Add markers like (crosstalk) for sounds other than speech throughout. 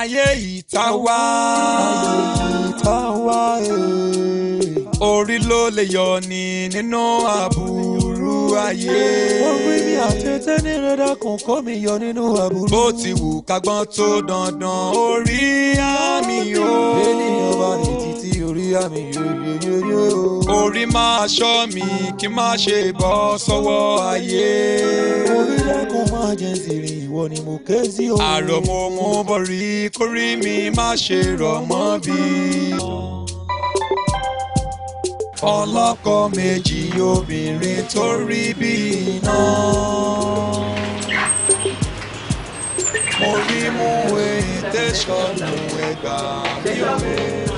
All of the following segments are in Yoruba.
ayé ìta wá. orí ló lè yọ ni nínú aburú ayé. wọ́n gbé mi àti ètè ní rẹ́dà kan kọ́ mi yọ nínú aburú. bó ti wù kágbọ́n tó dandan orí àmì yóò. ènìyàn bá ní títí orí àmì yóò yóò yóò orí máa ṣọ́ mi kí n má ṣe bọ́ sọ́wọ́ ayé. orílẹ̀ kò má jẹ́ sìrì ìwọ ni mo ké sí o. àrọ̀ mo mú bọ̀rí kórí mi má ṣe rọ̀ mọ́ bí. ọlọ́kọ méjì obìnrin tó rí bí iná. mo rí mú ètè sọnù ẹgbàá mi ò mẹ́.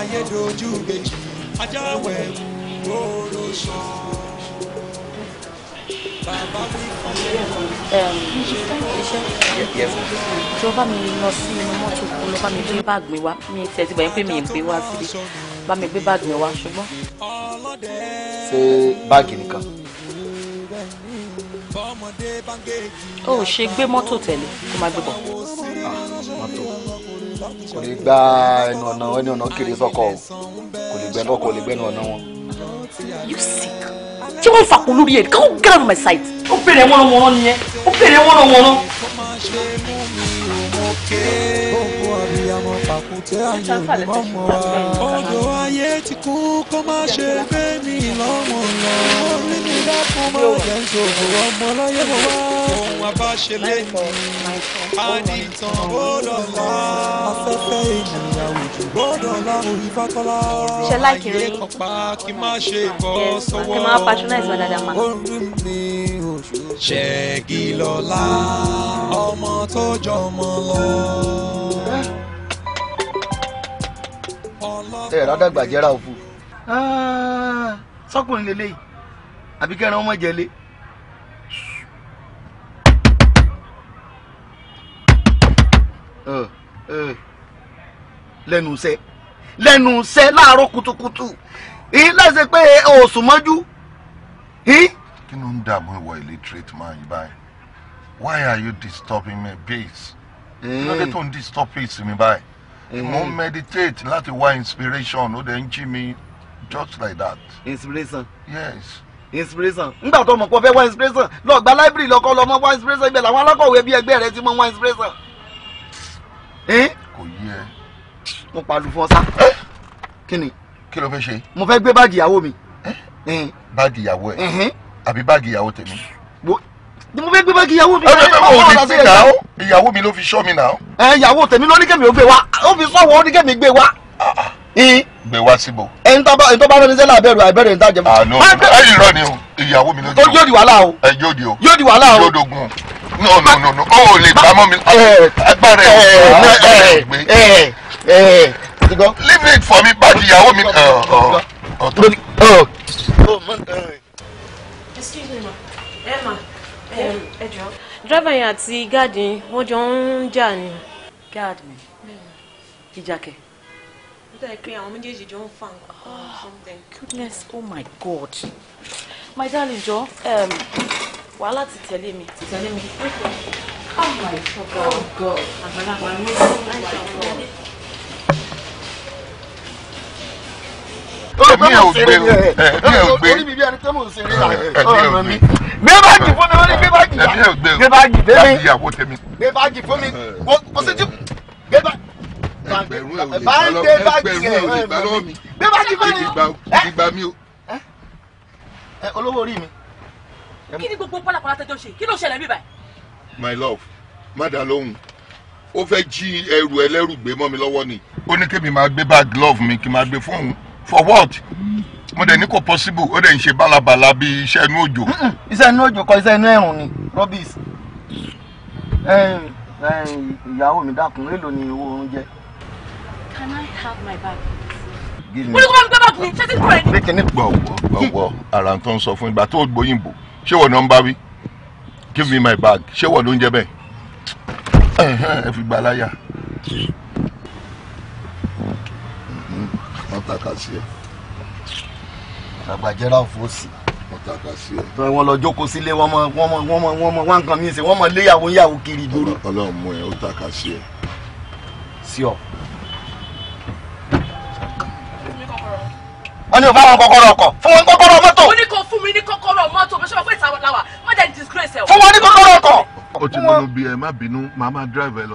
ayédojú gbèjì ajáwẹ̀ gbòòrò sàn. bàbá mi kàn lè wọ. tí o bá mi lọ sí inú mọ́tò kó lọ bá mi gbé báàgì wá mi tẹ̀sí báyìí pé mi ì gbé wá síbi bá mi gbé báàgì wá ṣùgbọ́n. ṣé báàgì nìkan. ó ṣe gbé mọ́tò tẹ̀lé kó má gbé bọ̀. Ah, mọ́tò kò lè gba ẹnu ọ̀nà ẹnu ọ̀nà kiri sọ́kọ̀ kò lè gbẹ́nu ọkọ̀ lè gbẹ́nu ọ̀nà wọn. you sick ṣé wọ́n fàkùn lórí ẹ̀ come get out of my sight. ó bẹ̀rẹ̀ wọ́nà nìyẹn ó bẹ̀rẹ̀ wọ́nà àkùtẹ́ ayò ni wọ́n mọ̀ wá. ayé ti kún kó má ṣe gbé mi lọ́mọ lọ. orí mi dákun má jẹ́ ń ọmọ lọ́yẹ̀ mọ̀ wá. ohun àbáṣe lẹ́yìn àdìtàn ó dọ̀la. afẹ́fẹ́ ènìyàn òjò gbọ́dọ̀ la orí fákọ́lá. ṣe láìkiri ní kọ́pá kí má ṣe kọ́ sọ́wọ́. kí má patronize wa dáadáa ma. orí mi òjò ṣẹ́gi lọ́la ọmọ tó jọmọ lọ ẹ ràdàgbà jẹ́ra òfu. Ah, sọkùnrin lélẹ́yìí àbí kẹrin ọmọ jẹlé. lẹ́nu iṣẹ́ lẹ́nu iṣẹ́ láàárọ̀ kùtùkùtù yìí láìsí pé oṣù mọ́jú. kí ló ń dààmú ìwọ illiterate man yìí báyìí why are you disturbing me peace. kí ló dé tó ń disturb peace mi báyìí mo ń meditate láti wá inspiration ó dẹ̀ ń jí mi just like that. inspiration. yes. inspiration ngbà tó mọ̀ pé o fẹ́ wá inspiration lọ gba library lọ́kọ́ lọ́mọ wá inspiration ibẹ̀ làwọn alákọ̀wé bí ẹgbẹ́ rẹ ti mọ̀ wá inspiration. kò yí ẹ. mo pàlù fún ọ sá. kí ni. kí ló fẹ́ ṣe. mo fẹ́ gbé báàgì ìyàwó mi. báàgì ìyàwó ẹ àbí báàgì ìyàwó tèmi ni mo fẹ́ gbé báàgì ìyàwó mi. ẹ bẹ́ẹ̀ wo ni ti nà ó ìyàwó mi ló fi sọ mi nà ẹ ìyàwó tèmi ló ní kẹ́mi ó gbé wá ó fi sọ̀wọ́ ó ní kẹ́mi gbé wá. Ah, ah. gbé wá síbò. ẹni tó bá ẹni tó bá fẹ́ni sẹ́lá abẹ́rù abẹ́rù ẹni tó jẹ. àná ẹyìn rọ ni o ìyàwó mi ló jẹ o. yóò di wàhálà o. ẹ yóò di o. yóò di wàhálà o. yóò dogun no no no no o lè gbà mi. ẹ ẹ ẹ Emma ẹjọ. dírẹ́fà yẹn àti gáàdì wọ́n jọ ń jà ni. gáàdì ìjà kẹ. nítorí pé àwọn méjèèjì jọ ń fa nǹkan. goodness oh my god my darling jọ wàhálà ti tẹ̀lé mi. ti tẹ̀lé mi. oh my god oh god àgbàlagbà ló ń bá ìṣòro. mi ò gbé o mi ò gbé. orí mi bí ẹni tẹ́ mò ń ṣeré ààrẹ ọ̀rọ̀ mi gbé báàgì fún mi wọ́n ní gbé báàgì yá gbé báàgì fún mi gbé báàgì fún mi kò sí tí gbé báàgì ẹgbẹ̀rún ẹ ò lè gbà lọ́wọ́ mi gbé báàgì fún mi ìgbà mi o. olówó orí mi. kí ni gbogbo pálapàla tẹjọ ṣe kí ló ṣẹlẹ̀ bí báyìí. my love má dá lóhùn ó fẹ́ jí ẹrù ẹlẹ́rù gbé mọ́ mi lọ́wọ́ ni. ó ní kébì máa gbé báàgì love mi kí n máa gbé fóun for what. Mm mo dẹ̀ ní kò possible ó dẹ̀ ń ṣe bálabàla bí iṣẹ́ inú òjò. iṣẹ́ inú òjò kọ́ iṣẹ́ inú ẹ̀rùn ni robis ìyàwó mi dákun èlò ni owó oúnjẹ. can i have my bag. gíní wọ́n ní kó bá mi gbé báàgì mi ṣé tí kò rẹ̀ ni. lékin ní gbọ̀wọ́ gbọ̀wọ́ ara tó ń sọ fún ìgbà tó gbóyìnbó ṣé wọ́n náà ń bá wí give me my bag ṣé wọ́n ló ń jẹ bẹ́ẹ̀ ẹ fi gba láyà. wọ́n mm-hmm. ta kà sí ẹ àgbàjẹ́ ráàfù òsì lọ jókòó sílé wọn mọ wọn mọ wọn mọ wọn mọ wọn nǹkan mi ṣe wọn mọ léyàwó yàwó kiri gbòòrò. Ọlọ́run mú ẹ ó tàka sí ẹ. sí ọ. wọ́n ní o bá wọn kọ́kọ́rọ́ ọkọ̀ fún wọn kọ́kọ́rọ́ mọ́tò. ó ní kò fún mi ní kọ́kọ́rọ́ mọ́tò bí sọ́wọ́ pé ìta la wà má jẹ́ disgrace ẹ̀. fún wọn ní kọ́kọ́rọ́ ọkọ̀. o ti mọnu bí ẹ má bínú màá má drive ẹ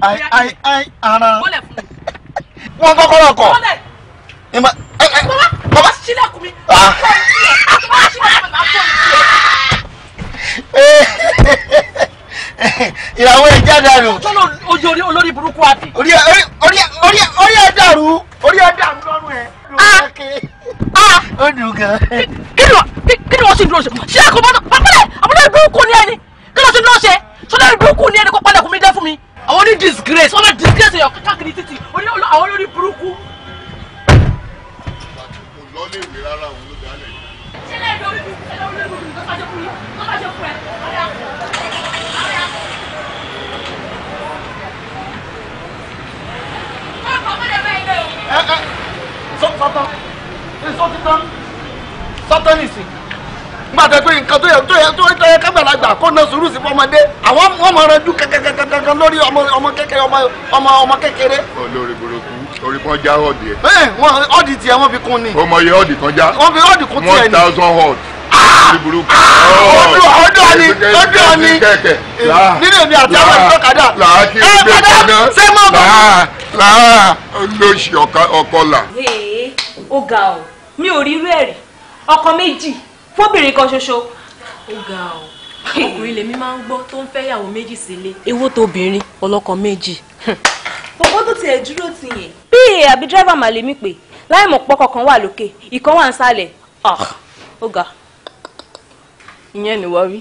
ayi ayi ayi aran wọn kọ́kọ́rọ́ kọ ìmọ ẹ ẹ bàbá sílẹ̀kùn mi ah. bàbá sílẹ̀kùn mi máa fọ ìyàwó ẹ já dàrú. tọ́lọ̀ ojú orí olórí burúkú àbí. orí ẹ orí ẹ orí ẹ orí ẹ dàrú orí ẹ dàrú lọ́rùn ẹ. Ah. Ah. ó dùn gan. kí ni wọ́n kí ni wọ́n sì dúró ṣe sílẹ̀kùn mọ́tò pápálẹ̀ àbúrò ìdúró kù ní ẹni kí ni wọ́n sì dúró ṣe sọ́dọ̀ ìdúró kù ní ẹni kó pálẹ̀kùn mi dẹ́ fún mi àwọn oní disgrace wọ́n bá disgrace èèyàn káàkiri títì àwọn olórí burúkú. Eh, eh. sọ́tán sọ́tán nìsín. nígbà tó pé nǹkan tó yẹ tó yẹ tó yẹ kó na sùúrù sí fọmọdé àwọn wọn mọ ọrànjú kankankankan lórí ọmọ kékeré ọmọ ọmọ kékeré. olórí burúkú orí kan já ọ̀dì ẹ fi kún ni. ó mọ ọ̀dì kan já. wọ́n fi ọ̀dì kún tiẹ̀ ni. one thousand ọdún ọdún ni ọdún ni nínú èmi àti àwọn ìtọ́kadà. làákì gbé fóbìnrin kan ṣoṣo. ó ga ọ ọkùnrin lèmi máa ń gbọ́ tó ń fẹ́ ìyàwó méjì sílé. ewó tóbìnrin ọlọ́kọ méjì. owó tó tiẹ̀ dúró ti yẹn. bí àbí dírẹ́fà mà lèmi pè láì mọ̀ pọ́kọ̀ kan wà lókè ìkan wà ń sàlẹ̀ ah, ó ga. ìyẹn ni wọ́n rí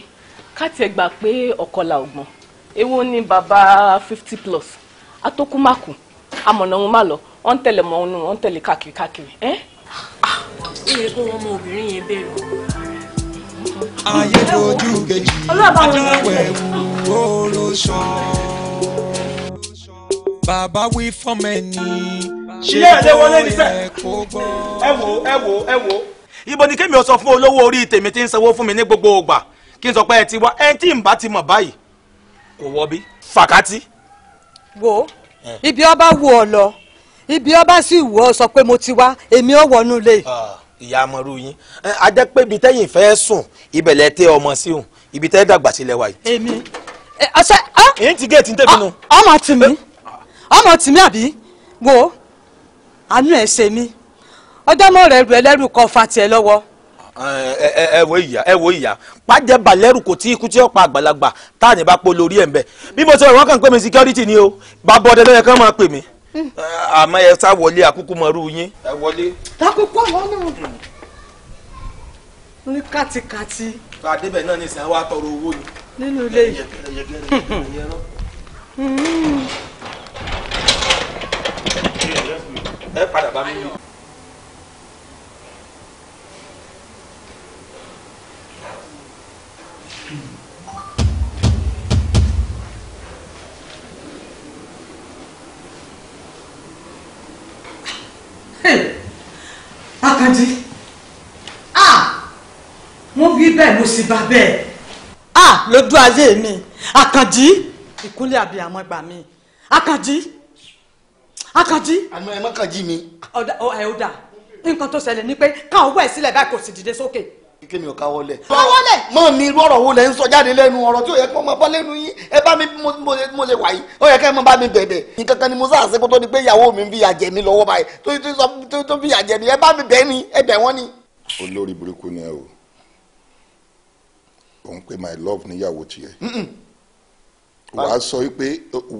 ká tiẹ̀ gbà pé ọ̀kọ́lá ọ̀gbọ́n ewó ní bàbá fifty plus atókùmákù amọ̀nà wọn má lọ wọ́n ń tẹ̀lé mọ́ ọ́nù wọ́n ń tẹ̀lé káàkiri káàkiri. Eh? ó yẹ kó wọn mọ obìnrin yẹn bẹ̀rù. ayé ojú kejì ajáwẹ̀wò olóṣọ. bàbá wí fọ́mọ ẹni ṣé ẹ kó gbọ́. ẹ wò ẹ wò ẹ wò ibo ni kémi ó sọ fún olówó orí tèmi tí ń sanwó fún mi ní gbogbo ògbà kí n sọ pé ẹ ti wá ẹ tí ń bá ti mọ̀ báyìí kò wọ́ bí fàkátì. wo ibi ọba wo ọ lọ ibi ọba sì wọ sọ pé mo ti wá èmi ò wọnú ilé. Ah, ìyá amọ̀rú yín eh, a jẹ́ pé ibi tẹ́yìn fẹ́ sùn ibẹ̀lẹ̀ tẹ ọmọ sí òun ibi tẹ́ dàgbà sílẹ̀ wáyé. èmi eh, ọsẹ. èyí ti géètì ń tẹ̀mí nu. Ah, ọmọ tìmí eh. ọmọ tìmí àbí wo àánú ẹ̀ ṣe mí ọjọ́ mọ́ rẹ̀ rù ẹlẹ́rù kan fa tiẹ̀ lọ́wọ́ ẹ wo ìyá ẹ wo ìyá pàjẹ́ balẹ̀rù kò tí ikú tí ó pa àgbàlagbà táà ní bá polo ẹ̀ ń bẹ̀ bí mo sọ ìwọ́n kàn pé mi security ni o bá bọ́ọ̀dẹ lọ́yẹ kán máa pè mí àmọ́ ẹ sá wọlé àkókò mọ́rú yín. ẹ wọlé. lákòókò àwọn náà ní kátikáti. àdébẹ̀ náà ní sàn wá tọrọ owó ni. nínú ilé yìí. Hmm. ẹ padà bá mi yàn. Akande ah wọ́n wí bẹ́ẹ̀ mo sì bá bẹ́ẹ̀. a ah, lójú ayé mi Àkànjí ìkúnlẹ̀ àbíàmọ́ gbà mí Àkànjí Àkànjí. àmọ́ ẹ má kàn jí mi. ọ̀dà ẹ̀ ọ̀dà nǹkan tó ṣẹlẹ̀ ni pé káwọn wẹ̀ sílẹ̀ báyìí kò sì dìde sókè. Okay kémi ò káwọ́ lẹ̀. káwọ́ lẹ̀. mọ mi irú ọ̀rọ̀ wo lẹ ń sọ jáde lẹ́nu ọ̀rọ̀ tí ò yẹ kí wọn máa bọ lẹ́nu yín ẹ bá mi mo ṣe wà yìí ó yẹ kí ẹ máa bá mi bẹ̀bẹ̀. nǹkankan ni mo sá àṣẹ kó tó di pé ìyàwó mi ń fi àjẹ mi lọ́wọ́ báyìí tó tó fi àjẹ mi ẹ bá mi bẹ̀ ni ẹ bẹ̀ wọ́n ni. olórí burúkú ni ẹ o òun pé my love níyàwó tiẹ̀ wàá sọ pé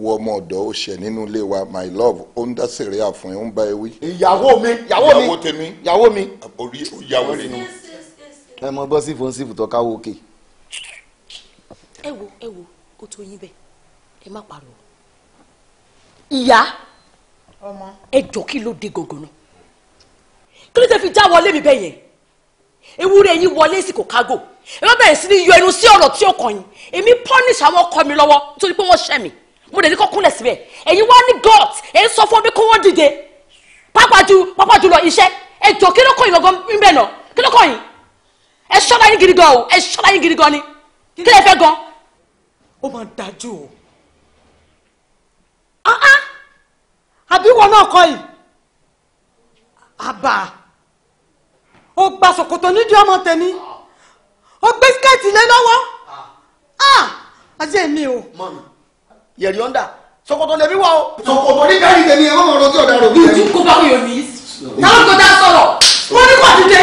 wọ ọmọ ọ̀dọ̀ ó ṣẹ nínú ilé wa my love ó ń dá sẹ̀rẹ̀ àfọ̀n ó ń bá ewé. ìyàwó mi ìyàwó mi ìyàwó tèmi ìyàwó mi. orí ìyàwó rẹ ni ẹ mọ bọ́ sífò ń sífò tọ́ka wókè. ẹ wo ẹ wo o tó yín bẹ́ẹ̀ ẹ má pariwo ìyá ẹ jọ kí ló dé gangan náà kí ló tẹ fi já wọlé mi bẹ́ẹ̀ yẹn ewúrẹ́ yín wọlé sí kòkágò ẹ má bẹ̀rẹ̀ sí ní yọ ẹnu sí ọ̀rọ̀ tí ó kàn yín èmi punish àwọn ọkọ mi lọ́wọ́ nítorí pé wọ́n ṣẹ́ mi mo dẹ̀ ní kó kúnlẹ̀ síbẹ̀ ẹ̀yin wá ní god ẹ̀ ń sọ fún mi kó wọ́n dìde pápá jù pápá jùlọ iṣẹ́ ẹ jọ kí ló kọ́ yín ń bẹ̀ náà kí ló kọ́ yín ẹ ṣọ́ra yín gidi gan o ẹ ṣọ́ra yín gidi gan ni kí lè fẹ́ gan. ó máa dájú o. Ah, ah. àbí wọn náà kọ yìí àbà ó gba ṣòkòtò nídìí ọmọ tèmi ó gbé skẹ́ẹ̀tì lé lọ́wọ́ ajé ah. mi o. yẹ̀rì ọ̀ndà ṣòkòtò lèmi wá o. ṣòkòtò ní káyì tèmi ẹ̀ wọ́n rọ̀ tí ọ̀dà rò bí. ojú kó bá mi ò ní. táwọn kò dá sọ̀rọ̀ wọ́n ní kò dìde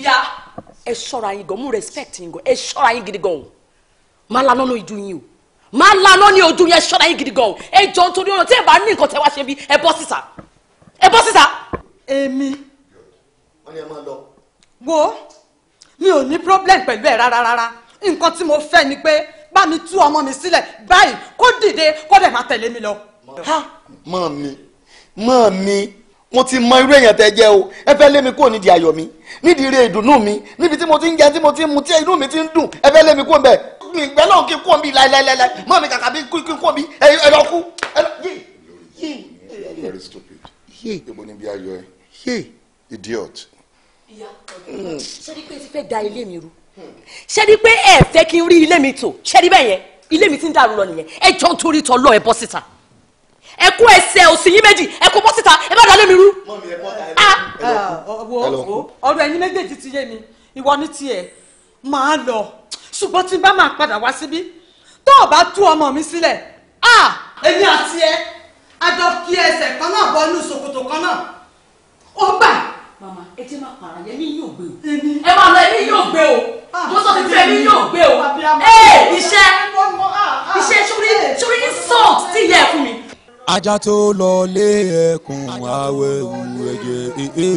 ti yá ẹ ṣọ́ra yín gan mú respect yín gan ẹ ṣọ́ra yín gidi gan o máa lanà ní ojú yín o máa lanà ní ojú yín ẹ ṣọ́ra yín gidi gan o ẹ jọ nítorí ọ̀nà tí ẹ bá ní nǹkan tẹ wá ṣe bí ẹ bọ́ síta ẹ bọ́ síta. èmi wo mi ò ní problem pẹ̀lú ẹ̀ rárá rárá nǹkan tí mo fẹ́ ni pé bá mi tú ọmọ mi sílẹ̀ báyìí kó dìde kó dẹ̀ máa tẹ̀lé mi lọ. mọ́ mi mọ́ mi mo ti mọ irú èèyàn tẹ jẹ o ẹ fẹ́ lé mi kúrò nídìí ayọ̀ mi nídìí ire ìdùnnú mi níbi tí mo ti ń jẹ tí mo ti ń mu tí inú mi ti ń dùn ẹ fẹ́ lé mi kúrò ń mi ìgbẹ́ náà kí n kúrò ń bí láíláíláí mọ́ mi kàkà bí kí n kúrò ń bí ẹ lọ kú ẹ very stupid. yé ni bí ayọ̀ ẹ. idiot. ìyá pé ti fẹ́ da ilé mi rú ṣé pé ẹ fẹ́ kí n rí ilé mi tò ṣé bẹ́ẹ̀ yẹn ilé mi ti ń dàrú lọ nìyẹn ẹ jọ torí tọ lọ ẹ bọ́ síta ẹ kó ẹsẹ̀ òsì yín méjì ẹ kó bọ́ síta ẹ bá dalé mi rú. Ah. Ah, ọ̀rọ̀ ẹ̀yin méjèèjì ti yé mi ìwọ ní tiẹ̀ máa lọ ṣùgbọ́n tí n bá máa padà wá síbí tó o bá tú ọmọ mi sílẹ̀ ah, èmi àti ẹ àjọ kí ẹsẹ̀ kan náà bọ́ inú ṣòkòtò kan náà ó gbà. màmá ẹ jẹ́ máa pààrọ̀ yẹn mi yóò gbé o. ẹ máa lọ ẹni yóò gbé o mo sọ fífi ẹni yóò gbé o. ẹ iṣẹ́ iṣẹ́ sórí sórí insult ti yẹ fún mi ajá tó lọ lé ẹkùn awẹ́ wu ẹ̀jẹ̀ eh, eh.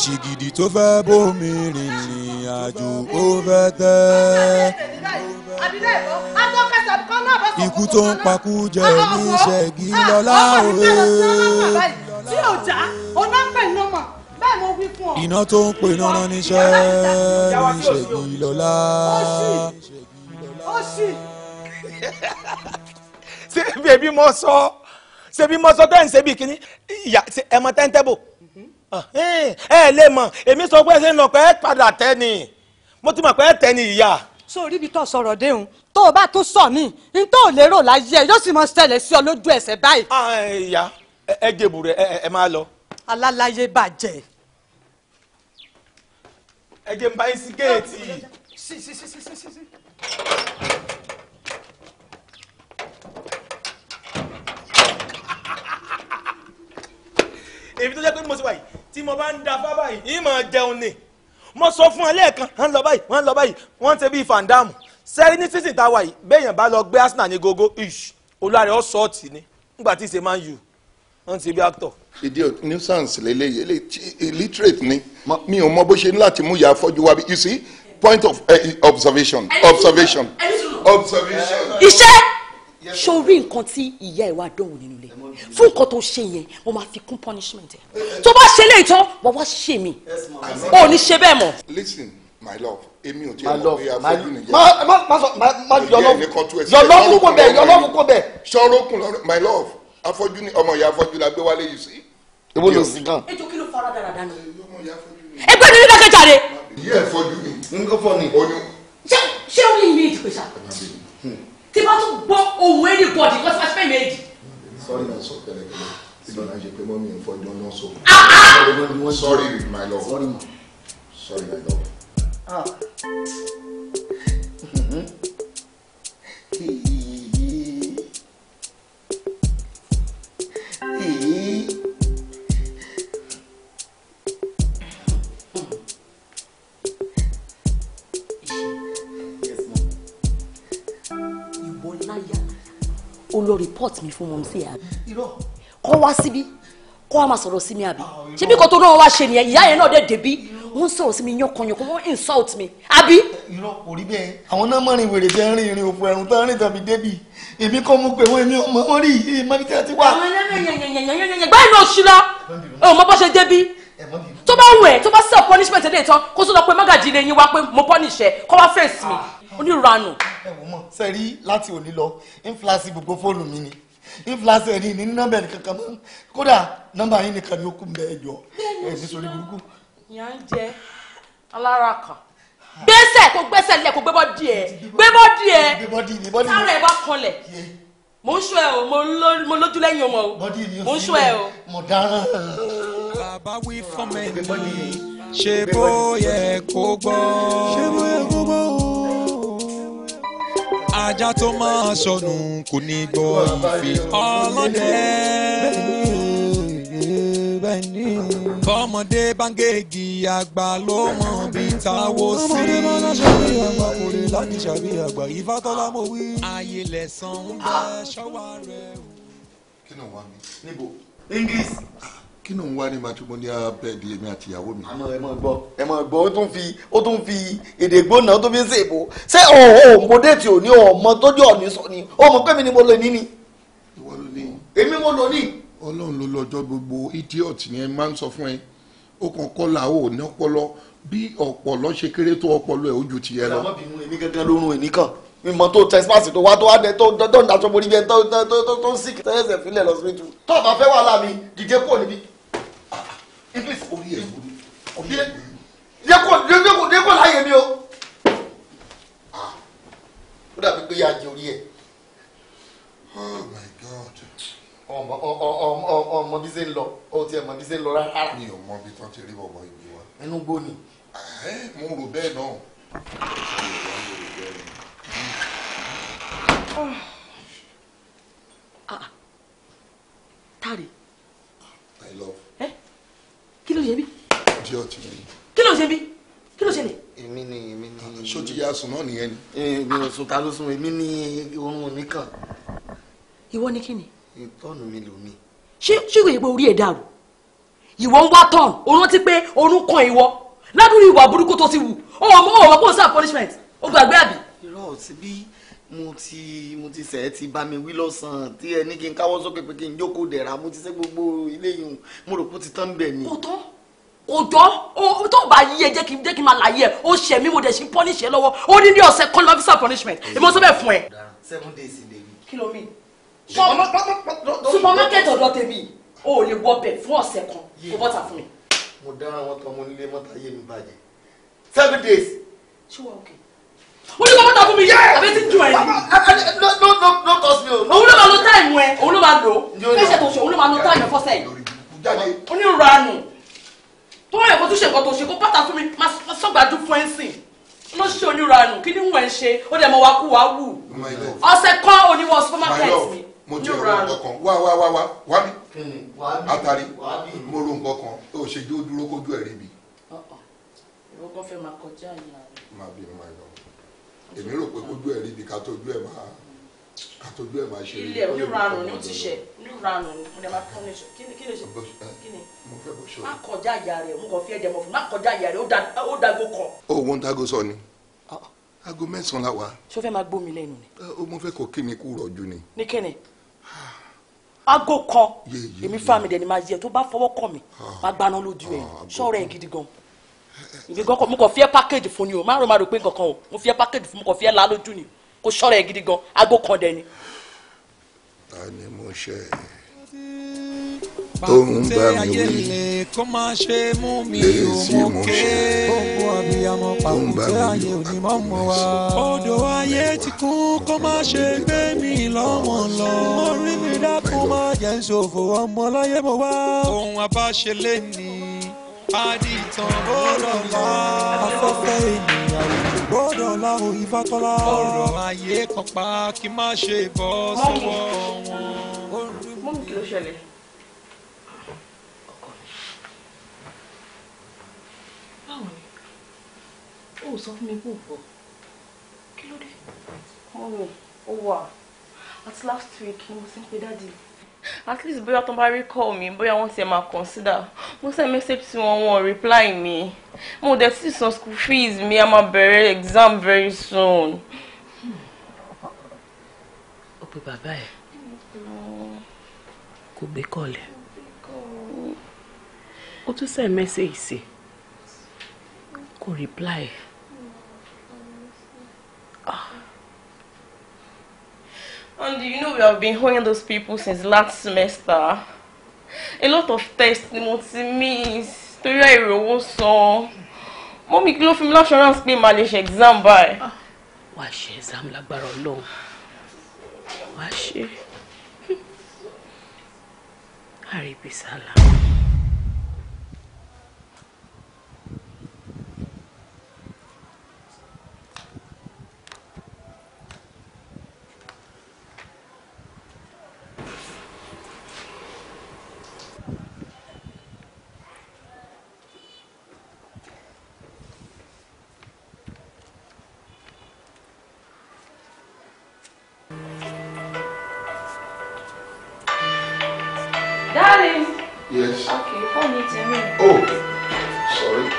ṣìgìdì tó fẹ́ bómi rìnrìn àjò ó fẹ́ tẹ́. ikú tó ń pakú jẹ ní ṣẹ́gi lọ́lá òwe. tí ò já ọ̀nà pẹ̀ ní ọmọ bẹ́ẹ̀ mo wí fún ọ. iná tó ń pè náà níṣẹ́ ní ṣẹ́gi lọ́lá ó sì. (laughs) ṣé bèbí mo sọ ṣé bí mo sọ tẹ́ ń ṣe bí kíní ìyá ẹ mọ tẹ́ńtẹ́bù mm-hmm. ah, eh, ẹ lè mọ èmi sọ pé ṣe ń lọ pé ẹ padà tẹ́ ni mo ti mọ̀ pé ẹ tẹ́ ni ìyá. so ibi tó sọ̀rọ̀ dé òun tó o bá tún sọ mí n tó o lérò láyé ẹ yóò sì mọ ṣẹlẹ̀ sí ọ lójú ẹsẹ̀ báyìí. Ah, ìyá ẹ jèbù rẹ ẹ máa lọ. alálàyé bàjẹ́. ẹ jẹ́ n bá yín sí géètì. sí sí sí sí sí èmi tó jẹ́ pé mo ti wà yìí tí mo bá ń da fá báyìí yìí jẹun ni mo sọ fún ẹ lẹ́ẹ̀kan wọ́n ń lọ báyìí wọ́n ń lọ báyìí wọ́n ń ṣe bíi fàǹdàmù sẹ́rí ní sísìn táwa yìí béèyàn bá lọ gbé Arsenal ní gogo ish olùdarí sọ́ọ̀tì ni nígbà tí ìṣe máa ń yù wọ́n ti bí actor. idiot nuisance lele illiterate ni mi ò mọ bó ṣe ní láti mú ìyá afọ́jú wa you see point of uh, observation observation observation. iṣẹ́ ṣó rí nǹkan tí ìyá ẹ wá dánwò nínú ilé fún nǹkan tó ṣe yẹn wọn máa fi kún punishment ẹ tó bá ṣe lè tán wọn wá ṣe mí ò ní ṣe bẹ́ẹ̀ mọ́. listen my love èmi ò tiẹ̀ mọ̀ pé afọ́jú nìyẹn. má má má sọ má má yọlọ́mù yọlọ́mù kò bẹ̀ yọlọ́mù kò bẹ̀. sọ́ọ́rọ́kùn lọ́rọ́ my love afọ́jú ni ọmọ ìyá afọ́jú la gbé wálé yìí sí. èwo ló sì kàn. ètò kí ló fara dáradára ni. ẹgbẹ́ mi ní dákẹ́jáde ìyá ẹ̀ fọ́jú ni. n kò fọ ni. o ní. ṣé ṣé o ní ìmí èdè pé ṣá. tí bá tún gbọ́ ohun ẹni bọ̀ ọ̀dì kọ́sí fásitì mẹ́rin èdè. sọ́ọ́rì náà sọ pẹ̀lẹ́pẹ̀lẹ́ ìgbà náà ṣe pé mọ́mí ń fọ́jú náà sọ. Ah, ah! sọ́ọ́rì my love. sọ́ọ́rì my love. Ah. (laughs) lọ report mi fún mọ̀mísí àbí kọ́ wá síbí kọ́ wá máa sọ̀rọ̀ sí mi àbí ṣé bí kò tó náà wá ṣe nìyẹn ìyá yẹn náà dẹ̀ débí wọ́n sọ̀rọ̀ sí mi yànkanyànkan wọ́n insult mi àbí. irọ́ kò rí bẹ́ẹ̀ àwọn náà mọ̀rin wèrè jẹ́ rìn ìrìn òfò ẹ̀rùn tán rìn tàbí débi èmi kọ́ mú pé wọ́n èmi ọmọ wọn rí iye mọ́bí tí a ti wà. báyìí náà tó bá wẹ̀ tó bá sell punishment ẹ̀ dé tán kó tó lọ pé mágàjì lè yín wá pé mo punish ẹ wá face mi oníranù. ẹ wò mọ sẹẹrí láti òní lọ ínfúláṣí gbogbo fóònù mi ni ínfúláṣí ẹni ní nọ́mbà ẹni mọ kódà nọ́mbà yín nìkan ni ó kù mbẹ ẹjọ ẹ sì burúkú. ìyá ń jẹ alára kan gbèsè kò gbèsè lẹ kò gbébọ díẹ̀ gbébọ díẹ̀ sáré ẹ bá kọlẹ mo ń sọ ẹ o mo lójú lẹ́yìn ọmọ o mo ń sọ ẹ o. mo dáná. bàbá wí fún mi ní ṣe bó yẹ kó gbọ́. ṣe bó yẹ kó gbọ́ o ajá tó máa sọnù kò ní gbọ́ ìfì ọlọ́dẹ. bọ́mọdé báńgẹ́gì àgbà ló mọ bí táwo sí. bọ́mọdé máa ń ṣàbí àgbà kò lè láti ṣàbí àgbà ìfátọ́lá mo wí. ayé lẹ̀sán ń bẹ ṣọ́wá rẹ̀. kí ni wàá mi níbo. english kí ni òun wá ní matrimonial bed èmi àti ìyàwó mi. àmọ́ ẹ mọ gbọ́ ẹ mọ gbọ́ ó tún fi ó tún fi èdè gbóná ó tún fi ń ṣèbò ṣé òun òun kò déètì òní ọmọ tójú òní sọ ni ó mọ pé mi ni mo lò ní ni. ìwọ ló ní. èmi mo lò ní. ọlọ́run ló lọ́jọ́ gbogbo idiot ni ẹ máa ń sọ fún ẹ ó kàn kọ́ là ó ní ọpọlọ bí ọpọlọ ṣe kéré tó ọpọlọ ẹ ó ju tìyẹ lọ. ìyàwó bínú èmi gángan ló rún èmi kàn mímọ tó tẹsípàsì tó wá tó wá dé tó dọ́ndàṣọ́ borí bẹ́ẹ̀ tó ń sìkì tẹ́lẹ̀sẹ̀ fílẹ̀ lọ sí mi tu. tó o bá wàhálà mi dìde kúrò níbí english orí ẹ̀ orí ẹ̀ yẹ kó láàyè mi o ó dàbí pé yà á jẹ orí ẹ̀. oh my god. ọmọ bí ṣe ń lọ ó tiẹ̀ mọ bí ṣe ń lọ rárá. mi ò mọ bí tán ti rí bọ̀bọ̀ ìgbé wa. Ah. Ah. Tari. I love kí ló ṣe bí. di ọtí mi. kí ló ṣe bí kí ló ṣẹlẹ̀. èmi ni èmi ni. ṣó ti yá sùn náà nìyẹn ni. èmi ò sùn ta ló sùn èmi ni oorun mi kàn. ìwọ ni kíni. ìtọ́nù mi lò mí. ṣé ṣíwèé yìí pé orí ẹ̀ dàrú ìwọ ń wá tán o rántí pé oorun kan ìwọ ládùúgbò ìwà burúkú tó ti wù ó wọ́n mọ́ ó wọ́n o sáà punishment ó gbàgbé àbí. irọ́ ò ti bí mo ti mo ti sẹ̀ ti bá mi wí lọ́sàn-án tí ẹ ní kí n káwọ́ sókè pé kí n jókòó dẹ̀ra mo ti ṣe gbogbo ilé yìí mo rò kó ti tán bẹ̀ ni. kò tán kò jọ tó bá yí ẹ jẹ́ kí n jẹ́ kí n máa láyé ẹ ó ṣẹ̀ mí mo dẹ̀ ṣe ń pọ́nìṣì lọ́wọ́ ó ní ní ọ̀sẹ̀ kan lọ́ visa punishment èmi ò sọ bẹ́ẹ̀ fún ẹ. seven days in a week. kí ló mi. supermarket ọ̀dọ́ tèmi o ò lè wọ bẹ̀ fún ọ̀sẹ̀ kan kó bọ́ta fún mi. mo dára wọn tọmọ nílé mọ́tà yé mi bàjẹ́ seven days. ṣé wàá wọ́n ní kọ́ mọ́tà fún mi àbẹ́ tí ń dùn ẹ̀ ní. no no no no cost me o. òun ló máa lo táìmù ẹ òun ló máa lò fẹsẹ̀ tó ṣe òun ló máa lo táìmù fọ́sẹ̀ yìí. ó ní ranù tó wọ́n yẹ kó tún ṣe nǹkan tó ṣe kó pátá fún mi máa sọ́gbàdú fún ẹ̀ sìn ló ṣe oníranù kí ni wọ́n ń ṣe ó dẹ̀ mọ wa kú wa wù ọ̀sẹ̀ kan oníwọ̀ supermarket mi mo ti ro nǹkan kan wá wá wá wá wá bí àtàrí mo ro nǹkan kan tó ṣe jó dúró kójú ẹ̀ rí bi. Uh-uh. ìwọ kan fẹ́ máa kọjá ìyá rẹ̀ èmi rò pé kójú ẹ̀ rí ibi ká tójú ẹ̀ máa ká tójú ẹ̀ máa ṣe. ilé oníranù ni ó ti ṣe oníranù ni mo lè máa fún oníṣe kí ni kí ni ṣe kí ni má kọjá ìyá rẹ mo kàn fi ẹ̀jẹ̀ mọ̀ fún má kọjá ìyá rẹ ó dago kan. ó wọ́n dago sọ ni aago mẹ́sàn-án la wà. ṣó fẹ́ máa gbómi lẹ́nu ni. ó mo fẹ́ kó kí mi kú rọ̀jú ni. ní kíni aago kan èmi fáwọn mi dẹ̀ ni máa yẹ tó bá fọwọ́ kàn mí ah. máa gbaná lójú ẹ̀ ah, ṣọ́ọ̀rẹ́ gidi gan ìdí gan kọ mo kàn fi ẹ́ package fún ni o má rò má rò pé kankan o mo fi ẹ́ package fún mo kàn fi ẹ́ la lójú ni kó ṣọ́ra ẹ̀ gidi gan aago kan dẹ ni. ta ni mo ṣe tó ń bá mi wí lè sí mo ṣe tó ń bá mi wí àpò odò ayé ti kún kó má ṣe gbé mi lọ́wọ́n lọ. mo rí mi dákun má jẹ́ ń ṣòfò mo wá. ohun àbáṣe lé ní. Adìtàn gbọ́dọ̀ lọ. Afẹ́fẹ́ ènìyàn gbọ́dọ̀ láwo Ifátọ́lá. Ọ̀rọ̀ ayé kan pa kí má ṣe bọ́ sọ́wọ́ wọn. Mọ́mí kí ló ṣẹlẹ̀? Báwo ni? O ò sọ fún mi pé ò bọ̀. Kí ló dé? Mọ́mí, ó wà. At last week, mo ti ń pe dáàdi at least bóyá tó bá rí call mi bóyá wọ́n ti ẹ̀ máa consider mo send message sí wọn wọn reply mi mo dẹ̀ sí san school fees mi a máa bẹ̀rẹ̀ exam very soon. ó pe bàbá ẹ̀ hmm. kò gbé kọ́ọ̀lẹ̀ ó tún send message sí kò reply And you know we have been holding those people since last semester. A lot of tests ni mo ti miss. Torí àìrówó san. Mọ́mí kí ló fi mi láṣọ́ránsì pé màá lè ṣe exam báyìí. Ah. Wàá ṣe exam lágbára Ọlọ́run. Wàá Harry (laughs) Àrègbèsálà. Darling. Yes. Okay, phone me, a Oh, sorry.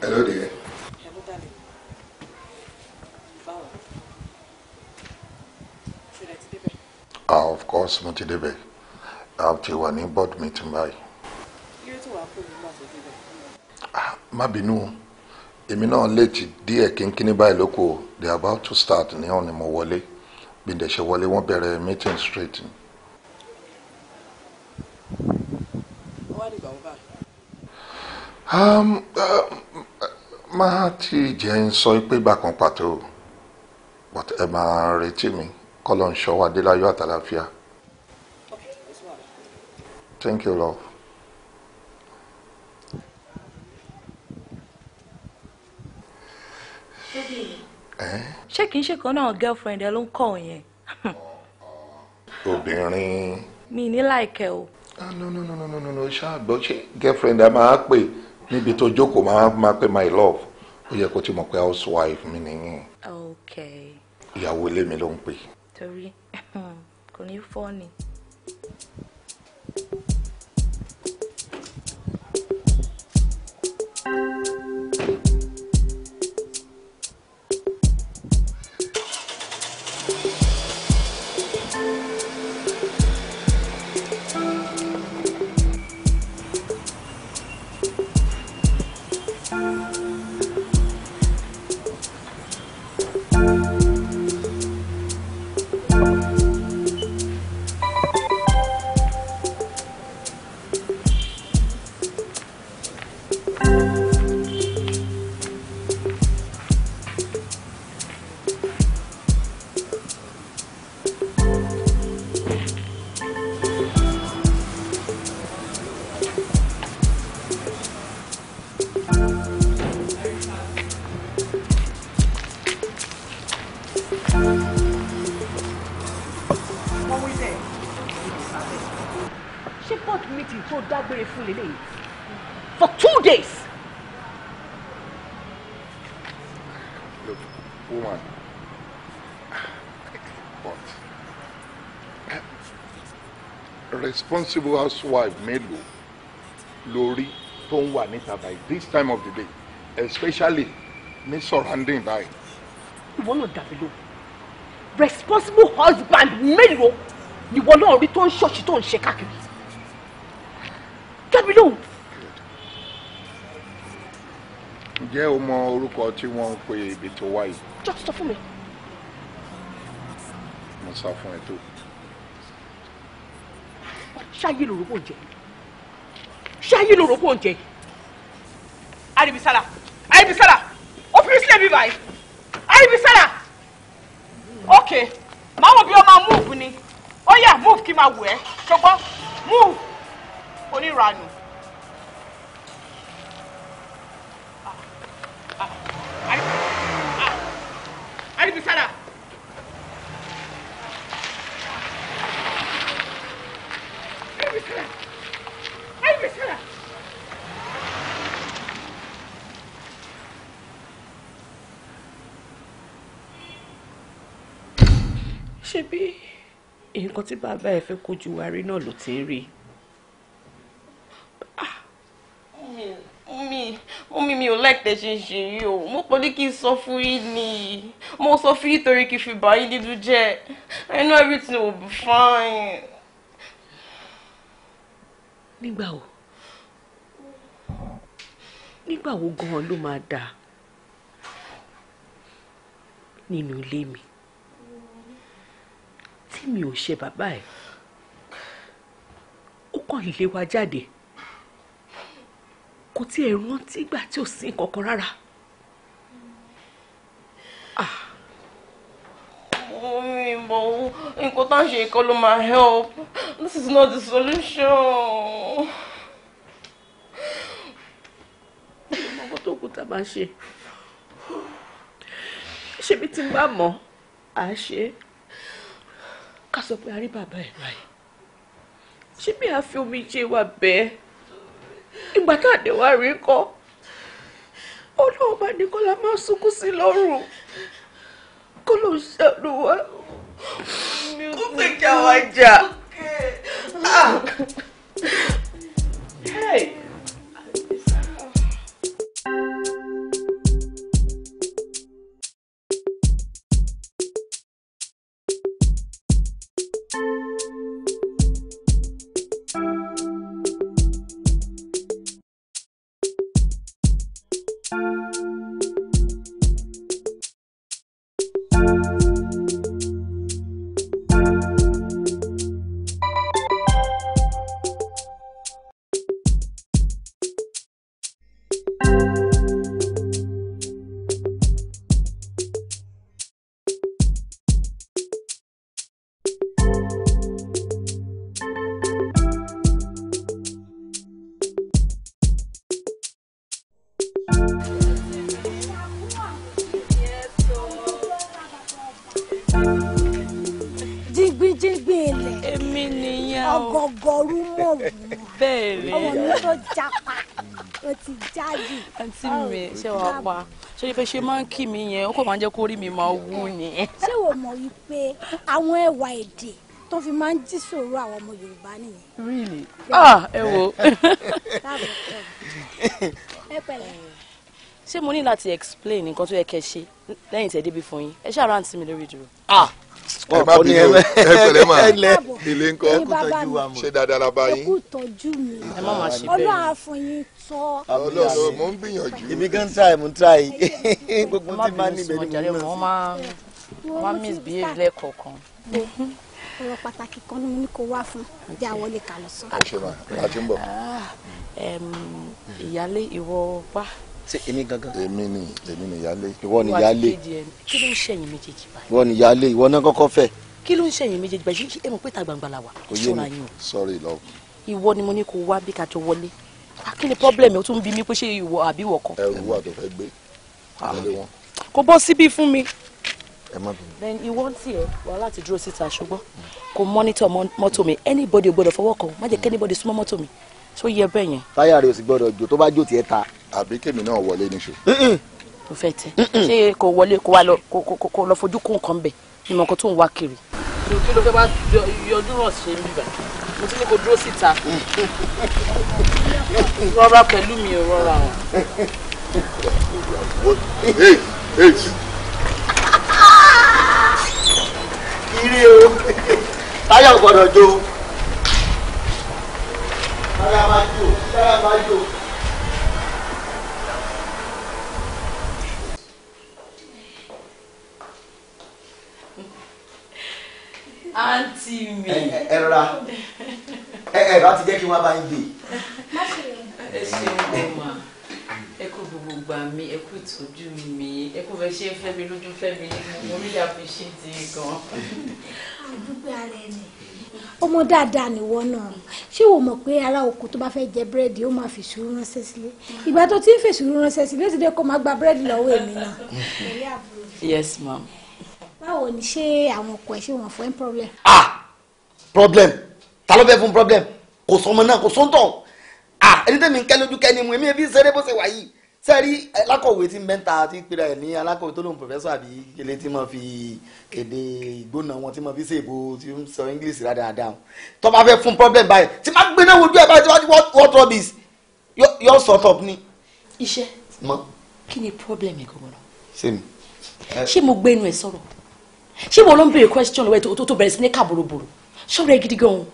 Hello, there. Hello, darling. Báwo. Should I deliver? Ah, of course, mo ti débẹ̀. I'll one you board meeting báyìí. Ma binu, èmi náà léètì díẹ̀ kínkínní báyìí lóko they are about to start ni ní ni mo wọlé bí ǹdẹ̀ ṣe wọlé wọ́n bẹ̀rẹ̀ meeting straight. Um, uh, máa ti jẹ́ ń sọ pé bákan pàtó but ẹ máa retí mi kọ́ ló ń ṣọ́ wa dé láyọ̀ àtàlàfíà. Thank you, love. Eh? ṣé kìí ṣe kan náà girlfriend ẹ ló ń kọ yẹn. obìnrin. mi ní láìkẹ o. Ah, no no no no no no ṣáàgbọ́ ṣe girlfriend a máa pè níbi tó jókòó máa máa pè my love ó yẹ kó ti mọ̀ pé housewife mi nìyẹn. ok. ìyàwó ilé mi ló ń pè. torí (laughs) kò ní fọ́ọ̀nì. responsible housewife mélòó lórí tó ń wà níta by this time of the day especially ní surrounding báyìí. ìwọ náà dàbí ló responsible husband mélòó níwọ náà rí tó ń ṣọ́ọ̀ṣì tó ń ṣe káàkiri dàbí ló. ǹjẹ́ o mọ orúkọ tí wọ́n ń pe ibi tó wáyé. jọ́sọ̀ fún mi. mo sá fún ẹ tó ṣáyé lòrò kò ń jẹ ṣáyé lòrò kò jẹ Aribisala Aribisala ó fi mí sílẹ̀ bí báyìí Aribisala ok màá wò bí ọmọ move ni ó yá move kí n máa wò ẹ́ ṣùgbọ́n move oníranù. nǹkan tí bàbá ẹ fẹ́ kojú wa náà ló ti ń rí. Mọ́mí ah. mọ́mí mi ò lẹ́ẹ̀tẹ̀ ṣe ń ṣe yìí o mo pọ̀ ní kí n sọ fún yín ni mo sọ fún yín torí kí n fi bà yín nínú jẹ́ I know everything will be fine. Nígbà wo? Nígbà wo gan-an ló máa dà nínú ilé mi? tí mi ò ṣe bàbá ẹ̀ ó kàn lé wa jáde kò tí ẹ̀ rántí ìgbà tí ò sí kankan rárá. Ah. Mami, but nǹkan tá à ṣe kọ́ ló máa help. This is not the solution. Ọmọ tó kù tá a máa ṣe. Ṣé bí tí n bá mọ̀, á ṣe é ká sọ pé a rí bàbá ẹ̀ báyìí ṣé bí a fi omi jẹ wa bẹ́ẹ̀ ìgbà tá a dé wá rí kọ́ ọlọ́run bá ní kó la máa sunkún sí lọ́rùn kó ló ń ṣàánú wa kó pè kí wá jà. Ah. Hey! pa ṣé ife ṣe máa ń kí mi yẹn ó kò máa ń jẹ́ kó rí mi máa wú nìyẹn. ṣé o mọ̀ yìí pé àwọn ẹwà èdè tó fi máa ń jí sòrò àwọn ọmọ yorùbá nìyẹn. really ah ẹ wo. (laughs) ẹ pẹ̀lẹ́. ṣé mo ní láti explain nǹkan tó yẹ kẹ́ ṣe lẹ́yìn tẹ́ débi fún yín ẹ ṣáà rántí mi lórí ìdúró. ah ẹ má bínú ẹ pẹ̀lẹ́ mà ilé ńkọ́ ṣe dáadáa la bá yín ọlọ́run á fún yín tọ́ ọlọ́run mò ń gbìyànjú. èmi gan try mo try (laughs) gbogbo tí máa níbẹ̀ ni mo mọ̀ sí. wọ́n máa misbehave lẹ́ẹ̀kọ̀ọ̀kan ọ̀rọ̀ pàtàkì kan ni mo ní kó wá fún bí àwọn lè kà lọ sọ. Ah, ìyáálé ìwọ wá ṣe èmi gangan. èmi ni èmi ni yálé ìwọ ni yálé kí ló ń ṣẹyìn méjèèjì báyìí. ìwọ ni yálé ìwọ náà kọ́kọ́ fẹ́. kí ló ń ṣẹyìn méjèèjì báyìí ṣé ẹ pé ta gbangba la wà. oye mi sorry love. ìwọ ni mo ní kó wá bí ká jọ wọlé kí ni pọ́blẹ̀mì o tún bí mi pé ṣé ìwọ àbí ìwọ kan. ẹrù wà tó fẹ́ gbé ah. kó bọ́ síbí fún mi. ẹ má bínú. then ìwọ ń tiẹ̀ wà láti dúró síta ṣùgbọ́n kò mọ́nítọ̀ mọ́tò mi anybody gbọ́dọ̀ fọwọ́ kàn má jẹ́ kẹ́nibọ́dì súnmọ́ mọ́tò mi tó yẹ bẹ́ẹ̀ yẹn. táyà rẹ ò sì gbọdọ̀ jò tó bá jò tiẹ̀ ta. àbí kèmi náà wọlé níṣó. mo fẹ́ tẹ ṣé kò wọlé kó wá lọ kó lọ fojú kó nǹkan bẹ̀ ni mo kàn tó ń wá kiri. kí ló fẹ́ bá yọdún náà ṣe ń bíbà mo ti ní kó dúró síta mm. rọra pẹ̀lú mi ò rọra o. ire o táyà gbọdọ̀ jó o lára máa jò lára máa jò. àǹtí mi. ẹ rọra ẹ ẹ bá ti jẹ́ kí wọ́n bá ń gbé. ẹ ṣe ọmọ ẹ kú gbogbo gbà mí ẹ kú ìtọ́jú mi ẹ kú fẹ́ ṣe fẹ́ mi lójú fẹ́ mi mo really appreciate it gan. àdúgbò alẹ́ ni ọmọ dáadáa nìwọ náà ṣé wò mọ̀ pé ará oko tó bá fẹ́ jẹ búrẹ́dì ó máa fi sùúrù ránṣẹ́ sílé ìgbà tó ti ń fèsì sùúrù ránṣẹ́ sílé ti dé kó máa gba búrẹ́dì lọ́wọ́ èmi náà. yes ma'am. báwo ni ṣé àwọn ọkọ ẹ ṣé wọn fún problem. ah problem ta ló fẹ́ fún problem kò sọmọ náà kò sọ́ńtọ̀ ah ẹni tẹ́mi ń kẹ́ lójú kẹ́ni mu èmi ẹbí ṣeré bó ṣe wà yìí sẹ́rí alákọ̀wé tí mẹ́ta ti pera ẹ̀ ní alákọ̀wé tó lóun pòfẹ́sọ̀ àbí ilé tí mo fi èdè ìgbóná wọn tí mo fi ṣèbò tí ń sọ english rádaràdà tó bá fẹ́ fún problem báyìí tí má gbéná wojú ẹ̀ báyìí tí wọ́n ti wọ́n tọ́ bis yóò sort up ni. iṣẹ́ kí ni problem yẹn gbọ́dọ̀. ṣé mi. ṣé mo gbé inú ẹ sọ̀rọ̀ ṣé mo lọ ń béèrè question lọ́wọ́ ẹ̀ tó bẹ̀rẹ̀ sí ní kàbòròbòrò ṣọ́ọ̀rẹ́ gidi gan-an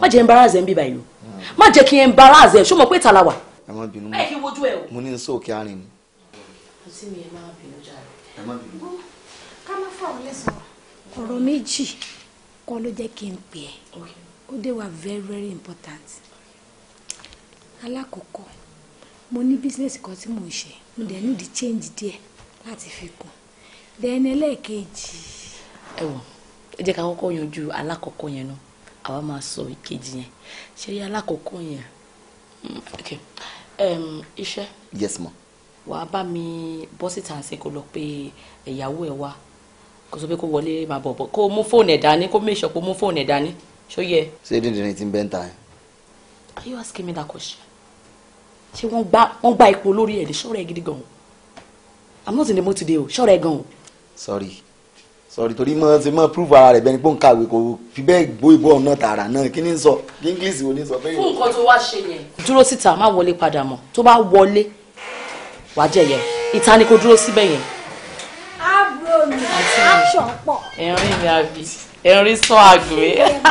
má jẹ́ embarrass ẹ̀ ń bíbá ìlú má jẹ́ kí embarrass ẹ̀ ṣó mọ̀ pé ìtàlá wà ẹ má bínú mọ́ ẹ kí wojú ẹ o mo ní n sóòkè arìn ni. àti mi ẹ má bínú jàre. ẹ ọ̀rọ̀ méjì kọ́ ló jẹ́ kí n pè ẹ́ ó dé wa very very important. alákọ̀ọ́kọ́ mo ní bísíǹsì kan tí mò ń ṣe mo dẹ̀ nídìí change díẹ̀ láti fi kún then ẹlẹ́ẹ̀kejì. ẹ wọ ẹ jẹ́ ká kọ́kọ́ yanjú alákọ̀ọ́kọ́ yẹn náà àwa máa sọ ìkejì yẹn ṣé rí alákọ̀ọ́kọ́ yẹn hmm, okay iṣẹ́. yes ma. wàá bá mi bọ́ síta ṣe kó lọ pé ẹ̀yàwó ẹ̀ wá kó sọ pé kó wọlé máa bọ̀ bọ̀ kó mú fóònù ẹ̀ dání kó make kó mú fóònù ẹ̀ dání ṣó yẹ. ṣé dídìrín ti ń bẹ́ ń ta ẹ. are you asking me that question? ṣé wọ́n gbá wọ́n gbá ipò lórí ẹ̀ ní ṣọ́ọ̀rẹ́ gidi gan-an i'm not in the mood today o ṣọ́ọ̀rẹ́ gan-an. sorry sọ̀rọ̀ torí mọ́ ṣe mọ́ proof ara rẹ̀ bẹ́ni pé ń kàwé kò fi bẹ́ẹ̀ gbó ìbò ọ̀nà tààrà náà kí ni ń sọ kí english wo ni sọ fẹ́ yìí. fún nǹkan tó wá ṣe yẹn. dúró síta má wọlé padà mọ́ tó bá wọlé wàá jẹ yẹn ìta ni kò dúró síbẹ̀ yẹn. àbúrò mi action pọ̀. ẹ̀rín ni àbí ẹ̀rín sọ àgbẹ̀ (laughs) (laughs)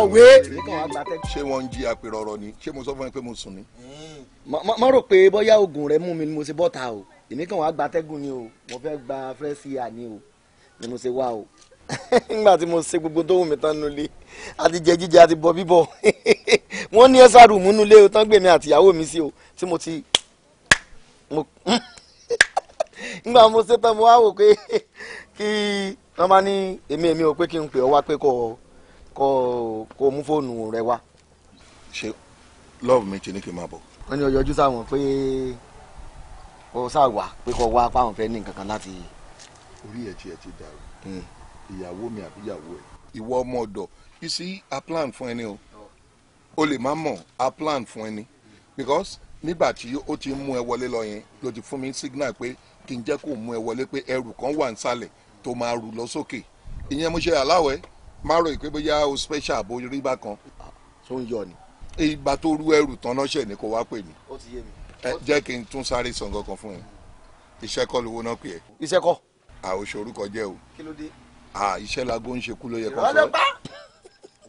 kọ̀wé. ṣé wọ́n ń jí àpèrè ọ̀rọ̀ ni ṣé mo sọ fún ẹ pé mo sùn ni. má rò pé bóyá oògùn rẹ mú mi ni mo ṣe bọ́ta o èmi kàn wá gba ni o mo fẹ́ gba fẹ́ẹ́sì àní o ni mo ṣe wá o (laughs) nígbà tí mo ṣe gbogbo tó wù mí tán nulẹ̀ àti jẹ jíjẹ àti bọ bíbọ (laughs) wọ́n ní ẹ́sà rùmú nulẹ̀ o tán gbèmí àtìyàwó mi sí o tí mo ti hmm. (laughs) nígbà mo ṣe tán mo wá wò pé kí wọ́n máa ní èmi èmi ò pé kí n pè ọ́ wá pé kò ọ́ kó kó mú fóònù rẹ wá. ṣé love mi ti ní kí n máa bọ̀. wọ́n ní ọjọ́jú sáwọn pé kó sáà wá pé kó wá fáwọn fẹ́ ní nǹkan kan láti. orí ẹ̀ tí ẹ ti dàrú hmm. ìyàwó mi àbí ìyàwó ẹ̀ ìwọ ọmọ ọ̀dọ̀ you see a plan fún ẹni o o lè má mọ̀ a plan fún ẹni because nígbà tí ó ti mú ẹ wọlé lọ yẹn ló ti fún mi signal pé kí n jẹ́ kó mú ẹ wọlé pé ẹrù kan wà nísàlẹ̀ tó máa rù lọ sókè ìyẹn mo ṣe aláwẹ̀ má rò pé bóyá o special bó rí bákan. tó ń yọ ni. ìgbà tó rú ẹrù tán lọ́sẹ̀ ni kò wá pè mí. ó ti yé mi. ẹ jẹ́ kí n tún sáré san kankan fún yín iṣẹ́ kọ́ lówó náà pè é. iṣẹ́ a àwọn òṣòrúkọ jẹ́ o. kí ló dé. iṣẹ́ lago ń ṣe kú ló yẹ kó fọ́.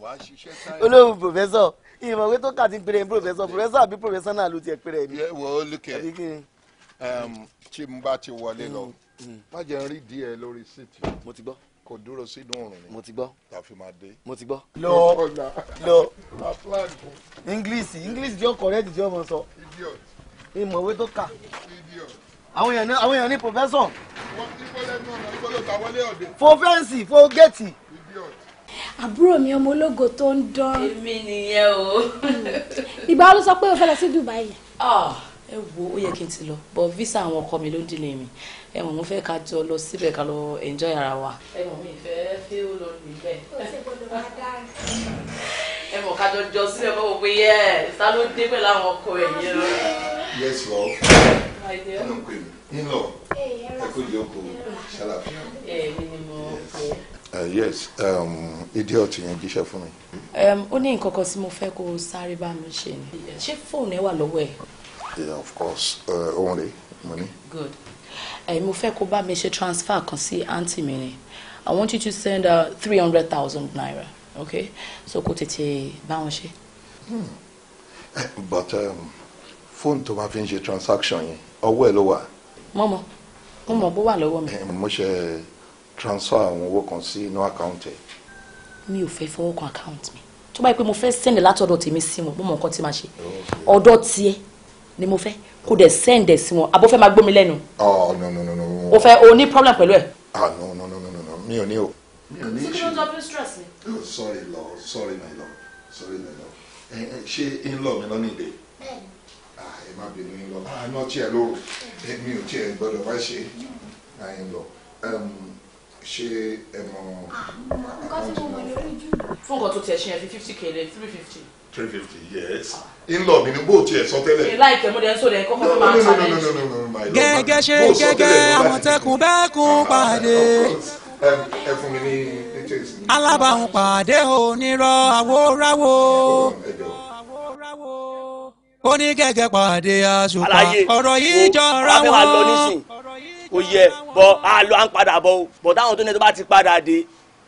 wàá ṣiṣẹ́ sáyẹn. olóhùn pòfẹ́sọ̀ ìmọ̀wé tó kà ti pèrè ní pòfẹ́sọ̀ pòfẹ́sọ̀ àbí pòfẹ́sọ̀ náà ló tiẹ̀ pèrè ní. wọ́n ó lókè tí mo bá ti wọlé lọ mm, mm. má jẹ́ rí díẹ̀ lórí síìtì. mo ti gbọ́ kò dúró sínú òrùn ni. mo ti gbọ́. tàfi máa dé. mo ti gbọ́. lọ lọ english english jọ correct jọ mọ sọ ìmọ̀wé tó kà àwọn èèyàn ní àwọn èèyàn ní professor. fo fẹ́ǹsì fo géètì. àbúrò mi ọmọ ológo tó ń dán. èmi nìyẹn o. ìgbà ló sọ pé o fẹ́ lọ sí Dubai. Ah, ẹ wo ó yẹ kí n ti lọ but visa àwọn ọkọ mi ló ń dílé mi ẹ̀wọ̀n mo fẹ́ ká jọ lọ síbẹ̀ ká lọ enjoy ara wa. ẹ̀wọ̀n mi fẹ́ fẹ́ ó lọ lù bẹ́ẹ̀. ẹ̀wọ̀n jọ jọ síbẹ̀ pé yẹ ìta ló dé pẹ̀lú àwọn ọkọ ẹ̀ yẹn lọ. yes lọ ẹnu pè mí ń lọ ẹ di oko ṣàlàfíà. ẹ mi ni mo pè Uh, yes um, idiot yẹn jíṣẹ́ fún mi. Um, ó ní nǹkan kan tí mo fẹ́ kó sáré bá mi ṣe ni ṣé fóònù ẹ wà lọ́wọ́ ẹ. of course òun uh, rè mo ní. good ẹ mo fẹ́ kó bá mi ṣe transfer kan sí aunty mi ni i want you to send three hundred thousand naira okay so kó tètè bá wọn ṣe. Hmm. Eh, but fóònù um, tó máa fi ń ṣe transaction yẹn ọwọ́ ẹ̀ ló wà. mọ́mọ́ mo mọ̀ bó wà lọ́wọ́ mi. Eh, mo ṣe transfer àwọn owó kan sí inú àkáǹtì ẹ̀. mi ò fẹ́ fọwọ́ kan àkáǹtì mi tó báyìí pé mo fẹ́ it. látọ̀dọ̀ tèmi sí wọn mo mọ̀ nǹkan tí màá ṣe ọ̀dọ̀ tiẹ̀ ni mo fẹ́ kó dẹ̀ send ẹ̀ sí wọn àbó fẹ́ máa gbómi lẹ́nu. ọ oh, no no no no. o fẹ́ o ní problem pẹ̀lú ẹ̀. ah no no no no no mi ò ní o. mi ò ní ṣe stress ni. oh sorry lord sorry my lord sorry my lord eh, eh, ṣé in-law mi lọ́nà ìdè ah, ẹ má bínú in-law àná tiẹ̀ lóru mi ò tiẹ̀ gbọ́dọ̀ wá ṣe ah, in-law um, ṣe ẹ ah, mọ. nǹkan tí mo wẹ̀ lórí jù. fún nǹkan tó tiẹ̀ ṣe yẹn fi fifty k three fifty. three fifty yes. Ah in-law mi ni bó tiẹ̀ sọ tẹ́lẹ̀. ìlà ìkẹ́mọ́dé ń sọ̀rọ̀ ẹ̀kọ́ fún máa ń sáré. gẹ́gẹ́ ṣe gẹ́gẹ́ àwọn tẹkùn bẹ́ẹ̀ kún pàdé. ẹ fún mi ní details. alábàáhùn pàdé onírọ̀ àwòráwò. ó ní gẹ́gẹ́ pàdé àṣùpá ọ̀rọ̀ yìí jọra wọn. ó yẹ bọ a lọ à ń padà bọ bọ táwọn tó ní tó bá ti padà dé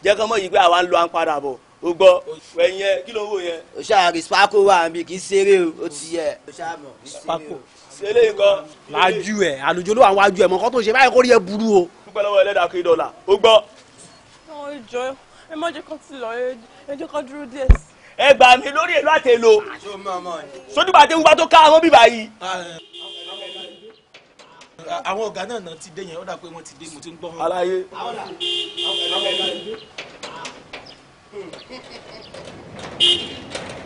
jẹ́ kọ́mọ́ yìí pé àwa ń lọ à ń padà bọ̀ o gbọ́ ẹ̀yin Kilo wo ló ń wò yẹn. o ṣáàrì spako wà mí kì í ṣeré o ti yẹ o ṣáàmù spako. ṣeré nǹkan. lájú ẹ àlùjọ ló wà wájú ẹ mọ kó tó ṣe báyìí kó rí ẹ burú o. dúpẹ́ lọ́wọ́ ẹlẹ́dàá kiri dọ́là o gbọ́. ọ̀ jọ ẹ má jẹ́ kán ti lọ ẹ jẹ́ kán dúró díẹ̀ sí. ẹ gbà mí lórí èlò àtẹlò sódùbà wúwa tó ká àwọn bíbá yìí. Ah, eh. àwọn ọ̀gá náà ti dé yẹn ó dà pé wọ́n ti dé mo ti ń gbọ́ wọn. Mm-hmm. (laughs)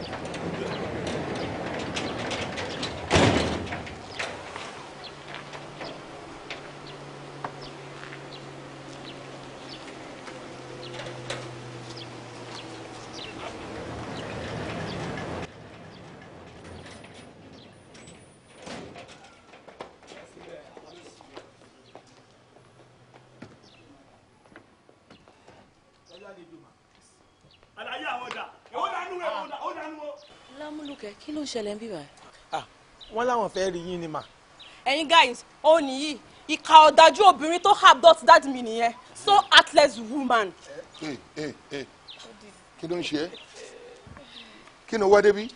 kí ló ń ṣẹlẹ̀ ń bí báyìí. ah wọ́n láwọn fẹ́ rí yín ni mà. ẹ̀yin guys ó nìyí ìka ọ̀dájú obìnrin tó abduct dad mi nìyẹn so heartless woman. Eh, eh, eh. kí ló ń ṣe é kí ló wá débi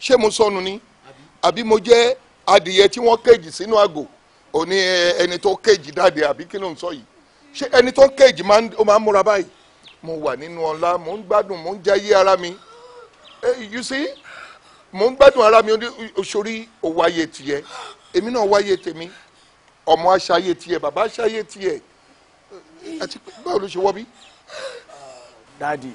ṣé mo sọnù ni àbí mo jẹ́ adìyẹ tí wọ́n kéèjì sínú àgò òní ẹni tó kéèjì dáde àbí kí ló ń sọ yìí ṣé ẹni tó kéèjì máa ń múra báyìí mo wà nínú ọlá mo ń gbádùn mo ń jayé ara mi you see mò ń gbádùn ara mi sórí òwò ayé tiẹ̀ èmi náà wáyé tèmi ọmọ aṣáyé tiẹ̀ bàbá aṣáyé tiẹ̀ àti báwo ló ṣe wọ́ bí. dadi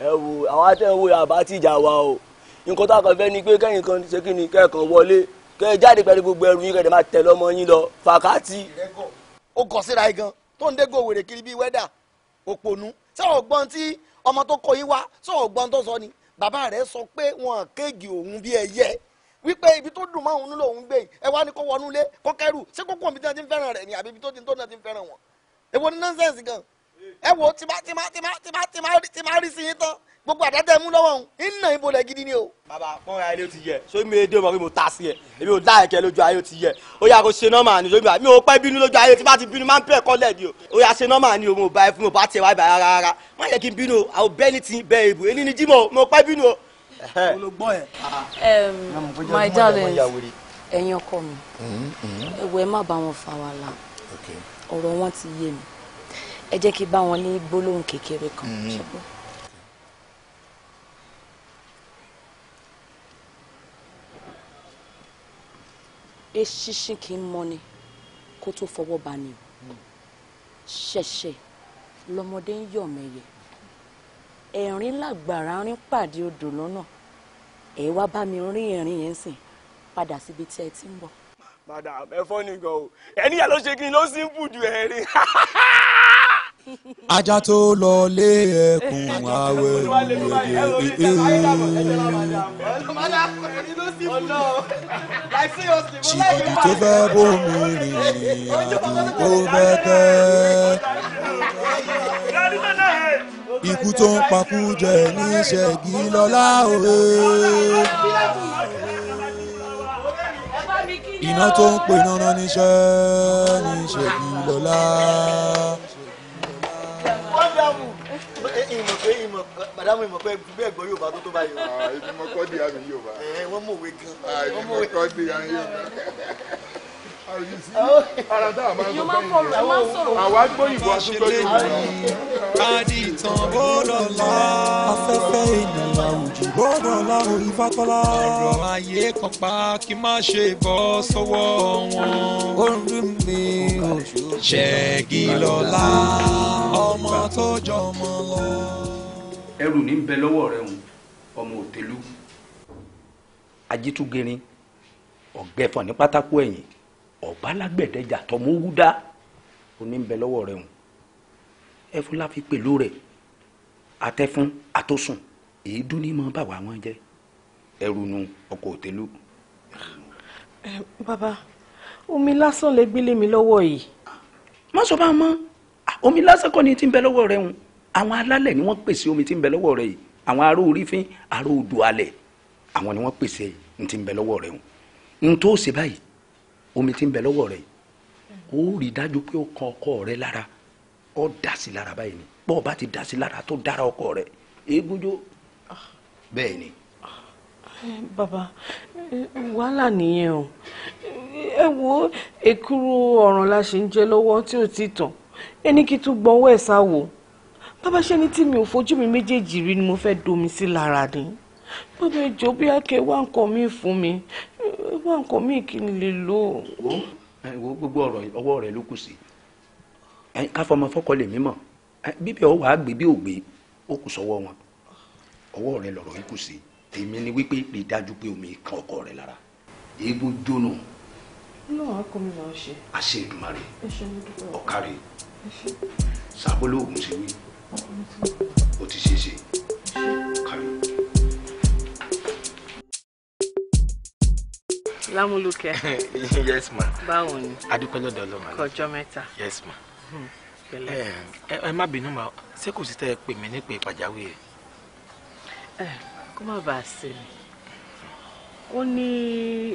ẹ wo àwa tẹ́ ń wo àbá tìjà wa o nǹkan tó àkànfẹ́ ni pé kẹ́yìn kan ṣe kí ni kẹ́ẹ̀kan wọlé kẹ́ẹ̀ jáde pẹ̀lú gbogbo ẹrù yín kẹ́ẹ̀ máa tẹ̀ lọ́mọ yín lọ fàkátì. ó kọ síra ẹ gan tó ń dégò wèrè kiri bíi wẹ́dà òpònú ṣé ọ̀gbọ́n tí ọmọ tó kọ yín wá ṣé ọ̀gbọ́n tó sọ ni bàbá rẹ̀ sọ pé wọn kéègì òun bí ẹyẹ wípé ibi tó dùn mọ́ òun nílò òun gbé ẹ wá ní kó wọnú lé kó kẹrù ṣé kókó òun tí wọ́n ti ń fẹ́ràn rẹ̀ ni àbí ibi tó ti ń tó náà ti ń fẹ́ràn wọn èwo ni nọ́ńsẹ̀nsì gan ẹ wo tí máa tí máa tí máa rí sí yín tán gbogbo àdájọ́ ẹ̀mú lọ́wọ́ òun ń nà ìbolẹ̀ gidi ni o. bàbá pọ́nra ilé ti yẹ sóyún mi èdè ọmọ mi mo ta sí ẹ èmi ò dá ẹ̀kẹ́ lójú ayé ti yẹ ó yà kó ṣe nọ́mà ni lójú mi ò pẹ́ bínú lójú ayé tí bá ti bínú máa ń pẹ́ kọ́lẹ̀ ni o ó yà ṣe nọ́mà ni o mo bá ẹ fún mo bá tiẹ̀ wá ibà rárá rárá má yẹ kí n bínú o àwọn bẹ́ẹ̀ni ti bẹ́ẹ̀ ìbò èyí ni jímọ̀ mo pẹ́ bínú o. my darling ẹ̀yin ọkọ mi mm-hmm. ẹ̀wọ̀ ẹ má bá wọn fa wàhálà ọ̀rọ̀ wọn ti yé mi ẹ jẹ́ kí n bá wọn ní gbólóhùn kékeré kan mm-hmm. ṣùgbọ́n. eṣinṣin kì í mọni kó tó fọwọ́ bá ni o ṣẹ̀ṣẹ̀ lọmọdé ń yọ̀ mẹ́yẹ ẹ̀rín làgbàrá rín pàdé odò lọ́nà ẹ wá bá mi rín ẹ̀rín yẹn sìn padà síbi tí ẹ ti ń bọ̀. madam ẹ fọ́ nìkan o ẹni yà ló ṣe kí n ló sì ń bùdù ẹ̀rín (laughs) ajá tó lọ lé ẹkùn àwẹ̀ (laughs) ṣìkìdì tó fẹ́ bómi rìnrìn àjò tó fẹ́ tẹ́ ikú tó ń pakú jẹ ní ṣẹ́gi lọ́lá òwe iná tó ń pè náná níṣẹ́ ní ṣẹ́gi lọ́lá mádàmù ìmọ̀ pé ìmọ̀ mádàmù ìmọ̀ pé bẹ́ẹ̀ gbọ́ Yorùbá tó tó báyìí. ibi ah, mọ̀kọ́ di àmì Yorùbá. wọ́n mọ̀wé gan. ibi ah, mọ̀kọ́ di àmì Yorùbá èyí máa ń kọrọ ẹ máa ń sọ̀rọ̀. àwa gbóyìnbó aṣọlẹ àdìtàn bọ́dọ̀lá afẹ́fẹ́ ènìyàn àwùjọ bọ́dọ̀lá òyìnbátọ́lá. ọ̀rọ̀ ayé kan pa kí má ṣe bọ́ sọ́wọ́ wọn. orí mi ò ṣẹ́gi lọ́la ọmọ tó jọmọ lọ. ẹrù ní bẹ lọ́wọ́ rẹ̀ hùn ọmọ òtẹ́lú. ajitugerin ọ̀gbẹ́fọ̀ ní pátákó ẹ̀yìn ọ̀bá lágbẹ̀dẹ́jà tọmọ owó dá oní ń bẹ lọ́wọ́ hùn ẹfun la fi pẹ̀lú rẹ̀ atẹ́fún àtọ́sùn èédú ní mọ bàwá wọn jẹ ẹrù nu ọkọ̀ òtẹ́lú. ẹ bàbá omi lásán lè gbélé mi lọ́wọ́ yìí. má sọ bá a mọ́ omi lásán kọ́ ni ti ń bẹ lọ́wọ́ rẹ̀ hùn àwọn alálẹ̀ ni wọ́n pèsè omi tí ń bẹ lọ́wọ́ rẹ̀ yìí àwọn aró orífín aró odò alẹ̀ àwọn ni wọ́n pèsè ti ń bẹ lọ́wọ́ rẹ̀ hùn n tó ṣe báyìí omi tí ń bẹ lọ́wọ́ rẹ̀ ó rí dájú pé ó kan ọkọ rẹ lára ó dà sí lára báyìí ni bọ́ ọ bá ti dà sí lára tó dára ọkọ rẹ eégúnjó bẹ́ẹ̀ ni. bàbá wàhálà nìyẹn o ẹ wo èkúrú ọ̀ràn la ṣe ń jẹ lọ́wọ́ tí ò ti tàn ẹni kí tún gbọ́n wẹ̀ sá wò bàbá ṣe ni tí mi ò fojú mi méjèèjì rí ni mo fẹ́ domi sí lára ni bàbá ìjọ bí akẹ́ wá nǹkan mi fún mi wá nǹkan míì kí n lè lò. wo gbogbo ọ̀rọ̀ ọwọ́ rẹ ló kù sí káfọmọ fọkọ lè mímọ bíbẹ ọ wàá gbé bí ògbé ó kù sọ́wọ́ wọn ọwọ́ rẹ lọ̀rọ̀ yìí kù sí tèmi ni wípé rí dájú pé omi kan ọkọ rẹ lára egbò jóná. náà akọ mi máa ṣe. a ṣe Èdùmàrè ọ̀kàrẹ̀ sábọ́lóògùn ṣe wí o ti ṣe é ṣe ọ̀kàrẹ̀. lámúlùkẹ́. (laughs) yes ma. báwo ni. adúpẹ́ lọ́dọ̀ ọlọ́run. kọjọ́ mẹ́ta. yes ma. Hmm, ẹ ẹ má bínú ma ṣé kò sí tẹ́ ẹ pè mí nípe pàjáwìrì. ẹ kó má bàa ṣe mi ó ní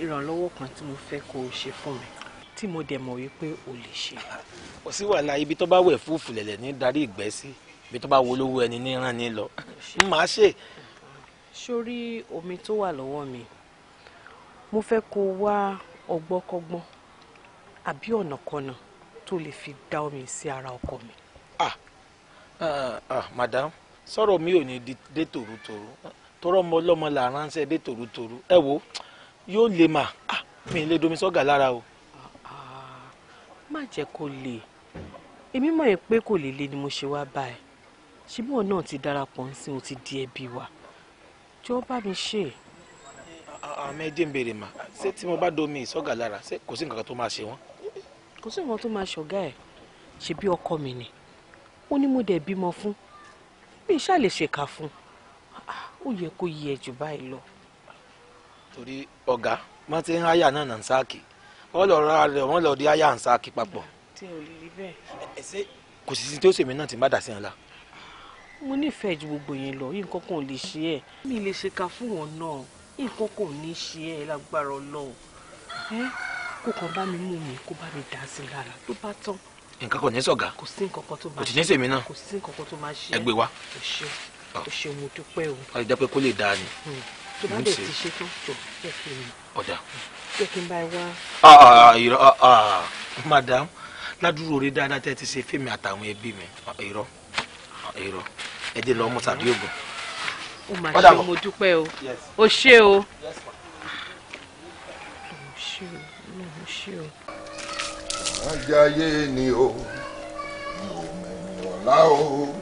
ìrànlọ́wọ́ kan tí mo fẹ́ kó o ṣe fún mi tí mo dẹ̀ mọ̀ wípé o lè ṣe. kò sí wàhálà ibi tó bá wẹ̀ fúfù lẹ̀lẹ̀ ní darí ìgbẹ́ sí ibi tó bá wo olówó ẹni ní ràn ní lọ n máa ṣe. sórí omi tó wà lọ́wọ́ mi mo fẹ́ kó wá ọgbọ́kọ́gbọ́n àbí ọ̀nàkọnà tó lè fi dá omi sí ara ọkọ mi. ah ah, ah madam sọ̀rọ̀ mi ò ní dé tòrútòrú tọrọ ọmọ ọlọ́mọ là ránṣẹ́ dé tòrútòrú ẹ wo yóò lè mà ah mi ì lè domi sọ́gà lára o. má jẹ́ kó lè èmi mọ̀ ẹ́ pé kò lè le ni mo ṣe wá báyìí ṣùgbọ́n náà ti darapọ̀ ń sìn ó ti di ẹbí wa jọ̀ọ́ bá mi ṣe é àmì ah, ah, ẹdín béèrè mà ṣé tí mo bá domi ìsọ́gà lára ṣé kò sí nǹkan tó máa ṣe wọ́n. kò sí nǹkan tó máa ṣọ̀gá ẹ̀ ṣe bí ọkọ mi ni ó ní mo dẹ̀ bímọ fún mi ṣáà lè ṣèkà fún ó yẹ kó yẹ jù báyìí lọ. torí ọ̀gá wọ́n ti ń háyà náà nà ń sáàkì wọ́n lọ ra rẹ̀ wọ́n lọ di háyà ń sáàkì papọ̀. tí o lè rí bẹ́ẹ̀. ẹ ṣe kò sì sí tí ó ṣèmi náà ti má dà sí ọ̀la mo nífẹ̀ẹ́ ju gbogbo yẹn lọ yìí nǹkan kan ò lè ṣe ẹ̀ mi lè ṣe fún wọn náà nǹkan kò ní ṣe ẹ lágbára Ọlọ́run kó kàn bá mi mú mi kó bá mi dà sí lára tó bá tán. nǹkan kò ní sọ̀gá kò sí nǹkan kan tó máa ṣe kò sí ní sèmi náà kò sí nǹkan kan tó máa ṣe ẹ gbé wa. o ṣe o ṣe mo dúpẹ́ o. wọ́n ti dápẹ́ kó lè dáa ni. Hmm. tó bá dẹ̀ ti ṣe tó jọ jẹ́ kí n. ọ̀dà jẹ́ kí n bá ẹ wá. madam ládùúrò rí dáadáa tẹ́ ti ṣe fíìmù àtàwọn ẹbí mi irọ́ irọ́ ẹ dé lọ́ọ́ ó mà ṣe mo dúpẹ́ o ó ṣe o ó ṣe o. ajáyé ni o mi ò ọ̀la o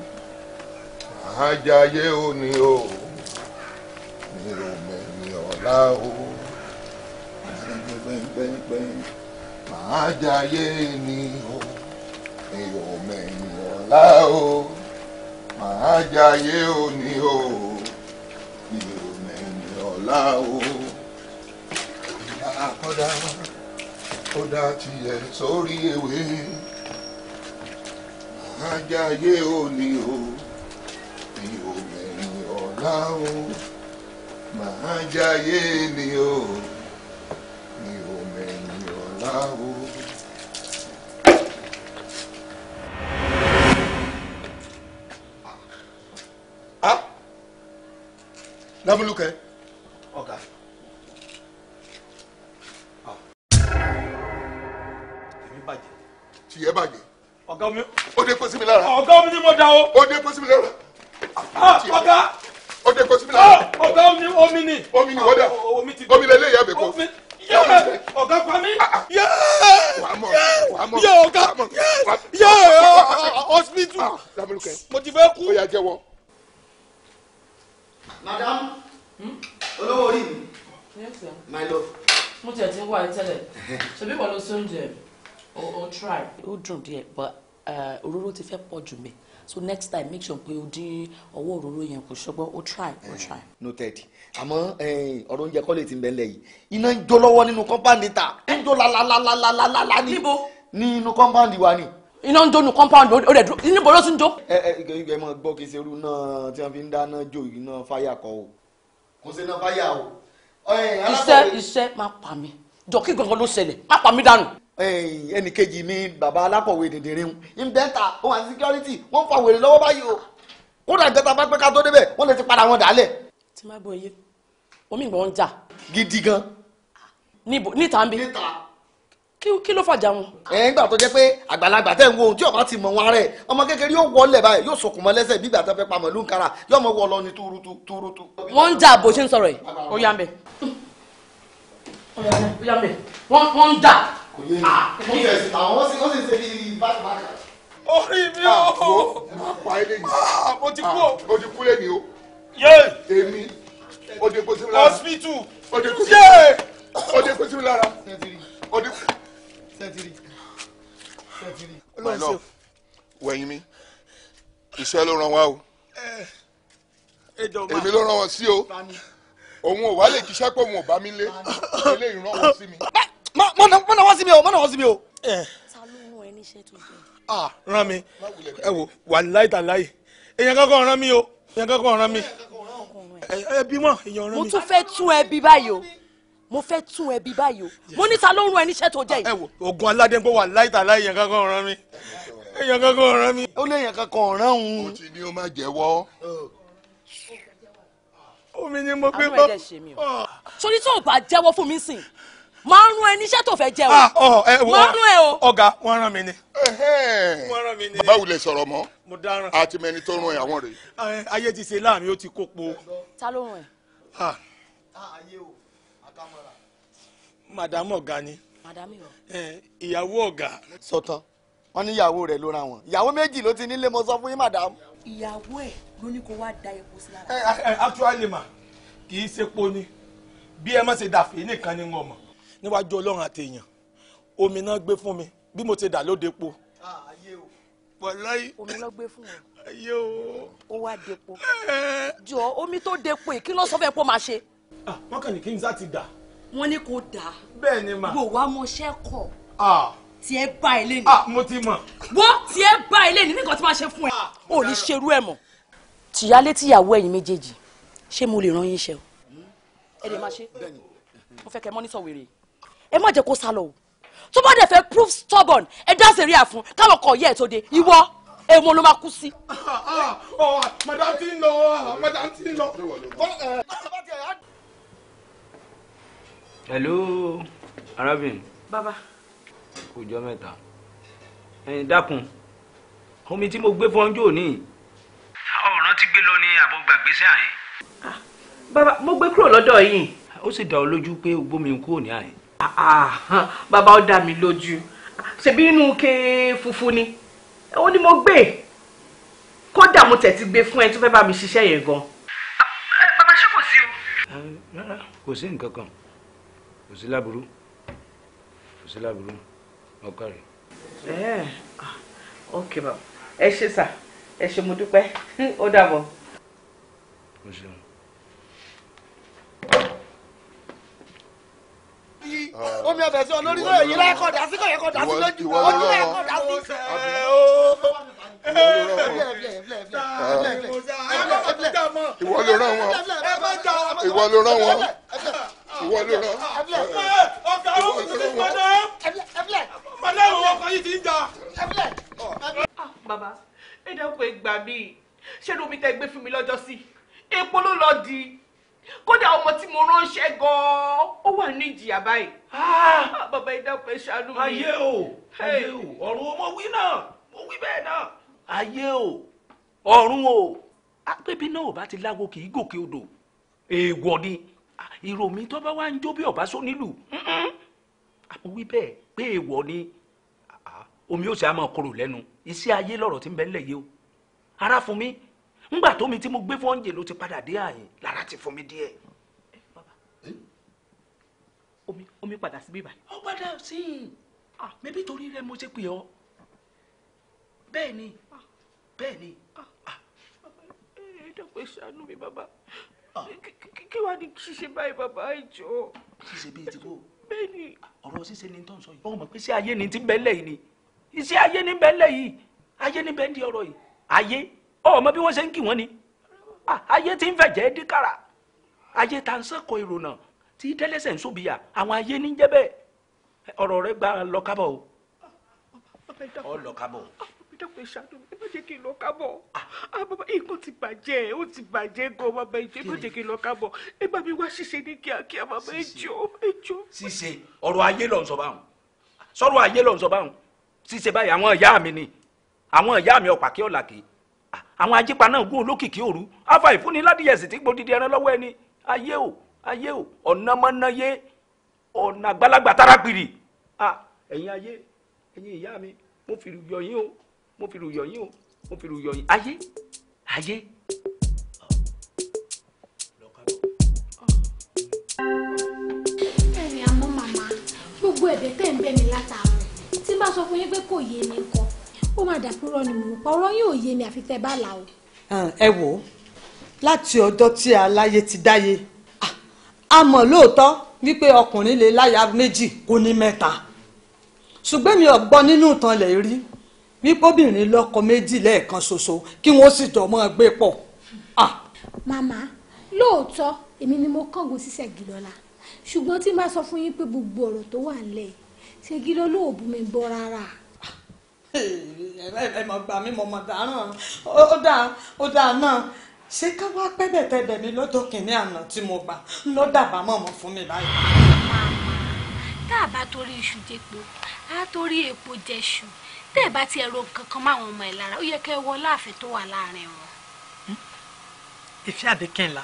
ajáyé o ni o mi ò mẹ̀yìn ọ̀la o ajáyé ni o mi ò mẹ̀yìn ọ̀la o màá jayé òní o ọ̀la o àkọ́dá kódà tiẹ̀ sórí ewé ajáyé òní o mi ò mẹ̀yìn ọ̀la o màá jáyé ni o mi ò mẹ̀yìn ọ̀la o. Ah. Ah. Lábúlùkẹ́ ọ̀gá fún ọ. èmi bàjẹ́. tìyẹ́ bàjẹ́. ọ̀gá mi. o dé pósí mi lára. Ah, ọ̀gá mi ni mo da o. ó dé pósí mi lára. Ah, ọ̀gá. ó dé pósí mi lára. Ah, ọ̀gá mi omi ni. omi ni wọ́dà. omi ti bọ̀. omi lẹ́lẹ́ ìyá àbẹ̀kọ. omi ọ̀gá kwami. yẹ ọ̀gá yẹ hospital. mo ti fẹ́ kú. madam. Hmm? olówó orí mi. my love. mo tiẹ̀ ti ń wá ẹ tẹ́lẹ̀ ṣebí wọ́n ló sóúnjẹ o try. ó dùn díẹ̀ but òróró ti fẹ́ pọ̀ jù mí so next time make sure pé o dín ọwọ́ òróró yẹn kò ṣọgbọ́n o try o try. noted àmọ́ ọ̀rọ̀ oúnjẹ kọ́lé ti ń bẹ́ẹ̀ lẹ́yìn iná ń jó lọ́wọ́ nínú kọ́mpáàndì ta ń jó lálálálálálá ní. níbo nínú wa ni. iná ń jó nu kọ́mpáàndì ó rẹ̀ dúró níbo ló ti ń jó. ẹ ẹ ẹ mọ gbọ́ kí n ṣe irú náà tí wọ́n fi ń dáná jó iná fáyà kọ́ o kò sí náà báyà o. iṣẹ́ iṣẹ́ máa pa mi jọ̀kí gangan ló ṣẹlẹ̀ má pa mí dànù. ẹnì kejì mi bàbá alákọ̀wé dèdèrè ń ń bẹ́ẹ̀ òun àti security wọ́n fa wèrè lọ́wọ́ báyìí o kódà ìjọba bá pẹ́ ká tó débẹ̀ wọ́n lè ti padà wọn dàálẹ̀. tí má bọ̀ yé omi ìgbọ̀n ń jà. gidi gan. Ah, níta ń bí. níta kí ló fàjà wọn. ẹ ń gbà tó jẹ́ pé àgbàlagbà tẹ ń wo tí ọba ti mọ wọn rẹ ọmọ kékeré yóò wọlé báyìí yóò sọkùn mọ́ lẹ́sẹ̀ bígbà tó fẹ́ pamọ́ ìlú nkara yóò mọ wọ lọ ní túrútú túrútú. wọ́n ń jà bó ṣe ń sọ̀rọ̀ yìí ó yá mbẹ ó yá mbẹ wọ́n ń jà. kò yé mi àwọn sì ń ṣe bíi bákàbákà. orí mi o mo ti kú o. o ti kú lẹ́ni o. yé èmi o de kó sí mi lára. hospital yé o de kó sí mi lára. o de kó my love wẹ̀yìn mi iṣẹ́ ló ràn wá o èmi ló ràn wọ́n sí o òun ò wá lè jíṣẹ́ pé òun ò bá mi lé ilé ìran wọn sí mi. mọ náà wọ́n sí mi o mọ náà wọ́n sí mi o. ah ràn mí ẹ wò wàláì tàláì èèyàn kankan ràn mí o èèyàn kankan ràn mí ẹbí mọ èèyàn ràn mí. mo tún fẹ́ tún ẹbí báyìí o mo fẹ́ tún ẹbí báyìí o mo níta ló ń rún ẹníṣẹ́ tó jẹ́ yìí. ẹ wo oògùn aládéńgbò wà láìta láì yẹn kankan ọ̀ràn mi yẹn kankan ọ̀ràn mi. ó lè yẹn kankan ọ̀ràn òun. mo ti ní o máa jẹ́wọ́. omi ni mo gbé bọ́. Ah. sori tí o bá jẹ́wọ́ fún mi sìn máa rún ẹníṣẹ́ tó fẹ́ jẹ́ o ah, oh, eh, máa rún ẹ o. ọ̀gá wọ́n rán mi ni. wọ́n rán mi ni. bàbá wulẹ̀ sọ̀rọ̀ mọ́ àti mẹni tó rún ẹ àwọn rèé. ayé ti ṣe láàmì ó ti kó po. ta ló rún ẹ. Madame ọ̀gá ni ìyàwó ọ̀gá. sọtán wọn ní ìyàwó rẹ ló ra wọn ìyàwó méjì ló ti nílé mo sọ fún yín Madame. ìyàwó ẹ ló ní kó wá da epo sí lára. ẹ actually ma kì í ṣepo ni bí ẹ má ṣe dàfẹ́ nìkan ni wọn mọ̀ níwájú ọlọ́run àtẹ̀yàn omi náà gbé fún mi bí mo ti dà lóde po. ayé o wàláyé. omi ló gbé fún wọn. ayé o. ó wá depo. jọ omi tó depo yìí kí ló sọ fẹ́ kó máa ṣe. Ah, wọ́n kàn ní kí n sá ti dà wọ́n ní kò dáa. bẹ́ẹ̀ ni mà. yóò wá mọṣẹ́ kọ̀. tí ẹ bá ilé ni. mo ti mọ̀. wọ́n tí ẹ bá ilé ni nǹkan tí máa ṣe fún ẹ. ò ní ṣerú ẹ mọ́. tìyálé tíyàwó ẹ̀yin méjèèjì ṣé mo lè rán yín ṣe o. ẹ lè máa ṣe mo fẹ́ kẹ́ mọ́nítọ̀ wèrè ẹ má jẹ́ kó sá lọ o tó bá dẹ̀ fẹ́ proof stubborn ẹ dá sèré àfún káwọn kọ̀ yẹ́ ẹ̀ tó de ìwọ èèmọ̀ ló máa kú sí. madam ti ń lọ madam ti ń lọ hello arábìnrin. bàbá. kò jọ mẹ́ta ẹ̀yin dákun omi tí mo gbé fọ́njò ní. ọ̀ràn ti gbé lọ ní àbọ̀ gbàgbé sí àyìn. Ah, bàbá mo gbé kúrò lọ́dọ̀ yìí. ó sì dá ọ lójú pé o gbómi kúrò Ah, ah, bàbá ó dá mi lójú ah, ṣebí inú ke funfun ni ó ní mo gbé kódà mo tẹ̀ ti gbé fún ẹ tó fẹ́ bá mi ṣiṣẹ́ yẹn gan. Ah, eh, bàbá ṣé kò sí o. Eh, rárá kò sí nǹkan kan kò sí láburú kò sí láburú ọkọ rẹ. ẹ ok bàbá ẹ ṣe sà ẹ ṣe mo dúpẹ́ ó dàbọ̀. o ṣeun. omi ọbẹ̀ sí olórí náà yìí láyé kọ́ sí kọ́ yẹ sí lójú ojú náà kọ́ sí sẹ́ o. ìwọ ló rán wọn ìwọ ló rán wọn ìwọ ló rán wọn ọ̀gá ló fi ti padà padà ìwọ ọkọ yìí ti ń jà. Ah, bàbá ẹ dẹ́kun ìgbà mi ṣé lómi tẹ gbé fún mi lọ́jọ́ sí epo ló lọ di kódà ọmọ tí mo ránṣẹ́ gan-an ó wà ní ìjìyà báyìí. Ah! Ah, bàbá ẹ ṣàánú mi. ayé o ayé o ọ̀run ọmọ wí náà mo wí bẹ́ẹ̀ náà. ayé o ọ̀run o apẹ́bí náà ò bá ti lágbo kì í gòkè odò èèwọ̀ ni ìrò mi tó bá wá ń jó bí ọ̀bá só nílùú àmọ́ wí bẹ́ẹ̀ pé èèwọ̀ ni omi ó sì á máa korò lẹ́nu iṣẹ́ ayé lọ̀rọ̀ tí ń bẹ nílẹ̀ yìí o ara fún mi ńgbà tómi tí mo gbé fọ́ǹjẹ̀ ló ti padà dé àyìn lára ti fún mi díẹ̀. Eh, eh? omi omi padà sí bíbá. ó padà sí i mẹ́bí torí rẹ mo ṣe pè ọ́ bẹ́ẹ̀ ni ah. bẹ́ẹ̀ ni. Ah. ẹ dọ́pẹ́ ṣàánú mi bàbá kí wàá ní ṣíṣe báyìí bàbá ìjọ. ṣíṣe bíi ti bò. bẹ́ẹ̀ni. ọ̀rọ̀ ṣíṣe ni tó ń sọ yìí. ọmọ pé ṣé ayé ni ti bẹ́lẹ̀ yìí ni iṣẹ́ ayé ni bẹ́lẹ̀ yìí ayé ni bẹ́ẹ̀ di ọ̀rọ̀ yìí ayé ọmọ bí wọ́n ṣe ń kì wọ́n ni ah, ayé ti ń fẹ̀jẹ̀ díkàrà ayé ta ń sẹ́kọ̀ọ́ ìrònà tí tẹ́lẹ̀sẹ̀ ń sóbìyà àwọn ayé ní jẹ́ bẹ́ẹ̀ ọ̀rọ̀ rẹ gba lọ́kábọ̀ o. ọ lọ́kábọ̀ o dẹ́kun ìṣàánú mi ẹ má jẹ́ kí n lọ kábọ̀ ah, bàbá nǹkan ti bàjẹ́ ó ti bàjẹ́ gan bàbá ìjọ ẹ má jẹ́ kí n lọ kábọ̀ ẹ bá mi wá ṣíṣe ní kíákíá bàbá ẹjọ́ ẹjọ́. ṣíṣe ọ̀rọ̀ ayé ló ń sọ báwọn sọ̀rọ̀ ayé ló ń sọ báwọn ṣíṣe báyìí àwọn ìyá mi ni àwọn ìyá mi ọ̀pàkí ọ̀làkì ah, àwọn ajípa náà gún olókìkí òru afa ìfúnni ládìyẹsì tí gbòdìdì ẹran lọ́wọ́ ẹni ayé o ayé o ọ̀nà mọ́náyé ọ̀nà àgbàlagbà tára pìrì ah, ẹ̀yin ayé ẹ̀yin ìyá mi mo fìrù yọ yín o mo fi rùyọ̀ yín o mo fi rùyọ̀ yín ayé ayé. bẹ́ẹ̀ni àmọ́ màmá gbogbo ẹ̀bẹ̀ tẹ̀ ń bẹ̀ mí látàárọ̀ tí bá sọ fún yín pé kò yé mi kọ́ ó máa dàpúrọ̀ ni mò ń pa ọ̀rọ̀ yín ò yé mi àfi tẹ́ bá là o. ẹ wò ó láti ọjọ́ tí aláyé ti dáyé a mọ̀ lóòótọ́ wípé ọkùnrin lè láya méjì kó ní mẹ́ta ṣùgbọ́n mi ò gbọ́ nínú ìtàn lè rí wípóbìnrin lọ́kọ méjì lẹ́ẹ̀kan ṣoṣo kí wọ́n sì jọ máa gbé pọ̀. màmá lóòótọ́ èmi ni mo kángun sí Ṣẹ̀gilọ́lá ṣùgbọ́n tí màá sọ fún yín pé gbogbo ọ̀rọ̀ tó wà lẹ̀ Ṣẹ̀gilọ́ lóòbù mi gbọ́ rárá. ẹ mọ̀ gbà mí mọ̀ mọ̀ dáràn ó dáa ó dáa náà ṣé ká wá pẹ́bẹ̀tẹ̀bẹ̀ mi lọ́jọ́ kìnínní àná tí mo gbà ló dàbà mọ̀mọ́ fún mi báyìí. màmá tá a bá torí iṣu jẹ́po á torí epo jẹ́ṣu tẹ́ ẹ̀ bá ti ẹ̀rọ kankan máwọn ọmọ ẹ̀ lára ó yẹ kẹ́ ẹ wọ láàfin tó wà láàrin wọn. Hmm? ìfẹ́ àbíkẹ́ńlá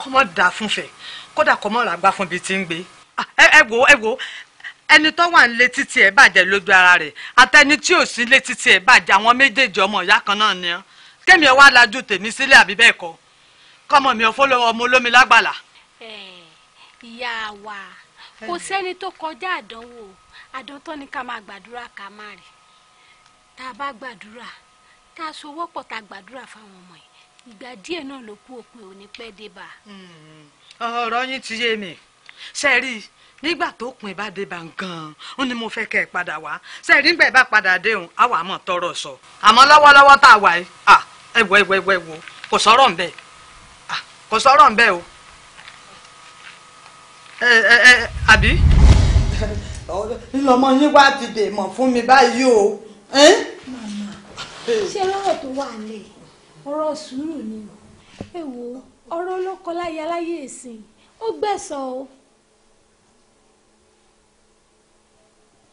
kọ́ mọ́ dà fún fẹ̀ kódà kọ́ mọ́ ràgbá fún ibi tí ń gbé ah, ẹ wo ẹ wo ẹni tó wà nílé títí ẹ bàjẹ́ lójú ara rẹ̀ àtẹni tí ò sí nílé títí ẹ bàjẹ́ àwọn méjèèjì ọmọ ìyá kan náà ni kémi ẹ wá lajú tèmi sílẹ̀ àbí bẹ́ẹ̀ kọ́ kọ́mọ mi ò fọlọ́ ọmọ olómi lágbàlá. ìyá wa kò sẹ́ni tó kọjá àdánwò àdántọ́ ni ká máa gbàdúrà ká máa rí tá a bá gbàdúrà tá a so wọ́pọ̀ tá a gbàdúrà fáwọn ọmọ yìí ìgbà díẹ̀ náà ló kú òpin òní pẹ́ dé bá. Hmm. ọ̀rọ̀ yín ti yé mi ṣe rí i nígbà tó pin bá dé bá gan-an ó ní mo fẹ́ kẹ́ ẹ padà wá ṣe nígbà ẹ bá padà dé òun á wà á mọ̀ tọrọ sọ àmọ́ lọ́wọ́lọ́wọ́ tá a wà yìí ẹ wọ ẹ wọ ẹ wọ ẹ wọ kò sọ̀rọ̀ ńbẹ̀ kò sọ̀rọ̀ ńbẹ̀ o ẹ ẹ ẹ àbí. ọmọ yín wá ti dè mọ̀ fún mi báyìí o màmá ṣé lọ́rọ̀ tó wà lẹ̀ ọ̀rọ̀ sùúrù ni o ẹ wo ọ̀rọ̀ ọlọ́kọ láyé aláyé ìsìn ó gbẹ̀sọ̀ o.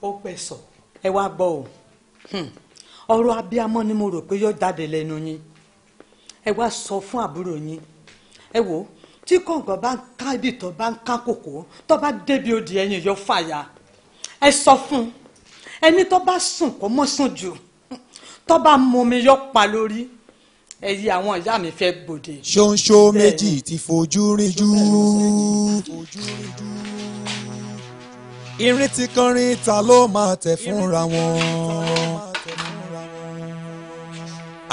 ó gbẹ̀sọ̀ ẹ wá gbọ́ o hmm. ọ̀rọ̀ abiyamọ ni mo rò pé yóò jáde lẹ́nu yín ẹ wá sọ fún àbúrò yín ẹ wo tí kọ̀ǹgàn bá ń ká ibi tó bá ń ká kòkó tó bá débi odi ẹyin yóò fàya ẹ sọ fún un ẹni tó bá sùn kó mọ́ sùn jù tó bá momi yọ pa lórí ẹyí àwọn ìyá mi fẹ́ gbòde. ṣóńṣó méjì ti fojú rí jú. irin ti kọrin ta ló máa tẹ̀ fúnra wọn.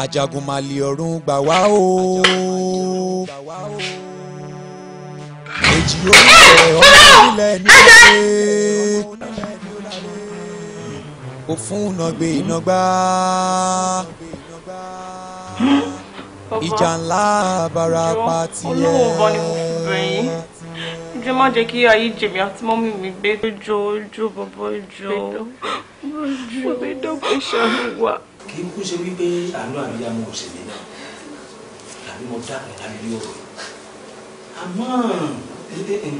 àjàgùnmàlè ọ̀run gbà wá o. èjì oríṣẹ́ ọ̀rọ̀ nílẹ̀ nílẹ̀ kò fún ìnàgbé ìnàgbá ìjà ńlá barapa tiẹ̀. olówó bọ́ ni mo fi bẹ̀ yín jẹ́ má jẹ́ kí ayé jèmi àti mọ́mí mi gbé ojú ojú bọ́bọ́ ojú ojú ojú ìṣàánú wa. kì í kú ṣe wípé àánú àbíyámọ kò ṣèlè náà àbí mo dá àpẹẹrẹ àbí yóò rọ àmọ́ ẹ ẹ ẹ.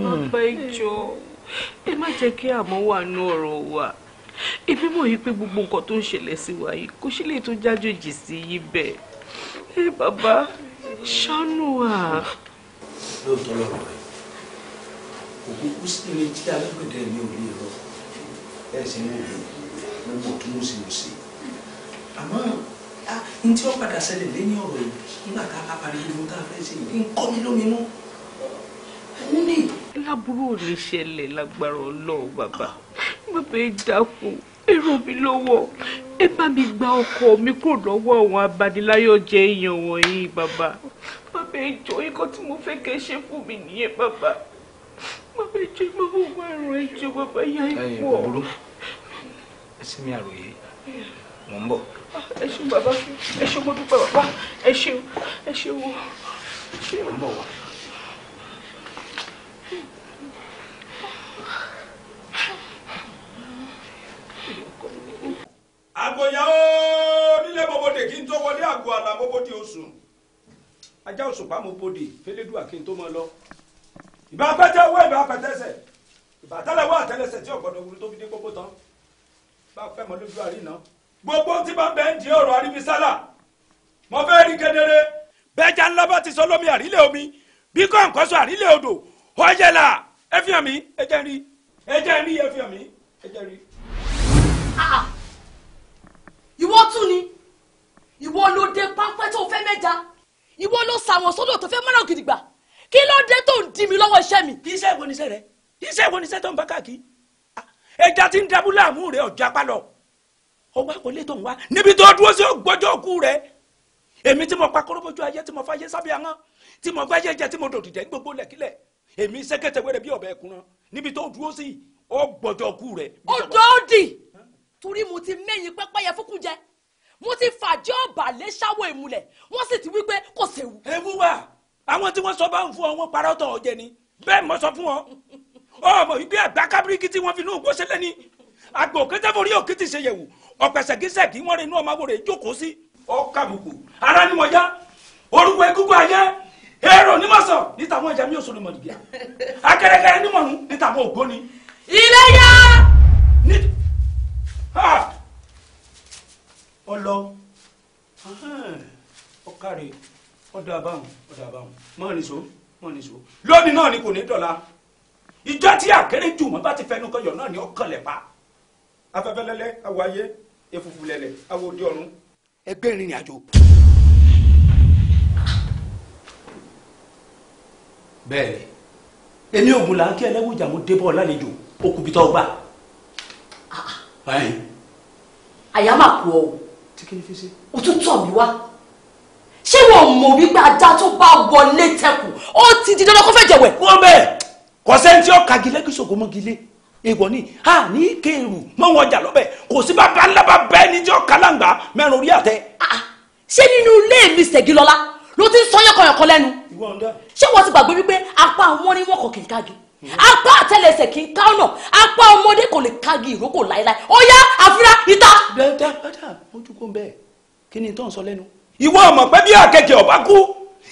bàbá ìjọ ẹ má jẹ́ kí àmọ́ wà nú ọ̀rọ̀ wa èmi mọ̀ yìí pé gbogbo nǹkan tó ń ṣẹlẹ̀ sí wa yìí kò ṣe lè tó jájòjì sí yìí bẹ́ẹ̀ ẹ bàbá ṣàánú wa. lóòótọ́ lọ́rọ̀ rẹ̀ òkúkú sí ilé tí alágbẹ̀dẹ mi ò lè lọ ẹ̀ sì ń wòye mo mọ̀ tó mo sì mo sì àmọ́ n wọ́n padà ṣẹlẹ̀ lé ọ̀rọ̀ yìí nígbà tá a parí gbogbo tá a fẹ́ ṣe yìí ń kọ́ mi lóminú láburú ò ní ṣẹlẹ̀ lágbára ọlọ́run bàbá bàbá ẹ dákun èrò mi lọ́wọ́ ẹ bá mi gba ọkọ mi kúrò lọ́wọ́ àwọn abaniláyọ̀jẹ́ èèyàn wọ̀nyí bàbá bàbá ẹ jọ ikọ́ tí mo fẹ́ kẹ́ ṣe fún mi nìyẹn bàbá bàbá ẹ jọ ìmọ̀ wọn ẹ̀rọ ẹ jọ bàbá ya ipò. ẹyin òbúrú ẹ sì mi àròyé mò ń bọ̀. ẹ ṣeun bàbá ẹ ṣeun mo dúpẹ́ bàbá ẹ ṣeun ẹ ṣeun ẹ ṣeun. àgbòyàwó nílé bòbòdè kí n tó wọlé àgọ́ àlà bòbòdè oṣù ajá òṣùpá mo bòdè fẹlẹ́dùà kí n tó mọ lọ ìbá pẹ́tẹ́ owó ìbá pẹ́tẹ́sẹ̀ ìbátálẹ̀wọ́ àtẹlẹsẹ̀ tí ọ̀gbọ́dọ̀ wúru tó fi dé pópó tán bá fẹ́ mọ lójú àríná gbogbo tí bá bẹ́ẹ̀ ń di ọ̀rọ̀ àríbísálà mo fẹ́ rí kedere bẹ́ẹ̀jà ńlá bá ti sọ lómi àrílé omi bí kọ̀ǹkọ́ sọ àrílé odò ọ̀yẹ̀là ẹ fi hàn mí ẹ jẹ́ rí ẹ jẹ́ rí ẹ fi hàn mí ẹ jẹ́ rí. Ah, ah ìwọ tún ni ìwọ ló dé pápẹ́ tó fẹ́ mẹ́ja ìwọ ló sàwọn sódò tó fẹ́ mọ́nà gidigba kí ló dé tó ń di mi lọ́wọ́ iṣẹ́ mi. kì í ṣe ìwọ́nisẹ́ rẹ kì í ṣe ìwọ́nisẹ́ tó ń bá káàkiri ah, ẹja ti ń dabú láàmú rẹ ọjà pálọ̀ ọwọ́ àkọlé tó ń wá níbi tó dúró sí ògbọ́jọ́ òkú rẹ èmi tí mo pa kórópójú ayé tí mo fa ayé sábẹ́ ahọ́n tí mo gbáyé jẹ tí mo dòdìdẹ́ gbogbo lẹ̀kílẹ̀ èmi sẹ́kẹ̀tẹ̀wé rẹ bí ọ̀bẹ ẹ̀kúnran níbi tó dúró sí ògbọ́jọ́ òkú rẹ. ọjọ́ òdì torí mo ti mẹ́yìn pẹ́pẹ́yẹ fúnkún jẹ mo ti fàjẹ́ ọ̀bà lé ṣáwọ́ ìmùlẹ̀ wọ́n sì ti wí pé kò séwu. ewu wa àwọn tí wọ́n sọ bá ń fún ọ wọn parọ́ tọ̀ ọ̀jẹ̀ ni bẹ́ẹ̀ mo sọ fún ọ ọmọ ìgbé àgbá kábíríkì tí wọ́n fi inú ògbó ṣẹlẹ̀ ni àgbò kẹtẹ́fọ̀rí òkè ti ṣe yẹ̀wò ọ̀pẹ̀sẹ̀gísẹ̀ kí wọ́n rí inú ọmọ àwòrán ìjókòó sí. ọ kàbùkù ara ni mo yá orúkọ egúngún ayé èrò ni mo sọ ní tàwọn ìjà mi ò sọ ní mọ̀dìgíà akẹrẹkẹrẹ ní mọ̀nù ní tàwọn ògbóni. ilé yá ọlọ ọkàrẹ ọdọ abáhùn ọdọ abáhùn mọ nìṣó mọ nìṣó lónìí náà ni kò ní dọ̀la ìjọ tí àkéré jù mọ́ bá ti fẹnu kọyọ̀ náà ni ó kọlẹ̀ pa afẹ́fẹ́ lẹ́lẹ́ awọ ayé efufu lẹ́lẹ̀ awọ òde ọ̀run ẹgbẹ́ ìrìn àjò. bẹ́ẹ̀ni èmi ògùn là ń kí ẹlẹ́wùjà mú débọ̀ lálejò okùnbitọ́ gbà àyà máa kú ọ o tún tọ̀ mí wá ṣé wọn mọ̀ wípé ajá tó bá wọlé tẹkù ó ti di dandan kó fẹ́ jẹ̀wẹ̀. wọ́n bẹ́ẹ̀ kọ́sẹ́ntì ọ̀kagi lẹ́kìsọ̀gọ́ mọ́gilé èèwọ̀ ni a ní kéèrú mọ́ wọn jà lọ́bẹ̀ kò sí bàbá ńlá bàbá ẹni jọ kálàǹgbà mẹ́rin orí àtẹ. Ah, ah. ṣé nínú ilé mi ṣègilọ́lá ló ti ń sọ yọkọ̀yọ̀kọ̀ lẹ́nu ṣé wọ́n ti gbàgbé wípé apá àwọn ni wọ́n kọ̀ kìkàgì apá àtẹlẹsẹ̀ kì í ká ọ̀nà apá ọmọdé kò lè kagi ìrókò láéláé ó yá àfúrá ìta. dáadáa dáadáa mo dúkọ́ bẹ́ẹ̀ kí ni tó ń sọ lẹ́nu. ìwọ ọmọ pé bí àkekè ọba kú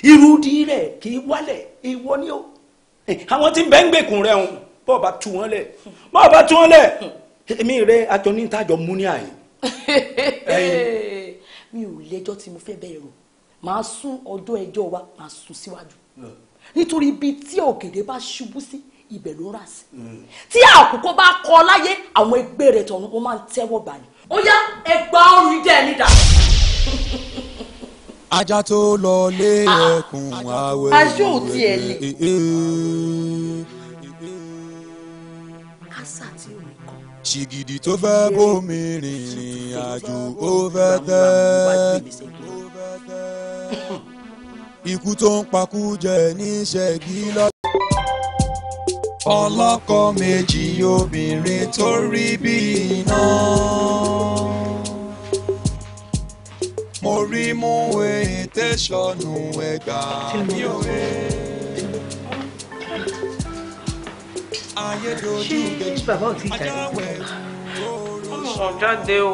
irú di rẹ kì í wálẹ̀ ìwọ ni o àwọn tí ń bẹ́ ń gbèkùn rẹ hùn bọ́ọ̀ bá tú wọn lẹ̀ bọ́ọ̀ bá tú wọn lẹ̀ èmi rẹ àjọ ní ìtajọ mú ní àyè. (laughs) mi ò lẹ́jọ́ tí mo fẹ́ bẹ̀rẹ̀ rò màá sún ọjọ́ ẹjọ́ wa màá sún síwájú nítorí ibi tí òkèdè bá ṣubú sí ibẹ̀ ló rà sí. tí àkókò bá kọ láyé àwọn ẹgbẹ́ rẹ̀ tọ̀hún ó máa ń tẹ́wọ́ bà ní. ó yá ẹgbà orin dẹ́ ẹni dà. (laughs) ajá tó lọ lé ẹkùn ah, àwẹ̀ aṣọ òtí ẹ̀ lè. kásà tí ò ní kọ́. ṣìgìdì tó fẹ́ bómi rìnrìn àjò ó fẹ́ tẹ́ ikú tó ń pakú jẹ níṣẹ́ gí lọ́sọ̀rọ̀ ọlọ́kọ méjì obìnrin tó rí bí iná. mo rí mú ètè sọnù ẹgbà mi ò wé. ṣé bàbá ò tí ì jáde púpọ̀? wọ́n jáde o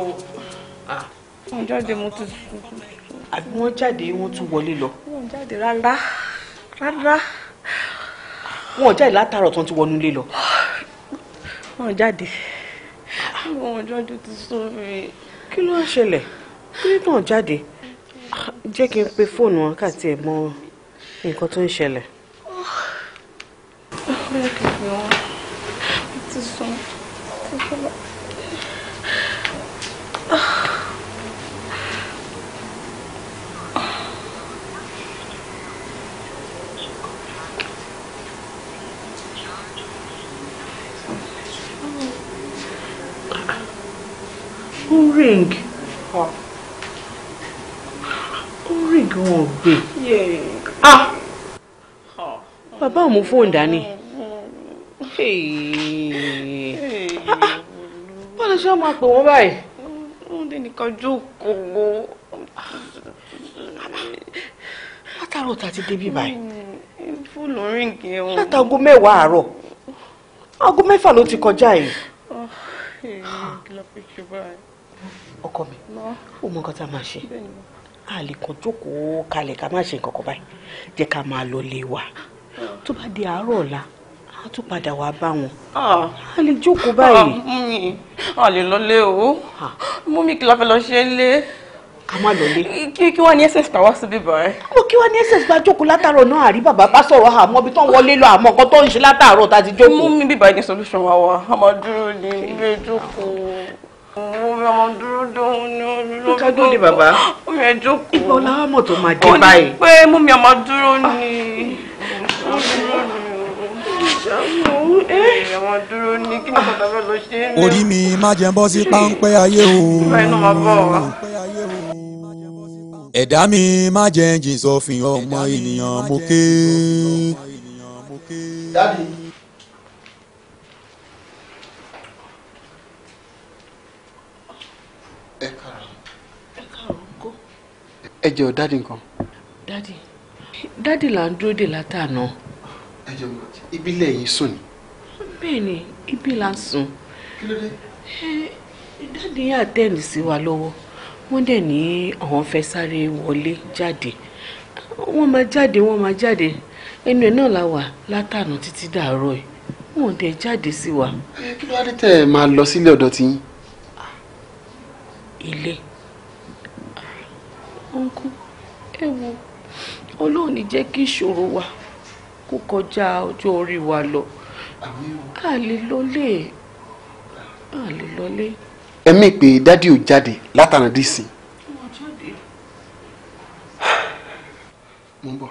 wọ́n jáde mo ti sùn. àbí wọ́n jáde wọ́n tún wọlé lọ. wọ́n jáde rárá rárá wọn ò jáde látàárọ̀ tán ti wọnú ilé lọ. wọn ò jáde wọn ò jọjú ti sórí. kí ló ń ṣẹlẹ̀ kí ló tàn jáde jẹ́ kí n pe fóònù wọn káàtì ẹ̀ mọ nǹkan tó ń ṣẹlẹ̀. bẹ́ẹ̀ kì í pè wọ́n. ó ring ó ring wọn ò gbé ah bàbá ò mú fóònù Hey. Ah. lè ṣe ọmọ àpò wọn báyìí. wọ́n dé nìkan jókòó látàárọ̀ tá ti débi báyìí. Hmm, fóònù ríǹgì ẹ̀wọ̀n. látàgó mẹ́wàá àárọ̀ aago mẹ́fà ló ti kọjá yìí. kí ló fi ṣe báyìí ọkọ mi ó mọ nǹkan tá a máa ṣe a lè kàn jókòó kalẹ̀ ká má ṣe nǹkan kan báyìí jẹ́ ká máa lọ lé wa ah. tó bá di àárọ̀ ọ̀la a tún padà wá bá wọn. Ah. a lè jókòó báyìí. Ah, a lè lọlé o mú mi kí la lọ ṣe é lé. a má lọlé. kí kí wọ́n ní ss pa wá síbí báyìí. mo kí wọ́n ní ss pa jókòó látàárọ̀ náà àrí bàbá bá sọ̀rọ̀ àmọ́ ibi tó ń wọlé lọ àmọ́ nǹkan tó ń ṣe látàárọ̀ tá a ti jókòó. mú mi bíbá ẹni solution wa wa a ní ilé ìjókòó. Omi ọmọ dúró dóhun ní omi ló ká dúró dé bàbá. Omi ẹ̀ jókòó. Ìgbà ọ̀la ọmọ tó máa dé báyìí. Ah. Ó ní pé mú mi ọmọ dúró ni. Ó dúró ni orí mi má jẹ́ bọ́ sí páńpẹ́ ayé o ẹ̀dá mi má jẹ́ jìn sọ̀fìn ọmọ ènìyàn mo ké. dádì ẹ jẹ́ ò dáàdì nǹkan. dáàdì dáàdì là ń dúró dè látàná. ẹ jẹ́ ọmọ ibi lẹ́yìn sùn ni. bẹ́ẹ̀ ni ibi là ń sùn. kí ló dé. dáàdì yẹn àtẹ́ẹ̀nì sí wa lọ́wọ́ wọ́n dẹ̀ ní àwọn fẹ́ sáré wọlé jáde wọ́n máa jáde wọ́n máa jáde ẹnu ẹ̀ náà la wà látàná títí dàárọ̀ ẹ̀ wọn dẹ̀ jáde sí wa. kí ló wá dé tẹ́ ẹ máa lọ sílé ọ̀dọ̀ tiyín. ilé ọ̀nkú ẹ wo ọlọ́run ní jẹ́ kí ìṣòro wa kó kọjá ọjọ́ orí wa lọ ká lè lọlé ká lè lọlé. ẹ mí pé dádì ò jáde látara dí mo ń bọ̀.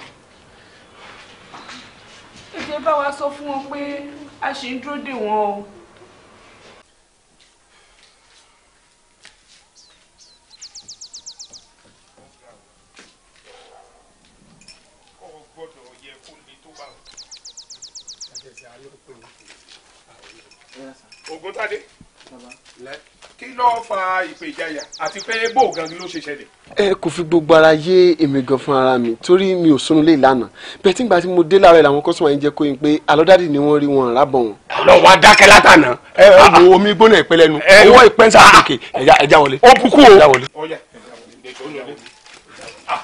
ẹ jẹ́ bá wa sọ fún wọn pé a ṣì ń dúró dè wọ́n o. Ògúntádé kí ló fa ìpè ìjayà àti pé bó gangan ló ṣe ṣẹlẹ̀. ẹ kò fi gbogbo ara yé èmi gan fún ara mi torí mi ò sọnù lé ìlànà bẹ́ẹ̀ tí ìgbà tí mo dé láàárọ̀ làwọn kọsùmọ yẹn jẹ kó pé alọdádì ni wọ́n rí wọn rábọ wọn. lọ wá dákẹ́ látànà. ẹ ẹ wo ah. omi gbóná ìpẹ owó ìpẹ ń ah. ẹja ẹja wọlé. ó bukú o. Ah.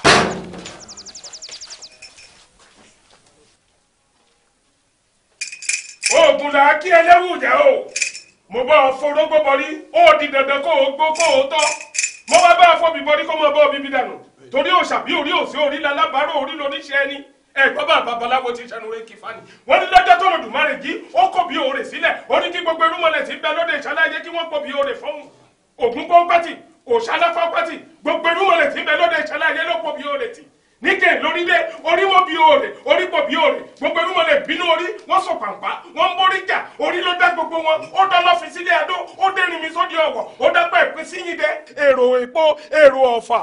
oògùn làákí ẹlẹ́wù jẹ́ o mo bá ọ forógbó bọrí ó di dandan kó o gbó kó o tọ́ mo bá bá fọ́bi bọrí kó mo bá ọ bíbí dànù torí òòṣà bí orí òsì orí lalábàárò orí lóníṣẹ́ ẹni ẹ̀gbọ́n bá babaláwo ti ṣanu rẹ̀ kìfà ni wọ́n ní lọ́jọ́ tó lòdù má rè jí ó kò bí òòrè sílẹ̀ ó ní kí gbogbo irúmọlẹ̀ ti bẹ lóde ìṣáláyé kí wọ́n kò bí òòrè fọ́hùn ògún pátì òòṣà pátì gbogbo irúmọlẹ̀ ti bẹ lóde ìṣáláyé ló kò bí òòrè tì níkẹ́ lórílẹ̀ oríwó bí òòrè orípò bí òòrè gbogbo ẹnu mọ̀lẹ́ bínú orí wọ́n sọ pàǹpá wọ́n ń borí jà orí ló dá gbogbo wọn ó dá lọ́fíì sílé adó ó dẹ́rìn mi sódì ọ̀wọ̀ ó dá pẹ́ẹ́pẹ́ síyìn dẹ èrò èpo èrò ọ̀fà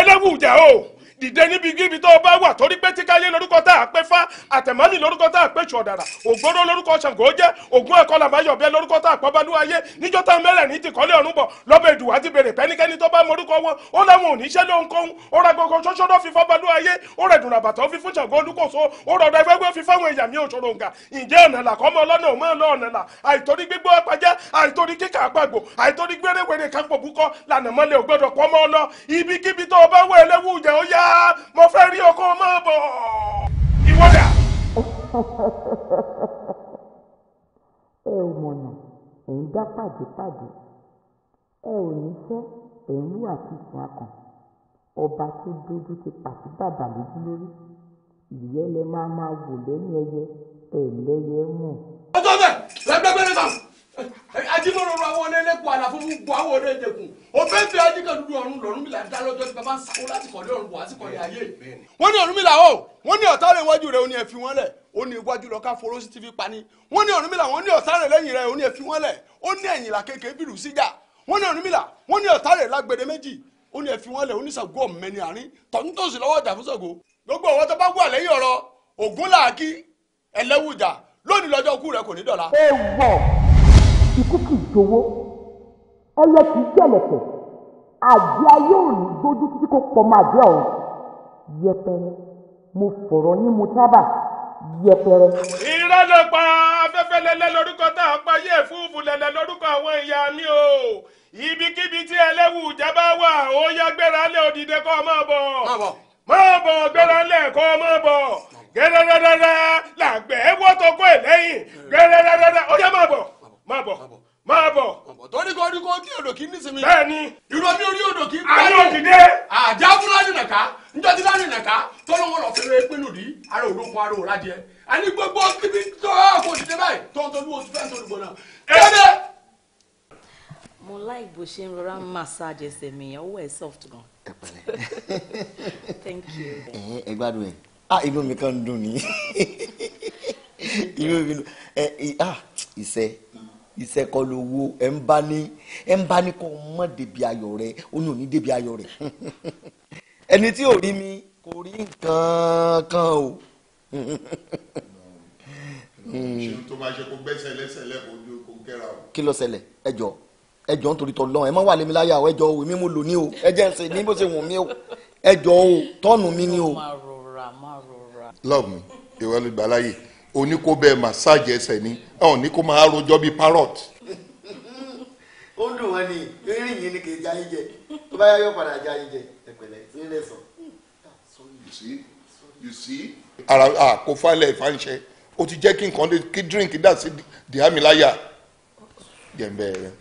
ẹlẹ́wùjà o dìde níbikíbi tó o bá wà torí pé tíkáyé lórúkọ tá a pé fá àtẹ̀mọ́lì lórúkọ tá a pé ṣọ̀dàrà ògbóró lórúkọ ṣàngó jẹ́ ògún ẹ̀kọ́ làmáyọ̀bẹ lórúkọ tá a pọ́ bánú ayé níjọ́ tá a mẹ́rẹ̀ ní tìkọ́lé ọ̀run bọ̀ lọ́bẹ̀ ìdùwà ti bèrè pẹ́nikẹ́ni tó bá morúkọ wọn ó láwọn ò níṣẹ́ ló ń kóhun ó ra gbogbo ṣọ́ṣọ́rọ́ fi fọ́bánú ayé ó rẹ̀ dùnrà bàtọ́ fi fún ṣàngó olúkòso ó rọ̀dọ̀ ẹgbẹ́gbẹ́ fi fáwọn èèyàn mi òṣòro nǹkan ǹjẹ́ ọ̀nà là kọ́mọ ọlọ́nà ò máa lọ ọ̀nà là àìtorí gbígbó apajẹ́ àìtorí kíkà àpagbò àìtorí gbéréwèrè kápò búkọ́ lànà mọ́lẹ̀ ògbọ́dọ̀ pọ́mọ́ ọlọ́ ibikíbi tó o bá wọ ẹlẹ́wù jẹ́ ó yá wá mo fẹ́ rí oko mọ́ bọ̀ ìwọ́dà. (laughs) ẹ ò mọ̀nà ẹ̀ ń dá pàdépàdé ẹ ò níṣẹ́ ẹ̀ ń wà fífún akàn ọba tó dójú ti pàtí bàbà lójú lórí ìyẹlẹ máa máa wò lẹ́yìn ẹyẹ ẹ̀ lẹ́yẹ mọ̀. ọjọ́ bẹ́ẹ̀ lẹ́gbẹ́gbẹ́rẹ́ sọ̀rọ̀ ajimọ̀rọ̀rọ̀ àwọn ọlẹ́lẹ́kùn àlàfo mú bu àwọn ọ̀rẹ́ ìdẹ̀kùn òfé fẹ́ ajíkẹ́ dúdú ọ̀run lọ́run mi là ń dá lọ́jọ́ tí bàbá ń sako láti kọ̀lé ọ̀run bọ̀ àti kọ̀lé ayé. wọ́n ní ọ̀run mi là ó wọ́n ní ọ̀tá rẹ̀ iwájú rẹ̀ ó ní ẹ fi wọ́n iwájú lọ ká foró sí ti fi pa ni wọ́n ní ọ̀run mi là ní ọ̀tá rẹ̀ lẹ́yìn rẹ̀ ó ní ẹ fi ó ní ẹ̀yìn là kéèké bìrù síjà wọ́n ní ọ̀run mi là ní ọ̀tá rẹ̀ lágbède méjì ó ní ẹ fi wọ́n lẹ̀ àárín tọ̀ntòsí lọ́wọ́ ọjà fún Ṣàngó ikú kì í jowó ẹyẹ kì í jẹ̀lẹ̀kẹ̀ àjẹ́ ayé òní dojú títí kò pọ̀ máa jẹ́ ọ̀hún yẹpẹrẹ mo fọ̀rọ̀ yín mo tábà yẹpẹrẹ. ìrẹ́lẹ̀pà afẹ́fẹ́ lẹ́lẹ́ lórúkọ tá a pa yé fúfú lẹ́lẹ́ lórúkọ àwọn ìyá mi o ibikíbi tí ẹlẹ́wù ìjà bá wà ó yá gbéra lé òdìdẹ kọ́ máa bọ̀ máa bọ̀ gbéra lé kọ́ máa bọ̀ gẹ́rẹ́rẹ́rẹ́rẹ́ làgbẹ́ wọ́tọ̀ kó ẹ̀ lẹ́yìn hmm. gẹ́rẹ́rẹ́rẹ́rẹ́ ó yá máa bọ̀. má bọ̀ má bọ̀. torí kò rí kò kí odò kí ní sinmi. bẹ́ẹ̀ni. irọ́ mi orí odò kí. àlọ́ òdìdé. àjà fúlàní nàka njọ́tí láti di ara ara gbogbo kíbi báyìí bí oṣù náà. mo láì bó ṣe ń rọra massage mi soft gan. ẹ (laughs) ẹ gbádùn ẹ ah inú mi kan (laughs) iṣẹ́ kọ́ lówó ẹ̀ ń bá ní ẹ̀ ń bá ní kọ́ mọ́ débi ayọ̀ rẹ̀ ó ní òní débi ayọ̀ rẹ̀ (laughs) ẹni tí ò rí mi kò rí nǹkan kan o. ṣé tó máa ṣe kó gbẹ́sẹ̀ lẹ́sẹ̀ lẹ́kọ̀ọ́ ojú o. kí ló ṣẹlẹ̀ ẹ jọ ẹ jọ nítorí tọ́ lọ́n ẹ má wà lémi láyà o ẹ jọ o mo lò ní o ẹ ṣe ní bó ṣe wù mí o ẹ o tọ́ọ̀nù mi ni o. love me ìwọ ló gbà láyè òní kó bẹ́ẹ̀ massage ẹsẹ̀ ni ọ̀hún ní kó máa rojọ́ bíi parrot. (laughs) ó dùn wọn ni eré yìí ni kì í jáyé jẹ tó bá yáyọ padà jáyé jẹ ẹpẹlẹ eré sọ. you see you see. ara àkófálẹ̀ ìfànṣẹ́ o ti jẹ́ kí nǹkan dé kí drink dà sí dìhámìláyà jẹ̀ǹbẹ̀ rẹ̀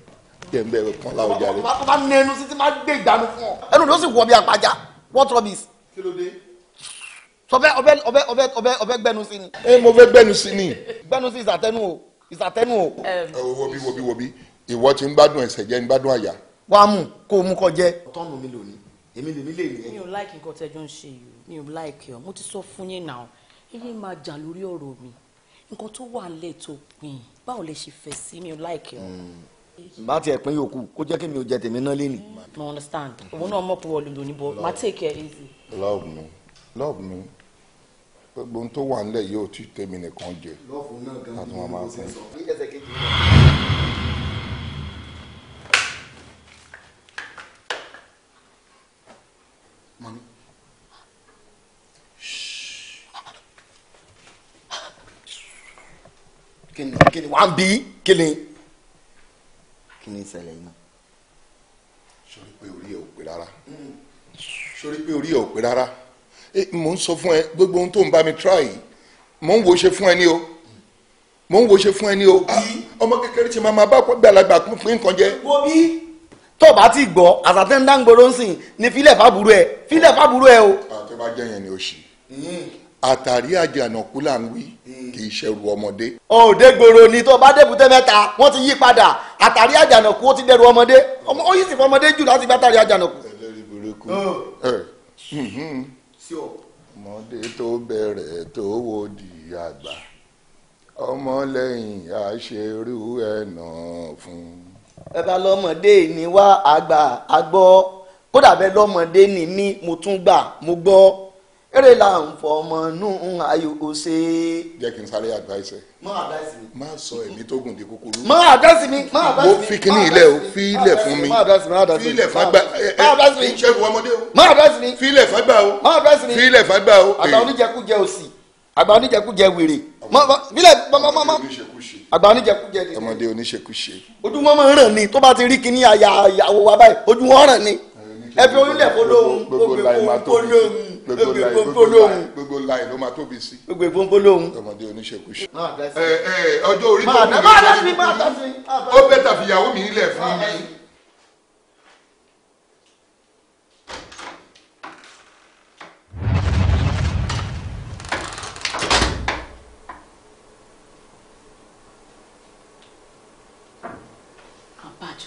jẹ̀ǹbẹ̀ rẹ̀ kan láwùjá rẹ̀. ọba nẹnu sí ti máa gbé ìdánù fún ọ ẹnu ló sì wọ bí apájá what rubbish. kí ló dé sọfẹ ọbẹ ọbẹ ọbẹ ọbẹ ọbẹ gbẹnu sí ni. ẹ mo fẹ́ gbẹnu sí ni. gbẹnu sí ìsàtẹnu o ìsàtẹnu o. wobi wobi wobi ìwọ ti ń gbádùn ẹsẹ̀ jẹ ń gbádùn àyà. wàá mú kó o mú kọ jẹ. tọ́nù mi lónìí èmi lèmi lè rí ẹ. mi ò láìkí nǹkan tẹ́jọ́ ń ṣe yìí mi ò láìkí ọ mo ti sọ fún yín náà ẹ̀yin máa jà lórí ọ̀rọ̀ mi nǹkan tó wà lẹ̀ tó pin báwo lè ṣe fẹ́ sí mi ò láìkí ọ. Hmm. bá tiẹ̀ pín yòókù kó jẹ́ kí mi ò jẹ tèmi náà lé ni. mo understand òun náà mọ̀ pé wọ́n lò lónìí bọ́ máa take care easy. love me love me gbogbo ohun tó wà nílẹ̀ yóò ti tèmi nìkan jẹ láti máa máa fún un. kini kini wàá bí kini kini ṣẹlẹ̀ yìí náà. sori pé orí ẹ ò pé rárá mm. sori pé orí ẹ ò pé rárá mò ń sọ fún ẹ gbogbo ohun tó ń bá mi try mò ń wo ṣe fún ẹ ní o mò ń wo ṣe fún ẹ ní o ah, ọmọ kékeré ti máa máa bá gbàlagbà kún fún nǹkan jẹ. wo bí tó o bá ti gbọ́ àtàtẹ́ ń dáńgbòrò ńsìn ni filẹ̀ fàbúrú ẹ filẹ̀ fàbúrú ẹ o. àti ah, bá jẹ́ yẹn ni o ṣì àtàrí àjànàkú là ń wí kì í ṣẹrù ọmọdé. òde gbòòrò ni tó bá débùté mẹ́ta wọ́n ti yí padà àtàrí àjànàkú ó ti dẹrù ọmọdé ó yìí sì fọmọdé jù láti bá tàrí àjànàkú. ẹlẹ́rìí burúkú oh. eh, mhm sí ọ. ọmọdé tó bẹ̀rẹ̀ tó wo di àgbà ọmọlẹ́yìn àṣerú ẹ̀nà fún. ẹ bá lọ́mọdé ní wá àgbà àgbọ́ kódà bẹ́ẹ̀ lọ́mọdé ní mí mo tún gbà mo gbọ́ eré là ń fọ ọmọ nù ayò ọ̀sẹ̀. jẹ́ kí n sáré advice má advice mi. má sọ ẹ̀mí tó gùn di kúkúrú. má advice mi má advice mi. mo fi kíní ilẹ̀ o fi ilẹ̀ fún mi. má advice mi má advice mi. fi ilẹ̀ fagba ẹ ẹ ṣẹ́fù ọmọdé o. má advice mi. fi ilẹ̀ fagba o. má advice mi. fi ilẹ̀ fagba o. àgbà oníjẹkújẹ òsì àgbà oníjẹkújẹ wèrè. àgbà oníjẹkújẹ ọmọdé oníṣekúṣe. ojú gbogbo láì gbogbo láì gbogbo láì ló máa tóbi sí. gbogbo ìfúnpó lóhùn. ọmọdé oníṣekúṣe. ọjọ́ orí tó kù mí ó bẹ́ẹ̀ tàfìyàwó mi nílẹ̀ fún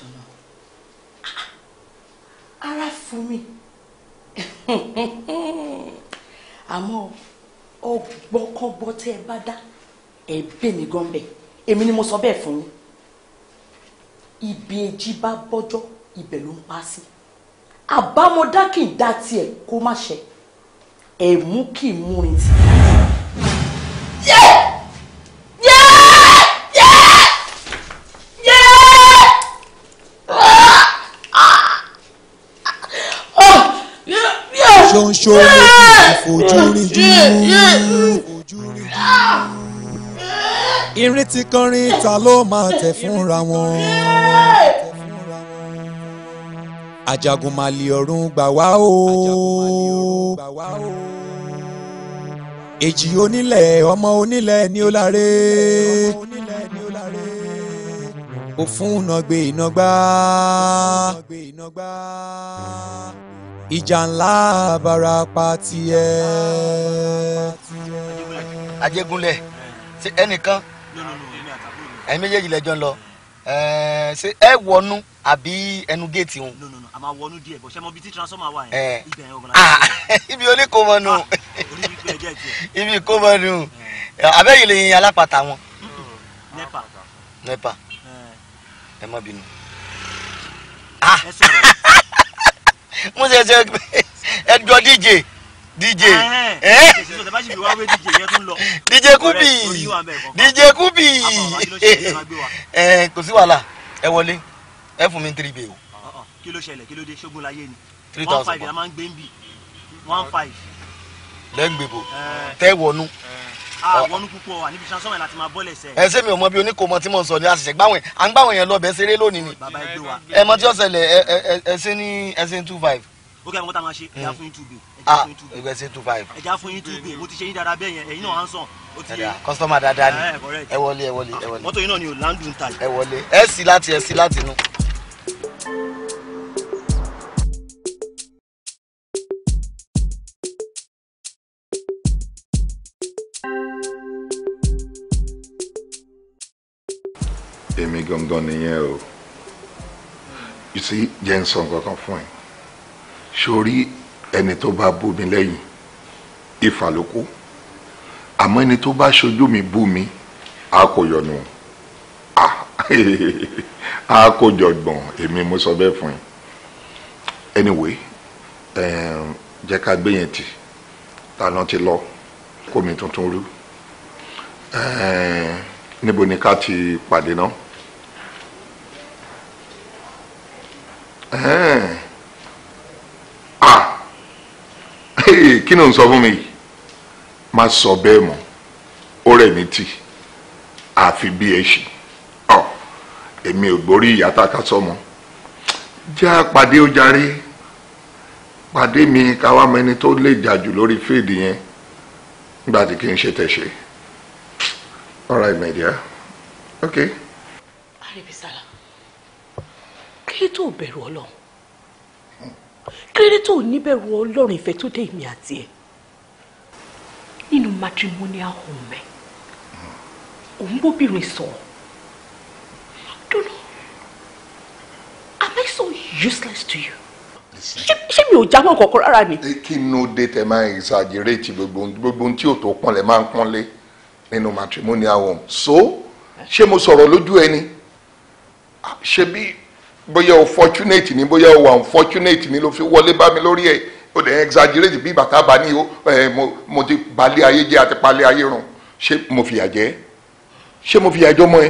mi. ara fún mi (laughs) àmọ́ ọgbọ́kọ́gbọ́ tẹ́ ẹ bá dá ẹ bẹ̀ gan bẹ̀ èmi ni mo sọ bẹ́ẹ̀ fún yín ibi èjì bá bọ́jọ́ ibẹ̀ ló ń pa sí àbámọ̀dá kì í dá tiẹ̀ kó má ṣe ẹ̀ mú kì í múrin tì. Yeah! ṣonṣo lójú fojú rìn jù irin ti kọrin ta ló máa tẹ̀ fúnra wọn. Àjàgùnmàlè ọ̀run gbà wá o. Èjì onílẹ̀ ọmọ onílẹ̀ ni ó láre. Òfun nàgbé ìnagbá ìjà ńlá barapa tiẹ̀. ajégúnlẹ̀ ṣe ẹnìkan ẹ̀yin méjèèjì lẹ́jọ́ ń lọ ṣe ẹ wọnú àbí ẹnu géètì wọn. a máa wọnú díẹ̀ bọ̀ ṣe mo bí tí transformer wà yẹn ibẹ̀ yẹn ọ̀gbọ̀n ah, láti. (laughs) ibi oníkómọnù ah, (laughs) ibi ìkómọnù abẹ́yìí lè yin alápàtà wọn. nepa nepa ẹ má bínú. ẹ (laughs) mo ṣẹ̀ṣẹ̀ ẹjọ́ díje díje díje kúbì díje kúbì kò sí wàhálà ẹ wọlé ẹ fún mi three bay o. kí ló ṣẹlẹ̀ kí ló dé ṣógun láyé ni three thousand one five la máa ń gbé ń bì one five. lẹ́ǹgbẹ̀bọ̀ tẹ́ wọnú àwọn ah, púpọ̀ wà níbi transformer láti máa bọ́lẹ̀ sẹ́. ẹ ṣé mi ò mọ bí oníkòmọ tí mò ń sọ ní àṣìṣe gbáwọn à ń gbáwọn yẹn lọ bẹ ṣeré lónìí ni. bàbá ẹgbẹ́ wa. ẹ mọ tí ó ṣẹlẹ̀ ẹ ẹ ẹ ṣe ní two five. ó kẹ́ ẹ mọ́ tá a máa ṣe ẹja fún youtube ẹja ah, fún ṣe two five. ẹja fún youtube mo ti ṣe yín dáadáa bẹ́ẹ̀ yẹn ẹ̀yin náà á sàn. kọ́sítọ́mà dáadáa ni eh, ẹ wọlé ẹ wọlé ẹ wọlé. mọ́tò yín náà ni ò èmi gangan nìyẹn o you see jẹ́ ń sọ nǹkan kan fún ẹ sórí ẹni tó bá bú mi lẹ́yìn Ifá ló kú àmọ́ ẹni tó bá ṣojú mi bú mi a kò yọnu a kò jọ̀gbọ̀n èmi mo sọ bẹ́ẹ̀ fún ẹ anyway jẹ́ ká gbé tì tànà ti lọ kómi tuntun rú níbo ni ká ti pàdé náà. Ah. kí ni ò ń sọ fún mi yìí má sọ bẹ́ẹ̀ mọ́ ó rẹ̀ mí tì àfi bí ẹ ọ èmi ò gbórí ìyá tá a ká sọmọ já pàdé ó jarí pàdé mi káwá mẹni tó lè jà jù lórí fíìdì yẹn nígbà tí kì í ṣe tẹ̀ṣe all right my kílódé tó bẹ̀rù ọlọ́run kílódé tó níbẹ̀rù ọlọ́run ìfẹ́ tó dé èmi àti ẹ̀ nínú matrimonial home ẹ̀ òun bóbìnrin sọ̀rọ̀ dúró am I so useless to you? ṣé mi ò jáwọ́ kọ̀ọ̀kan rárá ni. kí inú dé tẹ máa ń exaggerate gbogbo gbogbo tí ò tó pọ́nlẹ̀ máa ń pọ́nlé nínú matrimonial home so ṣé mo sọ̀rọ̀ lójú ẹni ṣé bóyá o fortunate ni bóyá o unfortunate ni ló fi wọlé bá mi lórí ẹ̀ o lè exaggerate bí bàtà bá ní o mo ti balẹ̀ ayé jẹ́ àti palẹ̀ ayé rùn ṣé mo fìyà jẹ́ ṣé mo fìyà jọmọ ẹ.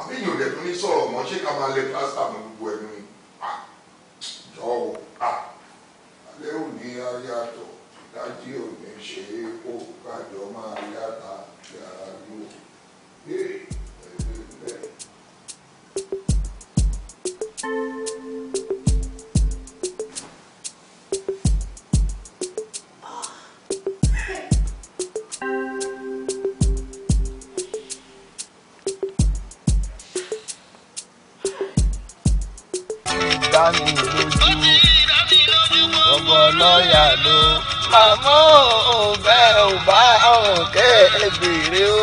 àbí yóò dẹ̀ tún ní sọ̀rọ̀ mọ́ ṣé ká máa lẹ pásítà mọ́ gbogbo ẹnu ni jọ̀wọ́ alẹ́ òní ayàtọ̀ dájú òní ṣe é kó kájọ máa yàtà yàrá yóò. ò bẹ́ ò bá ọ̀hún kẹ́ ẹ bèrè o.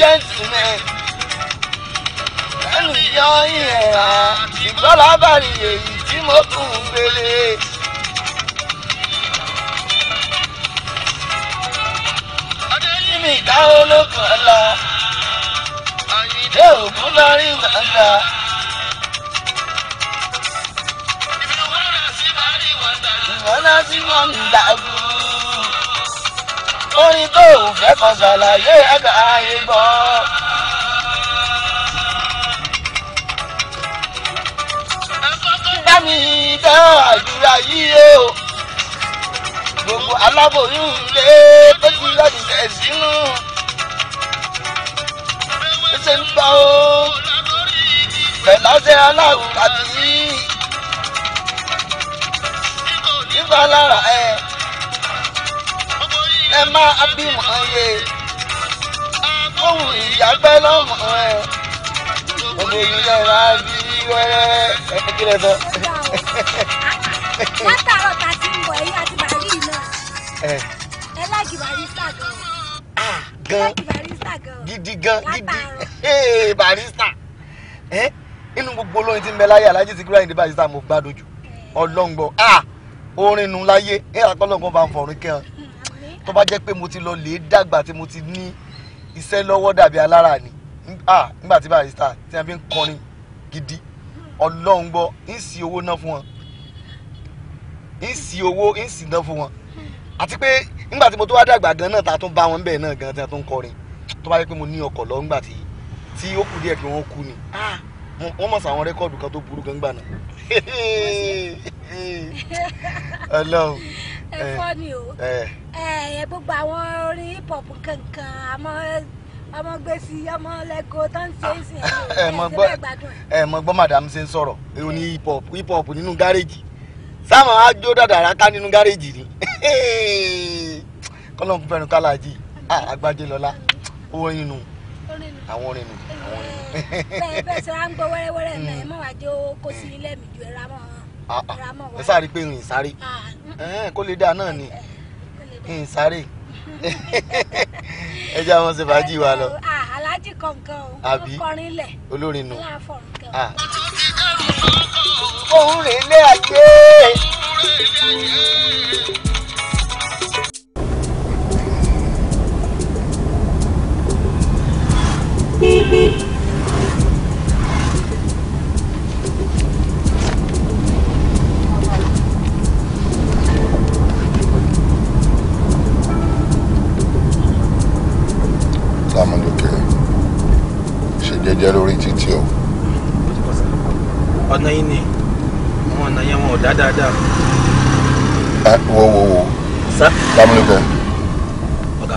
gentleman lẹ́nu yọ ìhẹ̀ra ìgbọ́lábàlì èyí tí mo kù gbélé. mi ìdá olókùn ọ̀la àyídé ògún lọ́rí gbàgbà. ìwọ́nà tí wọ́n ń dàgbù. orin tó ò fẹ́ kọ́ ṣàlàyé àgbà ayé gbogbo aláboyún lé pẹ́jú lọ́dún rẹ̀ ṣe ń gbà ó pẹ̀láṣẹ aláwọ̀ àti nípa lára ẹ ẹ máa bímọ yẹ ohun ìyàgbẹ́ lọ́mọ ẹ gbogbo ìyẹn máa bí wẹ́rẹ́ ẹ kílẹ̀ tán. látàárọ̀ tá a ti ń bọ̀ ẹ̀yìn àti bàálì náà ẹ láàgì bàálì sáà gan-an gan gidi gan gidi barista inú gbogbo olórin tí ń bẹ láyé alájí ti kúrò àyìndé barista mo gbádùn jù eh. ọlọ́ngbọ ah, orin nu láyé ẹ àkọlọ́ngbọ bá ń fọrin kẹ́ ọ hmm, tó bá jẹ́ pé mo ti lọ lè dàgbà tí mo ti ní iṣẹ́ lọ́wọ́ dàbí alára ni ah, nígbà tí barista tí wọ́n fi ń kọrin gidi ọlọ́ngbọ ń sì owó ná fún wọn ń sì owó ń sì ná fún wọn hmm. àti pé nígbà tí mo tó wá dàgbà gan náà ta tún bá wọn bẹ́ẹ̀ náà gan tí wọ́n tún kọrin tó bá yẹ pé mo ní ọkọ̀ lọ nígbà tí tí ó kù díẹ̀ kí wọ́n kú ni wọ́n mọ̀ sí àwọn rẹ́kọ̀dù kan tó burú gan gbà náà. ẹ fọ́ ni o ẹ gbogbo àwọn orin hip hop kankan àmọ́ ọmọ gbèsè ọmọ lẹ́kọ̀ọ́ tó ń ṣe é sìn ẹ̀ ẹ̀ mọ̀ gbọ́ madam ṣe ń sọ̀rọ̀ ẹ̀ ò ní hip hop hip hop nínú gáréèjì sáwọn ajó dàdàrà ká nínú gáréèjì ni (laughs) kọ́lọ́n kún fẹ́nu kálájì àgbájé lọ́lá owó inú àwọn orin nù. bẹ́ẹ̀ bẹ́ẹ̀ sọ wá ń gbọ́ wẹ́rẹ́wẹ́rẹ́ náà hmm. ẹ má wàá jẹ́ ó kó sí ilé mi ju ẹ ra mọ́ ah, ah. ẹ sáré pé rìn sáré ah. kó lè dáa náà ni rìn sáré ẹ jẹ́ àwọn ṣe fàájì wa lọ. Ah, aláàjì kọ̀ọ̀kan o àbí olórin nù. òun ah. rè lé ajé. Beep beep. ọ̀nà yìí ni àwọn ọ̀nà yẹn wọn ò dá dáadáa. ẹ wo wo wo lámúlùkẹ wo ẹ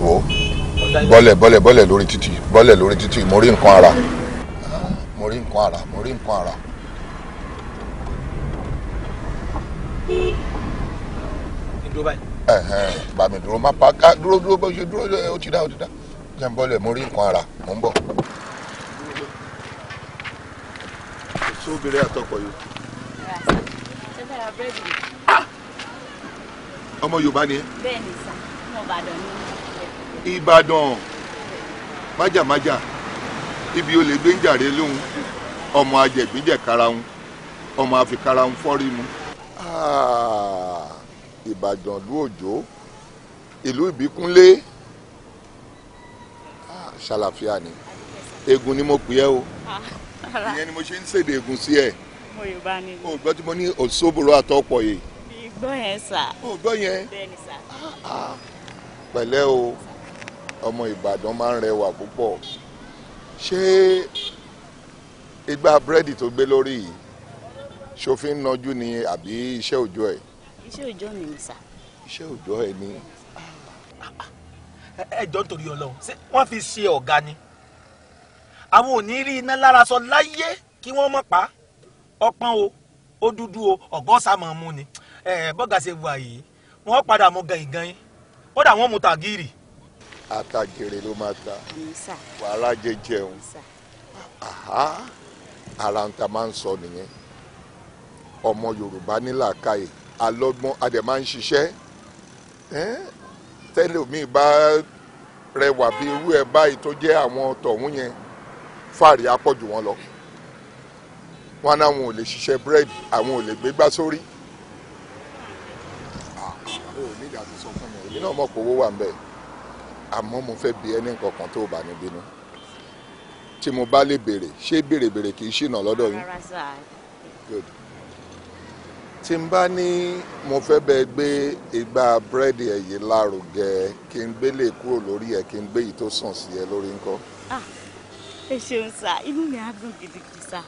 wo bọ́lẹ̀ bọ́lẹ̀ bọ́lẹ̀ lórí títì bọ́lẹ̀ lórí títì mo rí nǹkan ara mo rí nǹkan ara mo rí nǹkan ara. bá dúró má pa dúró dúró bó ṣe dúró ó ti dá ó ti dá jẹ́ n bọ́lẹ̀ mo rí nǹkan ara mo ń bọ̀. ṣé obìnrin àtọkọ yòókù. ọmọ yorùbá ni ẹ. bẹ́ẹ̀ni sá ọmọ ìbàdàn ni. ìbàdàn májàmájà ibi olè gbé ń jàre lóhun ọmọ ajẹgbẹjẹ karahun ọmọ àfikarahun fọrínú. Ah, ìbàdàn lú òjò ìlú ìbíkúnlé ah, ṣàlàfíà ni eégún ni mo pè é o. Ah ìyẹn ni mo ṣe ń ṣèdè ègúsí ẹ mo yorùbá ni mi. o gbọ́ tí mo ní òṣòbòrò àtọ́pọ̀ yìí. ìgbọ́ yẹn sà. o gbọ́ yẹn. bẹ́ẹ̀ni sà. Ah, ah. pẹ̀lẹ́ o ọmọ ìbàdàn máa ń rẹwà púpọ̀ ṣé igbá búrẹ́dì tó gbé lórí yìí ṣòfin nájú ni àbí iṣẹ́ òòjọ́ ẹ̀. iṣẹ́ òòjọ́ mi ni sà. iṣẹ́ òòjọ́ ẹ ni. Ah, ẹ jọ nítorí Ọlọ́run ṣé wọn fi ṣe ọ̀gá ni àwọn ò ní rí iná lára sọ láyé kí wọ́n mọ̀ pa ọpọ́n o ó dúdú o ọ̀gọ́sàmọ̀ mu ni bọ́gà ṣe wà yìí wọ́n padà mú gàngàn yín kódà wọ́n mú tàgírì. àtàgèrè ló máa ta wàhálà jẹjẹun ara ń ta máa ń sọ nìyẹn ọmọ yorùbá ní làákàyè alọ́gbọ́n adẹ̀ máa ń ṣiṣẹ́ tẹ́lẹ̀ mi bá rẹwà bí irú ẹ̀ báyìí tó jẹ́ àwọn tọ̀hún yẹn fàárì apọ̀jù wọn lọ wọn náà wọn ò lè ṣiṣẹ́ búrẹ́dì àwọn ò lè gbégbá sórí èmi náà mọ̀ pé owó wà ń bẹ̀ àmọ́ mo fẹ́ bi ẹni kankan tó bá ní bínú tí mo bá lè béèrè ṣé béèrèbéèrè kì í ṣìnà lọ́dọ̀ yín tí n bá ní mo fẹ́ bẹ gbé igba búrẹ́dì ẹ̀ yìí lárugẹ kí n gbélé kúrò lórí ẹ̀ kí n gbé yìí tó sàn sí ẹ lórí ńkọ́ ẹ ṣeun sá inú mi á dùn gidigidi sá.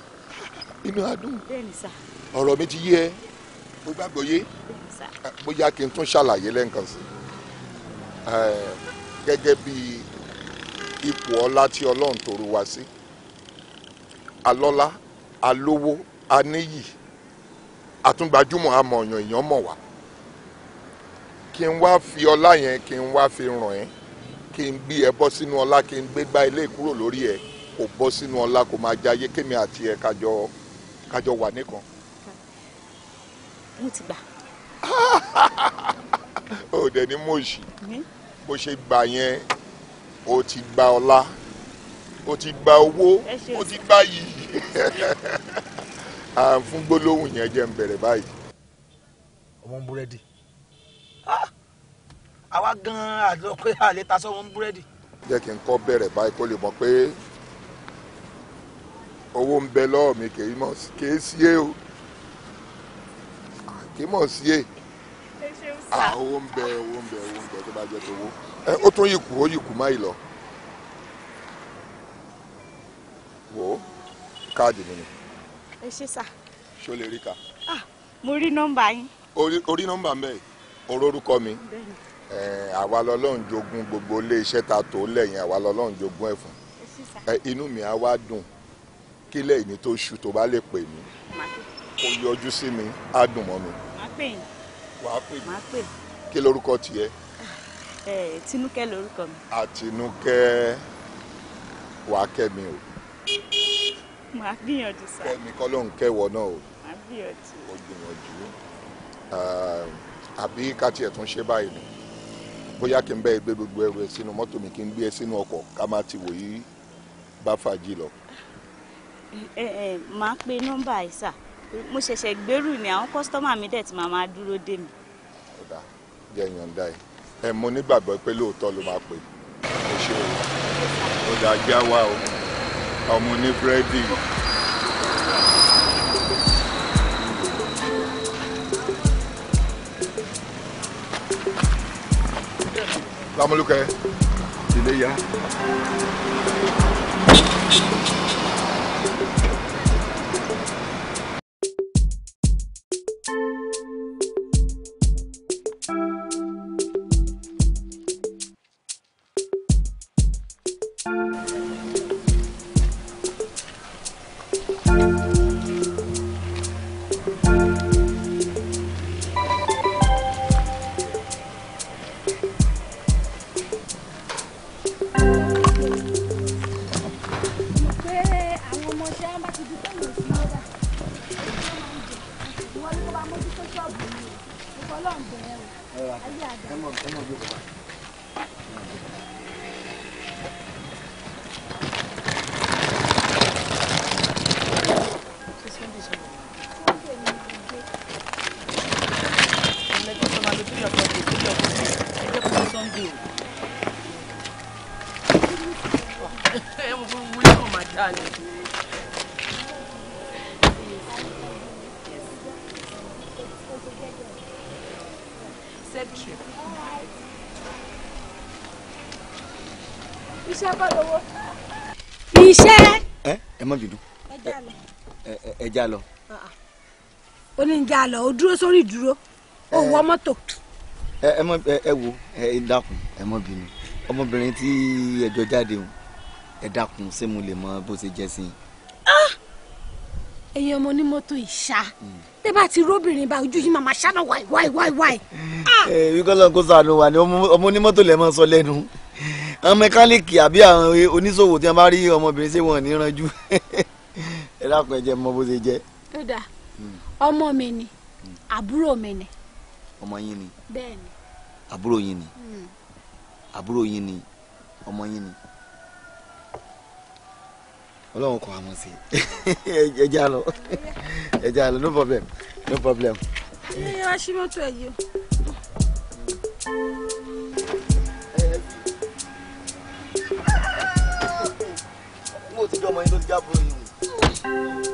inú á dùn. bẹ́ẹ̀ni sá. ọ̀rọ̀ mi ti yé ẹ mo gbàgbọ́ yé bóyá kí n tún ṣàlàyé lẹ́ǹkan sí gẹ́gẹ́ bí ipò ọlá tí ọlọ́run tòrò wá sí alọ́lá alówó aníyì àtúngbàjúmọ̀ amọ̀ọ̀yàn èèyàn mọ̀ wá kí n wá fi ọlá yẹn kí n wá fi ràn ẹ́ kí n gbé ẹ bọ́ sínú ọlá kí n gbé gbá ilé kúrò lórí ẹ. E kò bọ́ sínú ọlá kò máa jayé kémi àti ẹ̀ kájọ kájọ wà nìkan. mo ti gbà. (laughs) o dẹ̀ ní mòṣì bó ṣe gbà yẹn o ti gba ọlá o ti gba owó o ti gba yìí (laughs) à ń fún gbólóhùn yẹn jẹ́ ń bẹ̀rẹ̀ báyìí. ọmọ ń búrẹ́dì ah! àwa gan-an àjọ pé àlè ta sọ́wọ́n ń búrẹ́dì. jẹ́ kí n kọ́ bẹ̀rẹ̀ báyìí kó lè mọ̀ pé owó ń bẹ lọ́wọ́ mi kì í mọ̀ kì í sí é o ah, kì í mọ̀ sí é ah, owó ń bẹ owó ń bẹ owó ń bẹ tó bá jẹ́ tówó ó tún yìí kù ó yìí kù máyì lọ wò ó káàdì mi ni. ẹ ṣe sà. ṣó lè rí ka. Ah, mo rí nọ́mbà yín. orí nọ́mbà ń bẹ oró mi àwa lọ́lọ́run jogún gbogbo ilé ta tó lẹ́yìn àwa lọ́lọ́run jogún ẹ̀ fún inú mi á wá dùn kílẹ̀ ìní tó ṣù tó bá lè pè mí kó yọjú sí mi á dùn mọ́ mi. má pè yín. wàá pè mí kí lorúkọ tiẹ̀. ẹ Tinúkẹ́ lorúkọ mi. Àtinúkẹ́ wàá kẹ́ mi o. màá gbìyànjú sá. kẹ́mi kọ́ ló ń kẹ́wọ̀ náà o. màá gbìyànjú. o gbìyànjú àbí ká tiẹ̀ tún ṣe báyìí ni bóyá kí n bẹ́ẹ̀ gbé gbogbo ẹrù ẹ̀ sínú mọ́tò mi kí n gbé ẹ sínú ọkọ̀ ká má ti wòyí bá fàájì lọ máa pe nọ́mbà yìí sà mo ṣẹ̀ṣẹ̀ gbèrú ni àwọn kọ́sítọ́mà mi dẹ̀ ti máa máa dúró dé mi. ọ̀dà jẹ́ ìyọ̀ǹda ẹ̀ ẹ̀ mo nígbàgbọ́ pé lóòótọ́ ló máa pè é ṣe o ó dáa já wa o ọmọ ní búrẹ́dì. lámúlùkẹ́ ilé yá. já lọ. ó ní já lọ ó dúró sórí ìdúró ó wọ mọ́tò. ẹ mọ ẹ wo ẹ dákun ẹ mọ bínú ọmọbìnrin tí ẹjọ jáde o ẹ dákun ṣé mo lè mọ bó ṣe jẹ sí i. Ah! ẹ̀yin ọmọ onímọ́tò ìṣá tẹ́ hmm. bá ti róbìnrin bá ojú yìí màmá ṣáná wáì wáì wáì wáì. Ah! ẹ wíkọ́ lọ́n kó sànù wà ní ọmọ onímọ́tò lẹ́ mọ́ sọ lẹ́nu àwọn mẹkáníìkì àbí àwọn oníṣòwò tí wọ́n bá rí ọmọbìnrin ṣé wọ́n ní ránjú (laughs) dákun ẹ jẹ́ mọ bó ṣe jẹ́. ó dà ọmọ mi ni hmm. àbúrò mi ni. ọmọ yín ni. bẹ́ẹ̀ ni. àbúrò yín ni. Hmm. àbúrò yín ni ọmọ yín ni. ọlọ́run kọ́ àmọ́ sí (laughs) ẹ já lọ ẹ já lọ no problem no problem. ṣé wàá ṣí mọ́tò ẹ̀ yìí o. mo ti dọ́mọ yín ló ti jábọ̀ yín o. Thank you.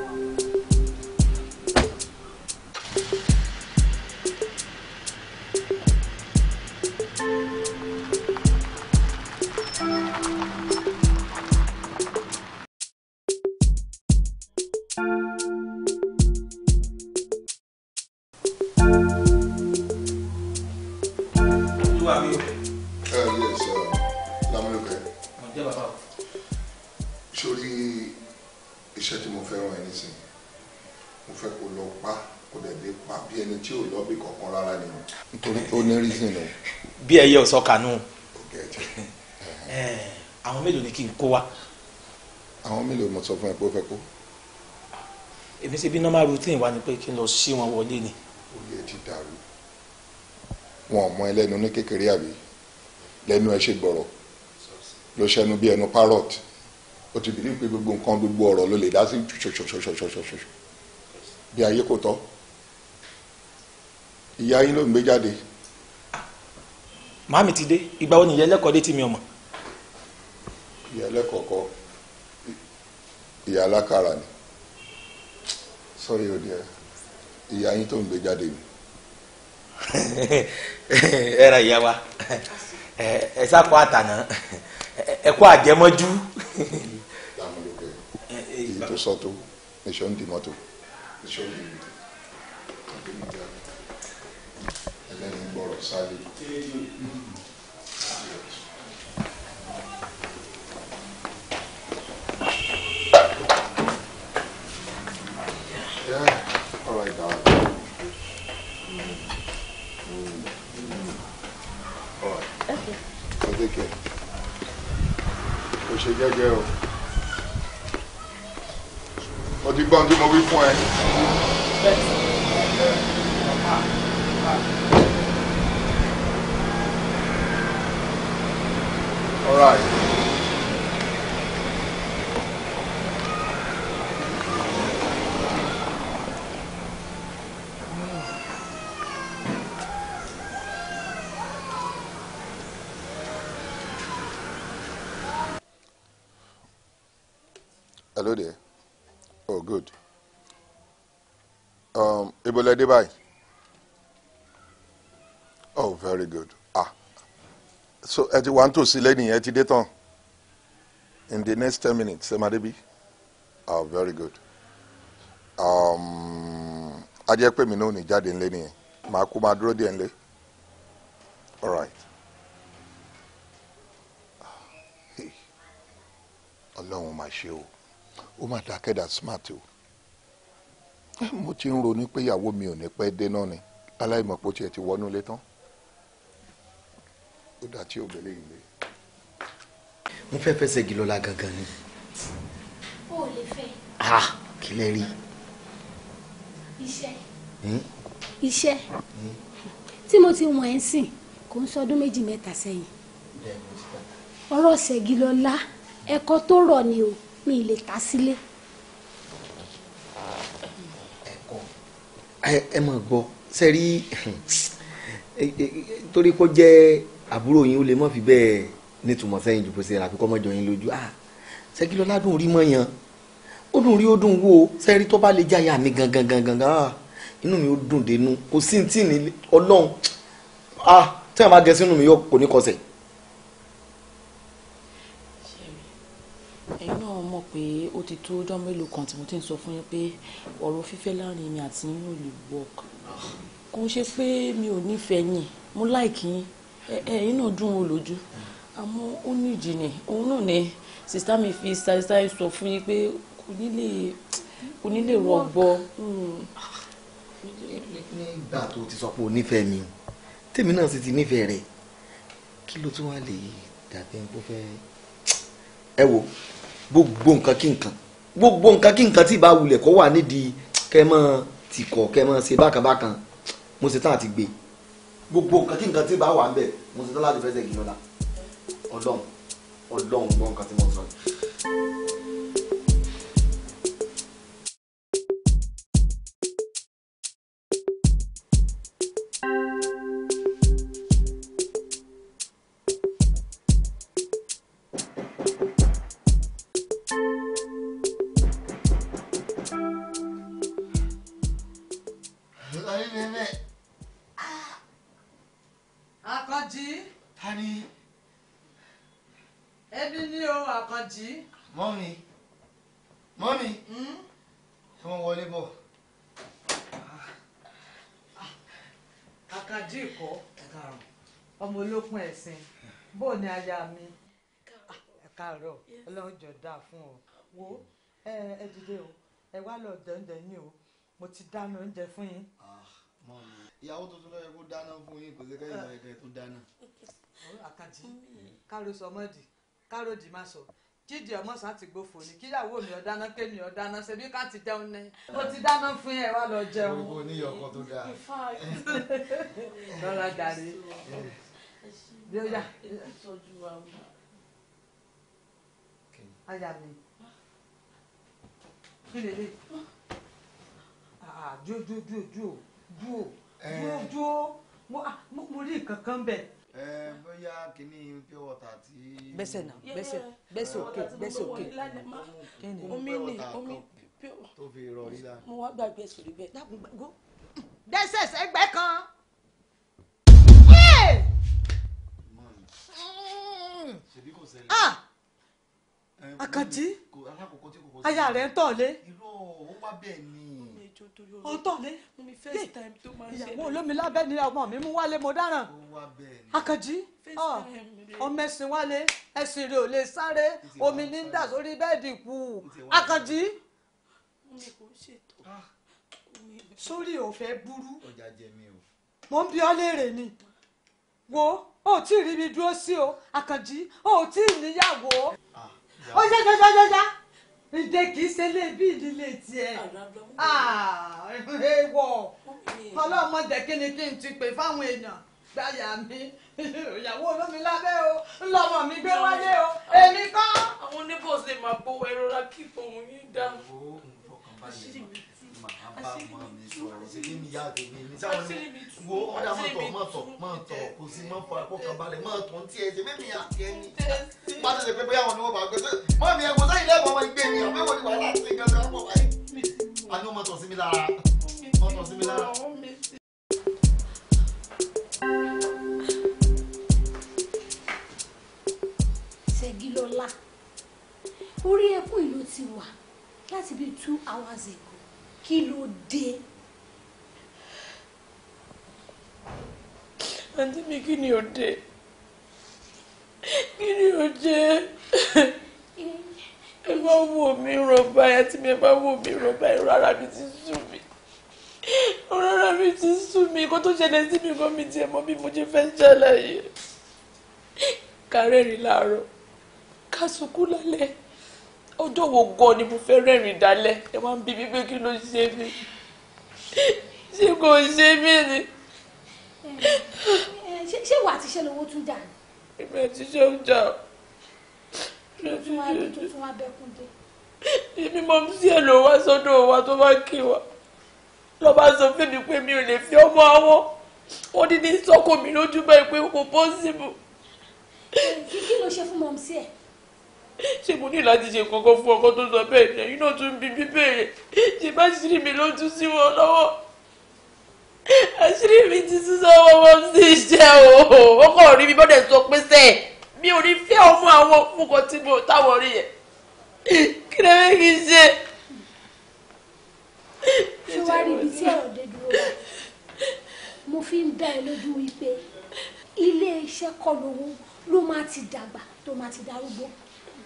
sọ́kànú (laughs) eh, àwọn mélòó ni kí n kó wa. àwọn mélòó mo sọ fún ẹ pé ó fẹ́ kó. èmi ṣe bí normal routine wa ni pé kí n lọ ṣí wọn wọlé ni. oyè ti dàrú wọn ò mọ ẹlẹ́nu ní kékeré àbí lẹ́nu ẹ ṣe gbọ̀rọ̀ ló ṣẹnu bí ẹnu parrot ó ti bìrì pé gbogbo nǹkan gbogbo ọ̀rọ̀ ló lè dá sí ṣoṣoṣoṣoṣoṣo bí ayé kò tọ́ ìyá yín ló ń gbé jáde màámi ti dé ìgbà wo ni ìyá ẹlẹ́kọ̀ọ́ dé tí mi ò mọ̀. ìyá kọ́ ìyá alákàrà ni sọ́rí òde ẹ̀ ìyá yín tó ń gbé jáde mi. (laughs) ẹ ra ìyá wa ẹ sáko àtànà ẹ kó àjẹmọ́jú. èyí tó sọ tó nìṣó ń di mọ́tò ń di mọ́tò. sáré. jẹ́jẹ́ o o ti gbọ́n tí mo wí fún ẹ. All right. Hello there. Oh, good. Um, Ebola dé báyìí. so ẹ ti wá ń tòsí lẹ́yìn ẹ ti dé tán in the next ten minutes ẹ máa débi oh ah, very good um, ajẹ́ pé mi náà ò ní jáde ńlẹ́ nìyẹn màá kú máa dúró díẹ̀ ńlẹ́ all right ọlọ́run máa ṣe o ó máa dákẹ́dà smart o mo ti ń ronú pé ìyàwó mi ò ní pẹ́ dé náà ni aláìmọ̀ tiẹ̀ ti wọnú ilé tán ó dà tí obìnrin yìí lé. mo fẹ́ fẹsẹ̀ gí lọ́la gangan ni. o ò lè fẹ́. a kí lẹ rí. iṣẹ́ hmm? iṣẹ́ hmm? tí mo ti wọ̀n ẹ́ sìn kò ń sọdún méjì mẹ́ta sẹ́yìn ọ̀rọ̀ ṣẹ̀gilọ́lá ẹ̀kọ́ tó rọ̀ ni o mi lè ta sílé. ẹ̀kọ́ ẹ mọ̀ gbọ́ sẹ́rí torí kó jẹ́ àbúrò yín ó lè mọ̀ fi bẹ́ẹ̀ nítumọ̀ sẹ́yìn ju pèsè àfikọ́ mọ́jọ yín lójú ah ṣẹ́kìlọ́ ládùn rí mọ́ yan ó dùn rí ó dùn wò ó sẹ́rí tó bá lè jáyà mi gangan gangan ah inú mi ó dùn dénú kò sí tí ní ọlọ́run ah tí wọ́n bá gẹ sínú mi yóò kò ní kọsẹ̀. ẹ̀yin náà mọ̀ pé ó ti tó ọjọ́ mélòó kan tí mo ti ń sọ fún yín pé ọ̀rọ̀ fífẹ́ láàrin mi àti yín ò lè wọ̀ kò ń ṣe pé mi ò nífẹ̀ẹ́ yín mo láìkí yín ẹ̀yin náà dùn ún lójú àmọ́ ó ní ìjì ni òun náà ni sista mi fi ṣàìṣàì sọ fún yín pé kò ní lè kò ní lè tó ti sọ pé o nífẹ̀ẹ́ mi o tèmi náà sì ti nífẹ̀ẹ́ rẹ̀ kí ló tún wá lè dàbí bó fẹ́. ẹ wo gbogbo nǹkan kí nǹkan gbogbo nǹkan kí nǹkan tí ì bá wulẹ̀ kọ́ wà nídìí kẹ́ mọ́ tìkọ̀ kẹ́ mọ́ ṣe bákan bákan mo ṣe tán àti gbé e gbogbo nǹkan tí nǹkan tí bá wà ń bẹ̀ mo ti tán láti fẹsẹ̀ yìí lọ́la ọlọ́run ọlọ́run gbọ́ nǹkan tí mo sọ. Ayé bẹ́ẹ̀ a ní. ẹbí ní o àkànjì. mọ́mì mọ́mì tí hmm? wọ́n wọlé bọ̀. àkànjì kọ́ ọmọ olókun ẹ̀sìn bó ni aya mi káàárọ̀ ọlọ́run jọ dáa fún ọ wo ẹ dìde o ẹ wá lọ dẹ́ndẹ́ ní o mo ti dáná oúnjẹ fún yín. Ah, ìyàwó tuntun ló yẹ kó dáná fún yín kò sí kẹ́yìn lọ́yẹ̀kẹ́ tó dáná àkànjì káró sọmọdì káró dì má sọ jíde ọmọ sá ti gbófò ni kíyàwó mi ó dáná pé mi ó dáná ṣebí ká ti jẹun ní. ó ti dáná fún yẹn wá lọ jẹun. gbogbo oníyọ kan tó dáa. (laughs) lọ́la gàrí. bíọ́yà. àyà mi kí lè lè dúó dúó dúó dúó dúó dúó mo rí nǹkan kan bẹ́ẹ̀ ẹ bóyá kínní pure water ti. gbèsè náà gbèsè gbèsè òkè gbèsè òkè kíni omi ni omi pure mo wá gbàgbé sórí bẹ́ẹ̀ dákun gbàgbó. dẹ́sẹ̀ sẹ́gbẹ́ kan. Hmm. ṣèbí ah! aya rẹ̀ ń tọ̀ lé. irọ́ ó wá bẹ́ẹ̀ ni ẹjọ́ torí ọ̀rọ̀ ọ̀tọ̀lẹ́ mo mi first time tó máa ṣẹlẹ̀ ìyàwó olómi lábẹ́ ni ọmọ mi mú wálé mo dáràn akànjí ah, ọmọ ẹ̀sìn wálé ẹ̀sìn rẹ̀ ò lè sáré omi ní dà sórí bẹ́ẹ̀dì kù akànjí. Ah. sórí òfẹ́ burú mo ń bi ọ́ léèrè ni wo o ò tí ì rí mi dúró sí o akànjí o ò tí ì níyàwó ah, ó ṣe ṣe ṣe ṣe ṣe ǹjẹ́ kì í ṣe lé bí ìdílé tiẹ̀ ewọ̀ ah, ah, (laughs) ọlọ́mọ jẹ́ kí ni kí n ti pè fáwọn èèyàn gbáyà mi ìyàwó olómi lábẹ́ o ńlọmọ mi gbé wálé o èmi kọ́. àwọn oníbòsè máa bọ ẹrọra kí fóun yín dá. àṣírí mi màá bá mọ mi sọ̀rọ̀ sí ní mi yáàdé mi ní sáwọn ní wo ọ̀dà máa tọ̀ máa tọ̀ máa tọ̀ kò sí máa fọ àpò kan balẹ̀ máa tọ̀ ní ṣe bẹ́ẹ̀ mi ẹni bá ti lè pé bóyá àwọn ni wọ́n bá gbé mọ́ mi ẹ̀kọ́ sáyìn lẹ́ẹ̀mọ́ wọn gbé mi àbẹ́wò ni wàhálà ti gbẹ̀gbẹ̀ ọ̀pọ̀ báyìí àní wọ́n tọ̀ sí mi lára wọ́n tọ̀ sí mi lára. ṣègí orí ẹkún ìlú ti wà láti bíi two hours ago kí ló dé àǹtí mi kí ni ò dé kí ni ò jẹ́ ẹ bá wò mí rọ̀bà ẹ tí mi ẹ bá wò mí rọ̀bà ẹ rárá mi ti sú mi rárá mi ti sú mi kó tó ṣẹlẹ̀ sí mi kó mi tiẹ̀ mọ́ bí mo ṣe fẹ́ ṣàlàyé kárẹ́rì láàárọ̀ ká sunkún lálẹ́ ọjọ́ wo gan ni mo fẹ́ rẹ́rìn dálẹ́ ẹ máa ń bí mi pé kí ló ṣe mí ṣé kò ṣe mí ni. ṣé wà á ti ṣe lówó tún jà ní. ìgbà tí ṣe ń jà ó. ló tún wá ló tún wá bẹ́kún dé. èmi mọ sí ẹ ló wá sọ́dọ̀ wa tó bá kí wa lọ bá sọ fún mi pé mi ò lè fi ọmọ àwọn wọn ní ní sọkò mi lójú báyìí pé kò possible. kí ló ṣe fún mọ̀mísí ẹ̀ ṣé mo ní láti ṣe kankan fún ọkọ tó sọ bẹ́ẹ̀ ni ẹ̀yin náà tún bí bíbèrè ṣe bá ṣírí mi ló tún sí wọn lọ́wọ́ àṣírí mi ti sísọ ọmọ sí iṣẹ́ o ọkọ rí mi bọ́dẹ̀ sọ pé sẹ́ẹ̀ mi ò ní fẹ́ ọmọ àwọn fúnkọ tí mo táwọn rí yẹn kí lè fẹ́ kí n ṣe. ṣé wàá rí ibi tí ọ̀rọ̀ dé dúró wá mo fi ń dá ẹ lójú wípé ilé iṣẹ́ ló máa ti dàgbà tó máa ti darúgbó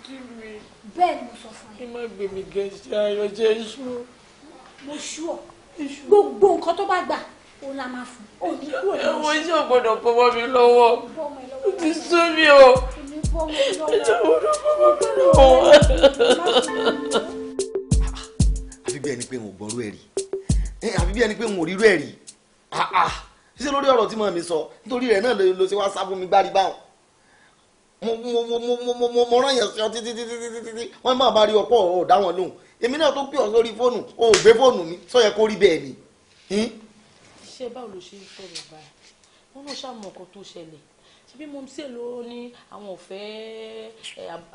kí mi. bẹ́ẹ̀ ni mo sọ fún ẹ. kí má gbé mi gẹ̀ẹ́sì ayọ̀ jẹ́ iṣu. mo ṣú ọ gbogbo nǹkan tó bá gbà òun la máa fún òun ní kúrò ní oṣù. ẹ̀wọ̀n iṣẹ́ ò gbọ́dọ̀ bọ́wọ́ mi lọ́wọ́ ó ti sú mi o. ẹ̀jẹ̀ gbọ́dọ̀ bọ́wọ́ mi lọ́wọ́. àfi bí ẹni pé n ò gbọ́rú ẹ̀ rí àfi bí ẹni pé n ò rírú ẹ̀ rí ah, ah. ṣé lórí ọ̀rọ̀ tí màmí sọ nítorí rẹ̀ náà ló ṣe wá sá mi gbárí báwọn mo mo mo rán yẹn sí títí títí títí títí wọ́n máa bá rí ọ̀pọ̀ ọ̀rọ̀ lóhùn èmi náà tó pè ọ́ sórí fóònù o ò gbé fóònù mi sọ yẹ kó rí bẹ́ẹ̀ ni. ṣé báwo ló ṣe ń sọ̀rọ̀ báyìí wọ́n náà ṣàmọ̀ ọkọ̀ tó ṣẹlẹ̀ ṣe mo ń ṣe ló ní àwọn ọ̀fẹ́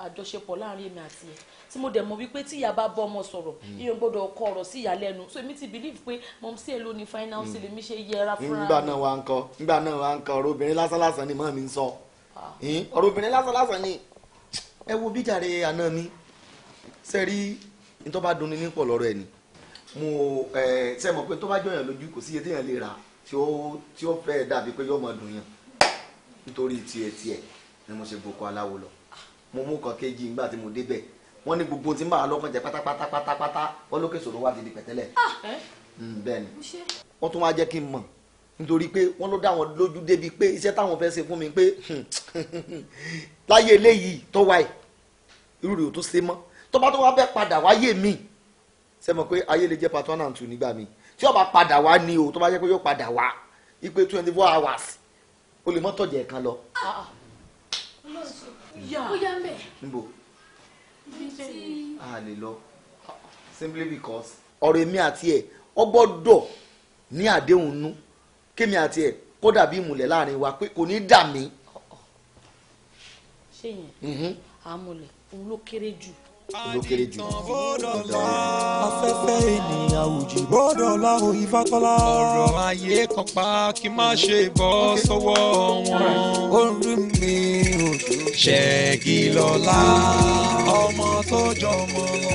àjọṣepọ̀ láàrin èmi àti ẹ̀ tí mo dẹ̀ mọ̀ wípé tí ìyá bá bọ́ ọmọ sọ̀rọ̀ hmm. ìyẹn gbọ́dọ̀ kọ ọ̀rọ̀ sí ìyá lẹ́nu so èmi ti believe pé mo ń ṣe ló ní final hmm. ṣe lèmi ṣe yẹra fúnra. nígbà náà wà ń kọ nígbà náà wà ń kọ ọ̀rọ̀ obìnrin lásán ni mọ́ ń sọ ọ̀rọ̀ obìnrin lásán lásán ni ẹ wo bíjàre àná mi ṣe rí nítorí bá dunni ní pọ̀ lọ́rọ̀ ẹ̀ ni mo ṣe mọ̀ pé tó bá jọyàn lójú kò sí iye téèyàn lè rà tí ó fẹ́ dàbí pé yóò máa dùn yàn nítorí tiẹ̀ tiẹ̀ ni mo ṣe boko aláwo lọ mo mú kan kéjì nígbà tí mo débẹ̀ wọ́n ní gbogbo tí ń bá lọ́kàn jẹ́ pátápátá pátápátá wọ́n lókè sòrò wá ti di pẹ̀tẹ́lẹ̀ ah, hmm, bẹ́ẹ̀ ni wọ́n tún wá jẹ́ kí n mọ̀ nítorí pé wọ́n ló dá wọn lójú débi pé iṣẹ́ táwọn fẹ́ ṣe fún mi pé hmm, (laughs) láyé eléyìí tó wáyé irú rẹ̀ ò tó ṣe mọ́ tó tó wá bẹ́ẹ̀ padà wáyé mi ṣe mọ̀ pé ayé lè jẹ́ part and two nígbà mi tí ó padà wá ni o tó bá jẹ́ pé yóò padà wá ipe twenty four hours o lè mọ́tò jẹ́ kan lọ. ó a lè lọ simply because ọ̀rọ̀ èmi àti ẹ̀ ọ ní àdéhùn nú kémi àti ẹ̀ kó dàbí ìmùlẹ̀ láàrin wa pé kò ní dà mí. ṣé yẹn mhm. àmúlẹ̀ òun jù ló jù. afẹ́fẹ́ ènìyàn òjì bọ́dọ̀ láwo ìfàkọ́lá. ọ̀rọ̀ ayé kan kí má ṣe bọ́ sọ́wọ́ wọn. orí mi ò ṣẹ́gi lọ́la ọmọ tó jọmọ lọ.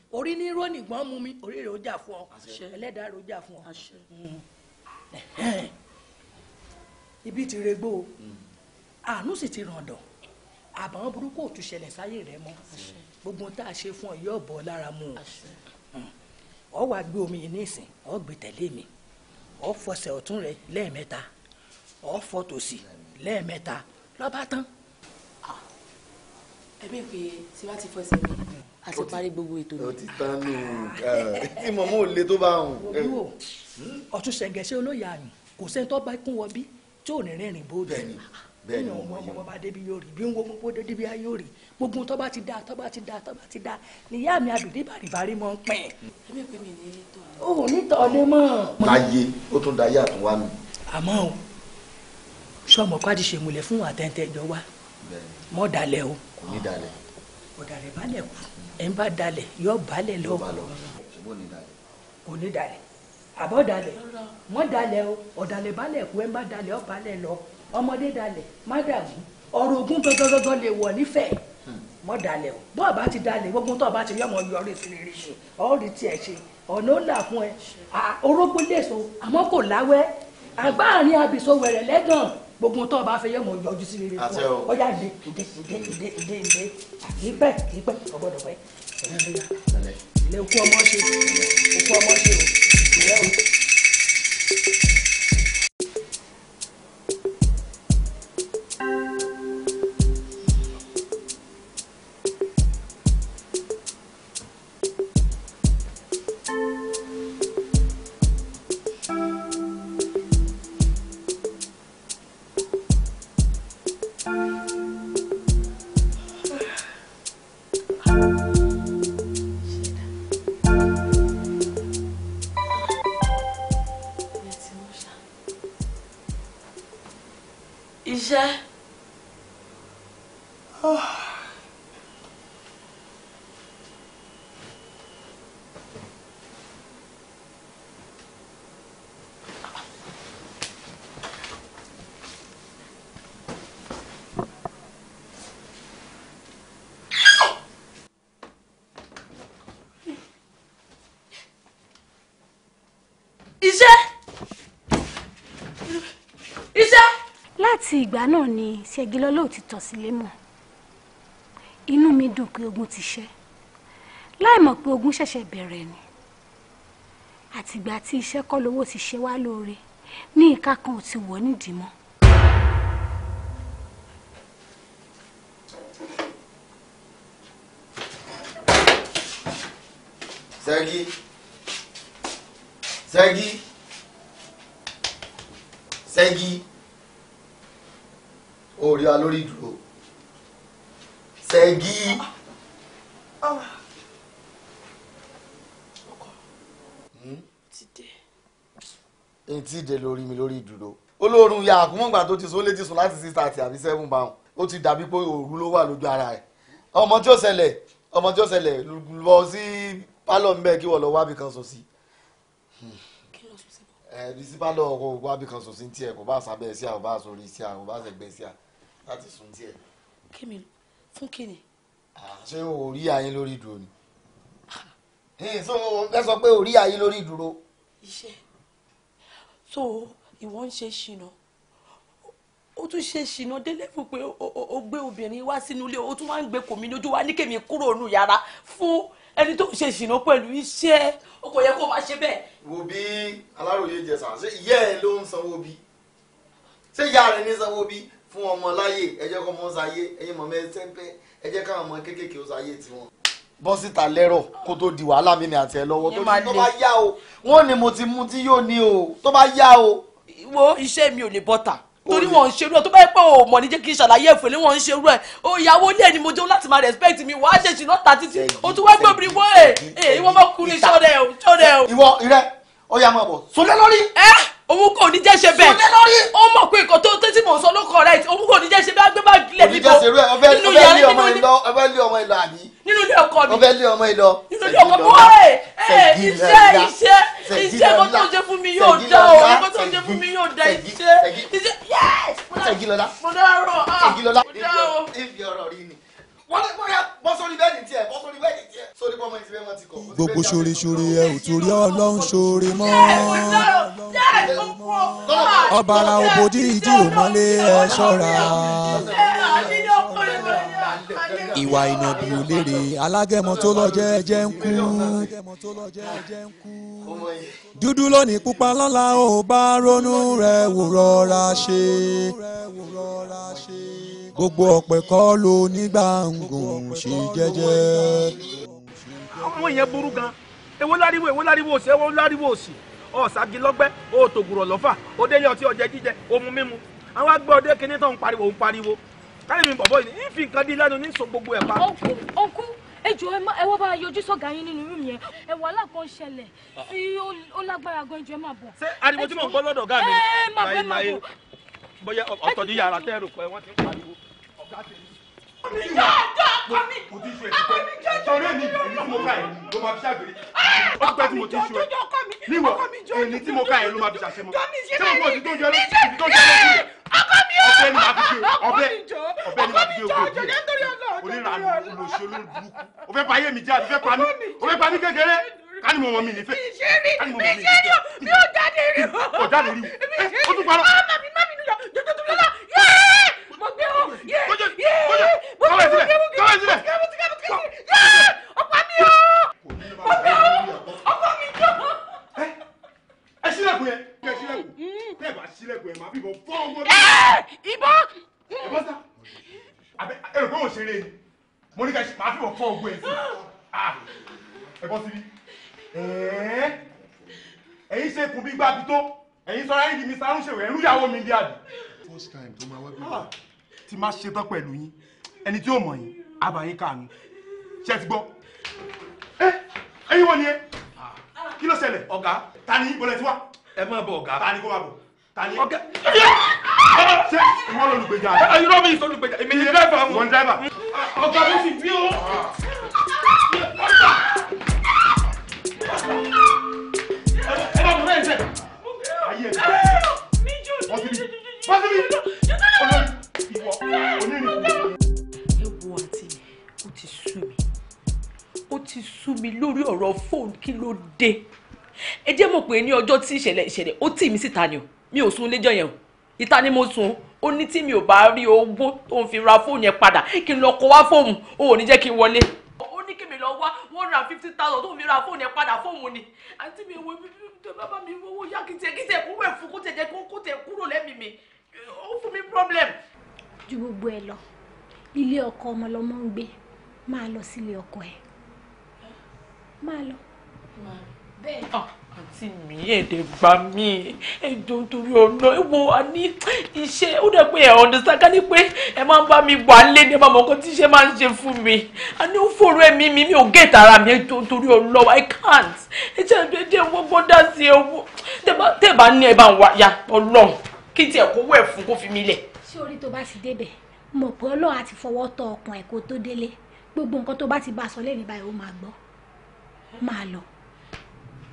orí ní ró nìgbọ́n mú mi orí rẹ̀ ó jà fún ọ ẹlẹ́dàá rẹ̀ ó jà fún ọ. Hmm. (laughs) ibi ti regbó o hmm. àánú sì ti ràn dàn àbàwọn burúkú ò ṣẹlẹ̀ sáyé rẹ mọ́ gbogbo tá a ṣe fún ọ yóò bọ́ lára mu o hmm. ọ wàá gbé omi yìí nísìn ọ gbé tẹ̀lé mi ọ fọsẹ̀ ọ̀tún rẹ lẹ́ẹ̀mẹ́ta ọ fọ tòsì lẹ́ẹ̀mẹ́ta ló tán ẹbí pé tí wàá ti fọṣẹ mi àti parí gbogbo ètò mi. ọtí tánú tí mọ̀mọ́ ò le tó bá hùn. wò ọ̀tún ṣẹ̀ǹgẹ̀ṣẹ̀ olóyè àyùn kò sẹ́ni tó bá kún wọ bí tí ò ní rìnrìn bóde. bẹ́ẹ̀ni bẹ́ẹ̀ni ọmọ ọmọ ọba débi yóò rí bí ń wo gbogbo débi ayé yóò rí gbogbo tó bá ti da tó bá ti da tó bá ti da níyà mi àdùdí bàrìbàrì mọ ń pín. ẹbí pé mi ní tọ́ ọ. o ní tọ́ ọ lé mọ́. láyé ó tún da yé àtúnwá mi. àmọ́ o sọ mọ́ dalẹ̀ o ọ̀dàlẹ̀ balẹ̀ kù ẹ̀ ń bá dalẹ̀ yọ balẹ̀ lọ kò ní dalẹ̀ àbọ̀ dalẹ̀ mọ́ dalẹ̀ o ọ̀dàlẹ̀ balẹ̀ kù o, ń bá dalẹ̀ ọ balẹ̀ lọ ọmọdé dalẹ̀ má dàgbù ọ̀rọ̀ ogun gangan lè wọ̀ nífẹ̀ẹ́ hmm. mọ́ dalẹ̀ o bó ọba ti dalẹ̀ gbogbo tó ọba ti yọmọ yọrí sí rere ṣe ọ̀rí tiẹ̀ ṣe ọ̀nà ó là fún ẹ orógbó lè so àmọ́ kò láwẹ́ àgbáàrin abìsọ wẹ̀rẹ̀ lẹ́gàn gbogbo tó o bá fẹ́ yẹ mọ yọjú sí rere fún ọ ọjà ìdè ìdè ìdè ìdè ìdè ìdè ìpẹ ìpẹ ọgbọdọ pẹ ilé okú ọmọ ṣe okú ọmọ ṣe o ìrẹ o. iṣẹ́ iṣẹ́. láti ìgbà náà ni ṣẹ́gilọ́lọ́ ti tọ̀ sílé mọ́ inú mi dùn pé ogun ti ṣẹ́ láì mọ̀ pé ogun ṣẹ̀ṣẹ̀ bẹ̀rẹ̀ ni àtìgbà tí iṣẹ́ kọ́ lówó ti ṣe wá lóore ní ìka kan ò ti wọ̀ nídìí mọ́. Sagi. Sagi ṣẹ́gi orí wa lórí ìdúró ṣẹ́gi. Hmm? ntí ìdè lórí mi lórí ìdúró olórun ya àkúmọ̀gbà tó ti sọ létí sùn láti six thirty àbí seven pound ó ti dàbí pé òru ló wà lójú ara rẹ̀ ọmọ tí ó ṣẹlẹ̀ ọmọ tí ó ṣẹlẹ̀ lọ sí pálọ̀ ń bẹ́ẹ̀ kí wọ́n lọ wábì kan sọ sí. Hmm ẹbí eh, sí bá lọ́wọ́ kó wá bí kan sùn sí tiẹ̀ kò bá sábẹ́ sí àwọn bá sórí sí àwọn bá sẹ̀gbẹ́ sí à láti sùn tiẹ̀. kémi fún kíni. ṣé o rí ayé lórí dúró ni. so ẹ sọ pé o rí ayé lórí dúró. iṣẹ́ so ìwọ ń ṣe ṣìnà ó tún ṣe ṣìnà délé fún pé o gbé obìnrin wá sínú ilé o tún wá ń gbé kòmí lójú wa ní kèmí kúrò nù yàrá fún ẹni tó ṣe ìṣìnà pẹ̀lú iṣẹ́ o kò yẹ kó máa ṣe bẹ́ẹ̀. wo bí aláròye jẹsà ṣé ìyá ẹ ló ń sanwó bí ṣé ìyá rẹ ní sanwó bí fún ọmọ láyè ẹ jẹ́ kó mọ ṣayé ẹ̀yin mọ mẹsẹ pé ẹ jẹ́ káwọn ọmọ kéékèèké ó ṣayé tiwọn. bọ́ síta lẹ́rọ̀ kó tó di wàhálà mímì àti ẹ lọ́wọ́ tó ní tó bá yá o wọ́n ní mo ti mú tí yóò ní o tó bá yá o. wo iṣẹ́ mi ò lè bọ́ta torí wọn ń ṣerú ẹ tó bá yẹ pé o mọ̀ ní jẹ́ kí n ṣàlàyé ẹ̀fẹ̀ ni wọ́n ń ṣerú ẹ o ìyàwó ilé ẹni mo jẹun láti máa respect mi wàá ṣèṣì lọ́ta títí o tún wá gbẹ̀bìrì wọ́ ẹ̀ eh, ẹ̀ eh, ìwọ́n bá kú ní sọ́dẹ̀ o sọ́dẹ̀ o. ìwọ ìrẹ ó yà máa bọ̀ sókè lórí. ẹ́ eh! òun kò ní jẹ́ ṣe bẹ́ẹ̀ ó mọ̀ pé nǹkan tó tẹ́tí mò ń sọ ló correct òun kò ní jẹ́ ṣe bẹ́ẹ̀ agbé bá gilẹ̀ níbo nínú yàrá nínú nínú ilé ọkọ mi nínú ilé ọkọ mi wáyé iṣẹ́ iṣẹ́ iṣẹ́ kó tó ṣe fún mi yóò dá o kó tó ṣe fún mi yóò dá iṣẹ́ iṣẹ́ yes mo dárò ah mo dárò. if your ọ̀rọ̀ rí ni wọ́n lè bóyá bọ́ sórí bẹ́ẹ̀dì tiẹ̀ bọ́ sórí bẹ́ẹ̀dì tiẹ̀ sórí bọ́mọ ìdílé wọn ti kọ̀. gbogbo ṣoore ṣoore ẹ ò torí ọlọ́run ṣoore mọ́ ọba ara òbòdì ìdí òmọ́lé ẹ ṣọ́ra ìwà ìnàbí ò léèrè alágẹmọ tó lọ jẹ jẹ ń kú dúdú lónìí pupa lọ́la ò bá ronú rẹ̀ wò rọra ṣe gbogbo ọ̀pẹ kọ́ ló ní gbàngùn ṣe jẹ́jẹ́. àwọn èèyàn burú gan èwo láriwo èwo láriwo òsì èwo láriwo òsì ọ̀sàgì lọ́gbẹ́ òtògùrọ̀ lọ́fà òdélé ọtí ọjẹ jíjẹ omu mímu àwọn agbẹ́ ọdẹ kìíní tó ń pariwo ń pariwo káyọ̀ mi bọ̀bọ̀ yìí ìfi nǹkan dín lẹ́nu ní sọ gbogbo ẹ̀ pa. ọkú ọkú ejò ẹ bá yọjú sọ́gà yín nínú rúùmù yẹn ẹ wàhálà kan ṣẹlẹ̀ ó lágbára gan ejò ẹ máa bọ̀. ṣé ariwo tí mò ń gbọ́ lọ́dọ̀ ọ̀gá mi. ẹ máa bẹ máa bọ̀. bóyá ọ̀tọ̀ gbà tèmi. omi jọ jọ ọkọ mi ọkọ mi jọ jọ ọkọ mi lórí ọkọ mi. èmi tí mo ká ẹ ló máa fi ṣàgbèrè. Ah! ọkọ mi jọ jọ ọkọ mi níwọ èmi tí mo ká ẹ ló máa fi ṣàṣemọ. ṣé o mọ̀ ti tó jẹ lọ sí tó jẹ lọ sí. ọkọ mi o ọbẹ ni màá fi gbé ọbẹ ọbẹ ni màá fi gbé ọbẹ díẹ̀ onírànú olóṣèlú burúkú o fẹ́ pa ayé mi jẹ́ àbí fẹ́ pa mí o fẹ́ pa mí kékeré ká ní mo wọn mi nífẹ̀ẹ́. mi ṣe rí mi ṣe rí o mi ò jáde rí o. o jáde rí o ẹ o tún parọ́. mama mi mami mi yọ jọjọ tó lọ́la yéé mo gbé o yéé yéé mo gbé mo gbé mo gbé mo gbé mo gbé mo gbé yéé ọ̀pá mi o mo gbé o ọ̀pá mi jọ. ẹ sílẹ̀kùn yẹn ẹ sílẹ̀kùn bẹ́ẹ̀ mm. bá sílẹ̀kùn yẹn máa fi bọ̀ fọ́ ọmọ mi. ìbọn. ìbọn sá àbẹ ẹ rò pé òṣèré mo ní ká máa fi bọ̀ fọ́ ọgbọ ẹ̀ sí. (gasps) Ah! ẹ bọ́ síbí. Eh? ẹ̀yin ṣe kùn bí gbàbí tó ẹ̀yin sọ̀rọ̀ ẹ̀yin di mr arúnṣèwé ẹ̀rú ìyàwó mi bí àdì. first time tó máa wá bí wọn. Ah, ti máa ṣe tán pẹ̀lú yín ẹni tí ó mọ̀ yín àbáyín kàánú ṣe ti gbọ́. ẹ eh, ẹ̀yin wọ ni ẹ ah. kí ló ṣẹlẹ̀ ọ̀gá ta ni ìbọlẹ̀ ti wá. ẹ máa bọ ọ̀gá. ta ni kó wá bọ̀ ta ni. ọ̀gá ṣe ìwọ lolùgbèjà. ayọ̀rọ̀ ah, mi sọ lùgbèjà èmi ni dírẹ́fà. wọ́n dírẹ́fà. ọ̀gá mi sì bí o. ọ̀sẹ̀ ẹ̀jẹ̀ ayé ẹ̀jẹ̀ bọ́sibí bọ́sibí olórí ìwọ onírìnkù. ẹ wo àǹtí mi ní ọjọ́ tí ìṣẹ̀lẹ̀ ìṣẹ̀lẹ̀ ó tì mí síta ni o mi ò sùn lẹ́jọ́ yẹn o ìta ni mo sùn ó ní tí mi ò bá rí owó tó ń fi ra fóònù yẹn padà kí n lọ kó wá fóònù ó ò ní jẹ́ kí n wọlé ó ní kí mi lọ wá one hundred and fifty thousand tó ń fi ra fóònù yẹn padà fóònù ni àǹtí mi wo jọ bàbá mi owó yá kìtẹ kìtẹ kó wẹ̀ fún kó tẹ jẹ kó tẹ kúrò lẹ́mìí mi ó fún mi problem. ju gbogbo ẹ lọ ilé ọkọ ọmọ lọmọ ń gbé máa lọ sílé ọkọ ẹ máa lọ. máa lọ. Ah, àǹtí mi ẹ̀dẹ̀ gbà mí ẹ̀jọ̀ torí ọ̀nà ewo àní iṣẹ́ ó dẹ̀ pé ẹ̀ ọ̀ndẹ̀sán ká ní pé ẹ máa ń bá mi wà lé ní ẹ máa mọ̀ kó tí iṣẹ́ máa ń ṣe fún mi àní ó fòrò ẹ̀mí mi mi ò gé ìtara mi ẹ̀jọ̀ torí ọ̀nà I can't ẹ jẹ́ ẹ̀jẹ̀ ẹ̀jẹ̀ gbogbo dá sí ewu tẹ́ bá ní ẹ bá ń wá ya ọlọ́run kí tiẹ̀ kó wẹ̀ fún kó fi mi lẹ̀. ṣé orí tó bá ti débẹ̀ mọ̀ pé ọlọ́run àti fọwọ́ tọ ọkàn ẹ̀ kó tó délé gbogbo nǹkan tó bá ti bá a sọ lẹ́nu báyìí ó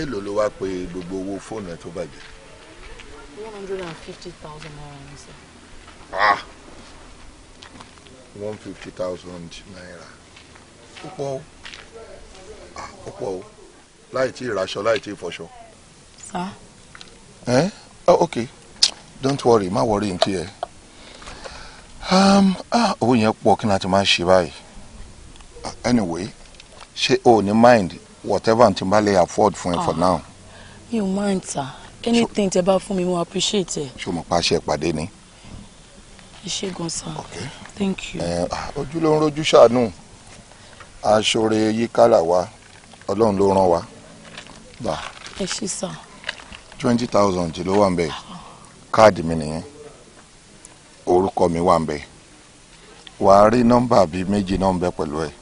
èèlò ló wá pé gbogbo owó fóònù ẹ tó bàjẹ́. one hundred and fifty thousand naira ah one fifty thousand naira ó pọ̀ ó ah ó pọ̀ ó láì tí ì raṣọ láì tí ì fọṣọ. sir. ẹ eh? ọ oh, ok don't worry má worry n tí ẹ um, ah, owó yẹn pọ̀ kí ni a ti máa ṣe báyìí anyway ṣé o ní mind whatever tí n bá lè afford fún ẹ for ah. now. You mind, sir? anything tẹ bá fún mi mo appreciate it. Show my passion pa ṣe ìpàdé ni. ẹ ṣé gan sa thank you. Eh, ah, ojú ló ń rojú ṣàánú aṣọre yíkàlà wa ọlọ́run ló rán wa. ẹ ṣé sá. twenty thousand ló wà ń bẹ̀ káàdì mi nìyẹn orúkọ mi wà ń bẹ̀ wàá rí nọ́mbà bíi méjì náà ń bẹ pẹ̀lú ẹ̀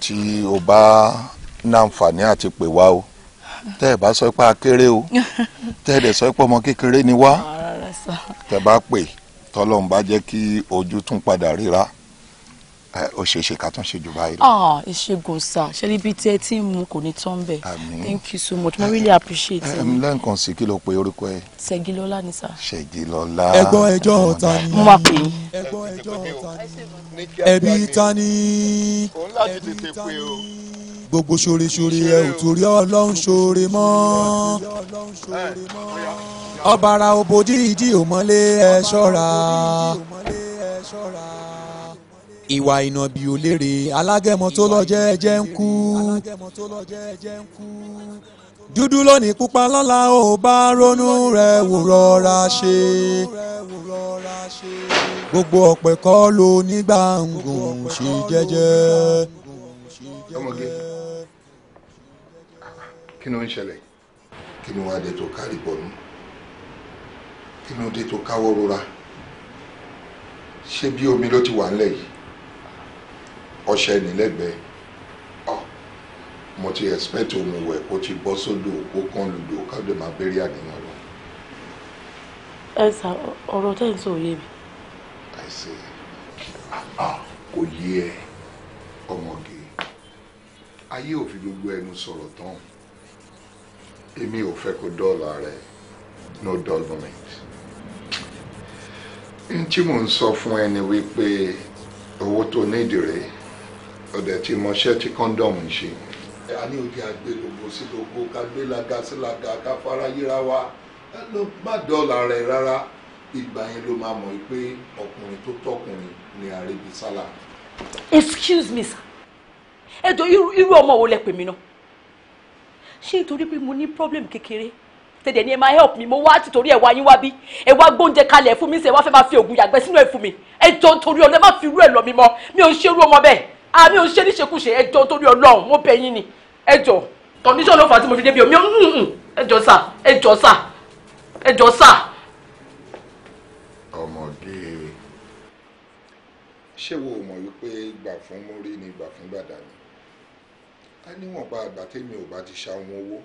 tí o bá ní àǹfààní àti pè wá o tẹ́ ẹ̀ bá sọ pé a kéré o (laughs) tẹ́ ẹ̀ dẹ̀ sọ pé ọmọ kékeré ni wá tẹ́ bá pè tọ́lọ́run bá kí ojú tún padà ríra ó ṣe é ṣe ká tún ṣe jù báyìí lọ. ìṣègùn sà ṣẹlẹ ibi tí ẹ ti ń mu kò ní tán bẹ́ẹ̀. àmín thank you so much mo really appreciate it. lẹ́ǹkan sí kí ló pe orúkọ ẹ. ṣẹ́gilọ́lá ni sà. ṣẹ́gilọ́lá. ẹgbọ́n ẹjọ́ ọ̀tá ni. mo máa pè é. ẹgbọ́n ẹjọ́ ọ̀tá ni. ẹbí ta ni. ẹbí ta ni. gbogbo ṣoreṣore ẹ ò torí ọlọ́run ṣore mọ́. ọba ara ìdí òmọ́lé ẹ ṣọ́ra ìwà ìnàbì ò lérè alágẹmọ tó lọ jẹ́ẹ́jẹ́ ń kú dúdú lónìí pupa lọ́la ò bá ronú rẹ̀ wò rọra ṣe gbogbo ọ̀pẹ̀ kọ́ ló ní gbàngùn ṣe jẹ́jẹ́. ọmọge kí ló ń ṣẹlẹ̀ kí ló wá dé tó kárí bọ̀nú kí ló dé tó káwọ́ rora ṣé bí omi ló ti wà ńlẹ̀ yìí ọṣẹ nílẹ̀gbẹ́ ah, mo ti expect ohun wẹ̀ o ti bọ́ sódò kó kán lùdò ká lè máa bẹ́rẹ̀ àníyàn lọ. ẹ sà ọ̀rọ̀ tẹ́ ẹ̀ ń sọ òye mi. àìsè kò yé ẹ ọmọge ayé ò fi gbogbo ẹnu sọ̀rọ̀ tán èmi ò fẹ́ kó dọ́ọ̀là rẹ̀ no document n tí mò ń sọ fún ẹni wípé owó tó nídìí rèé ọ̀dẹ̀ tí mọṣẹ́ tí kọ́ńdọ̀mù ń ṣe. a ní òde àgbélòpọ̀ sí gbogbo ká gbé laga sí laga ká fara yíra wa ló má dọ́là rẹ̀ rárá ìgbà yẹn ló máa mọ̀ pé ọkùnrin tó tọkùnrin ni àrèbísálà. excuse me sir ẹ̀dọ̀ irú ọmọ wo lẹ pè mí náà ṣé nítorí pé mo ní problem kékeré tẹ̀dẹ̀ ni ẹ máa help mi mo wá tìtorí ẹ̀ wá yín wá bí ẹ wá gbóúnjẹ kalẹ̀ fún mi sẹ́ ẹ wá fẹ́ máa fi oògùn yàgbẹ́ sínú ẹ̀ fún mi ẹ jọ torí ọ̀lẹ́ má fi irú ẹ̀ lọ mi mọ́ mi ò ń ṣerú ọmọ bẹ́ẹ̀ àmì ò ṣe níṣekúṣe ẹjọ́ torí ọlọ́run mo bẹ̀ yín ni ẹjọ́ condition ló fà á tí mo fi débi omi mm, mm. ẹjọ́ sà ẹjọ́ sà ẹjọ́ sà. ọmọge ṣé wo mọ̀ wípé gbà fún mórí ni gbà fún gbàdá ni a níwọ̀nba àgbà tèmi ò bá ti ṣàwọn owó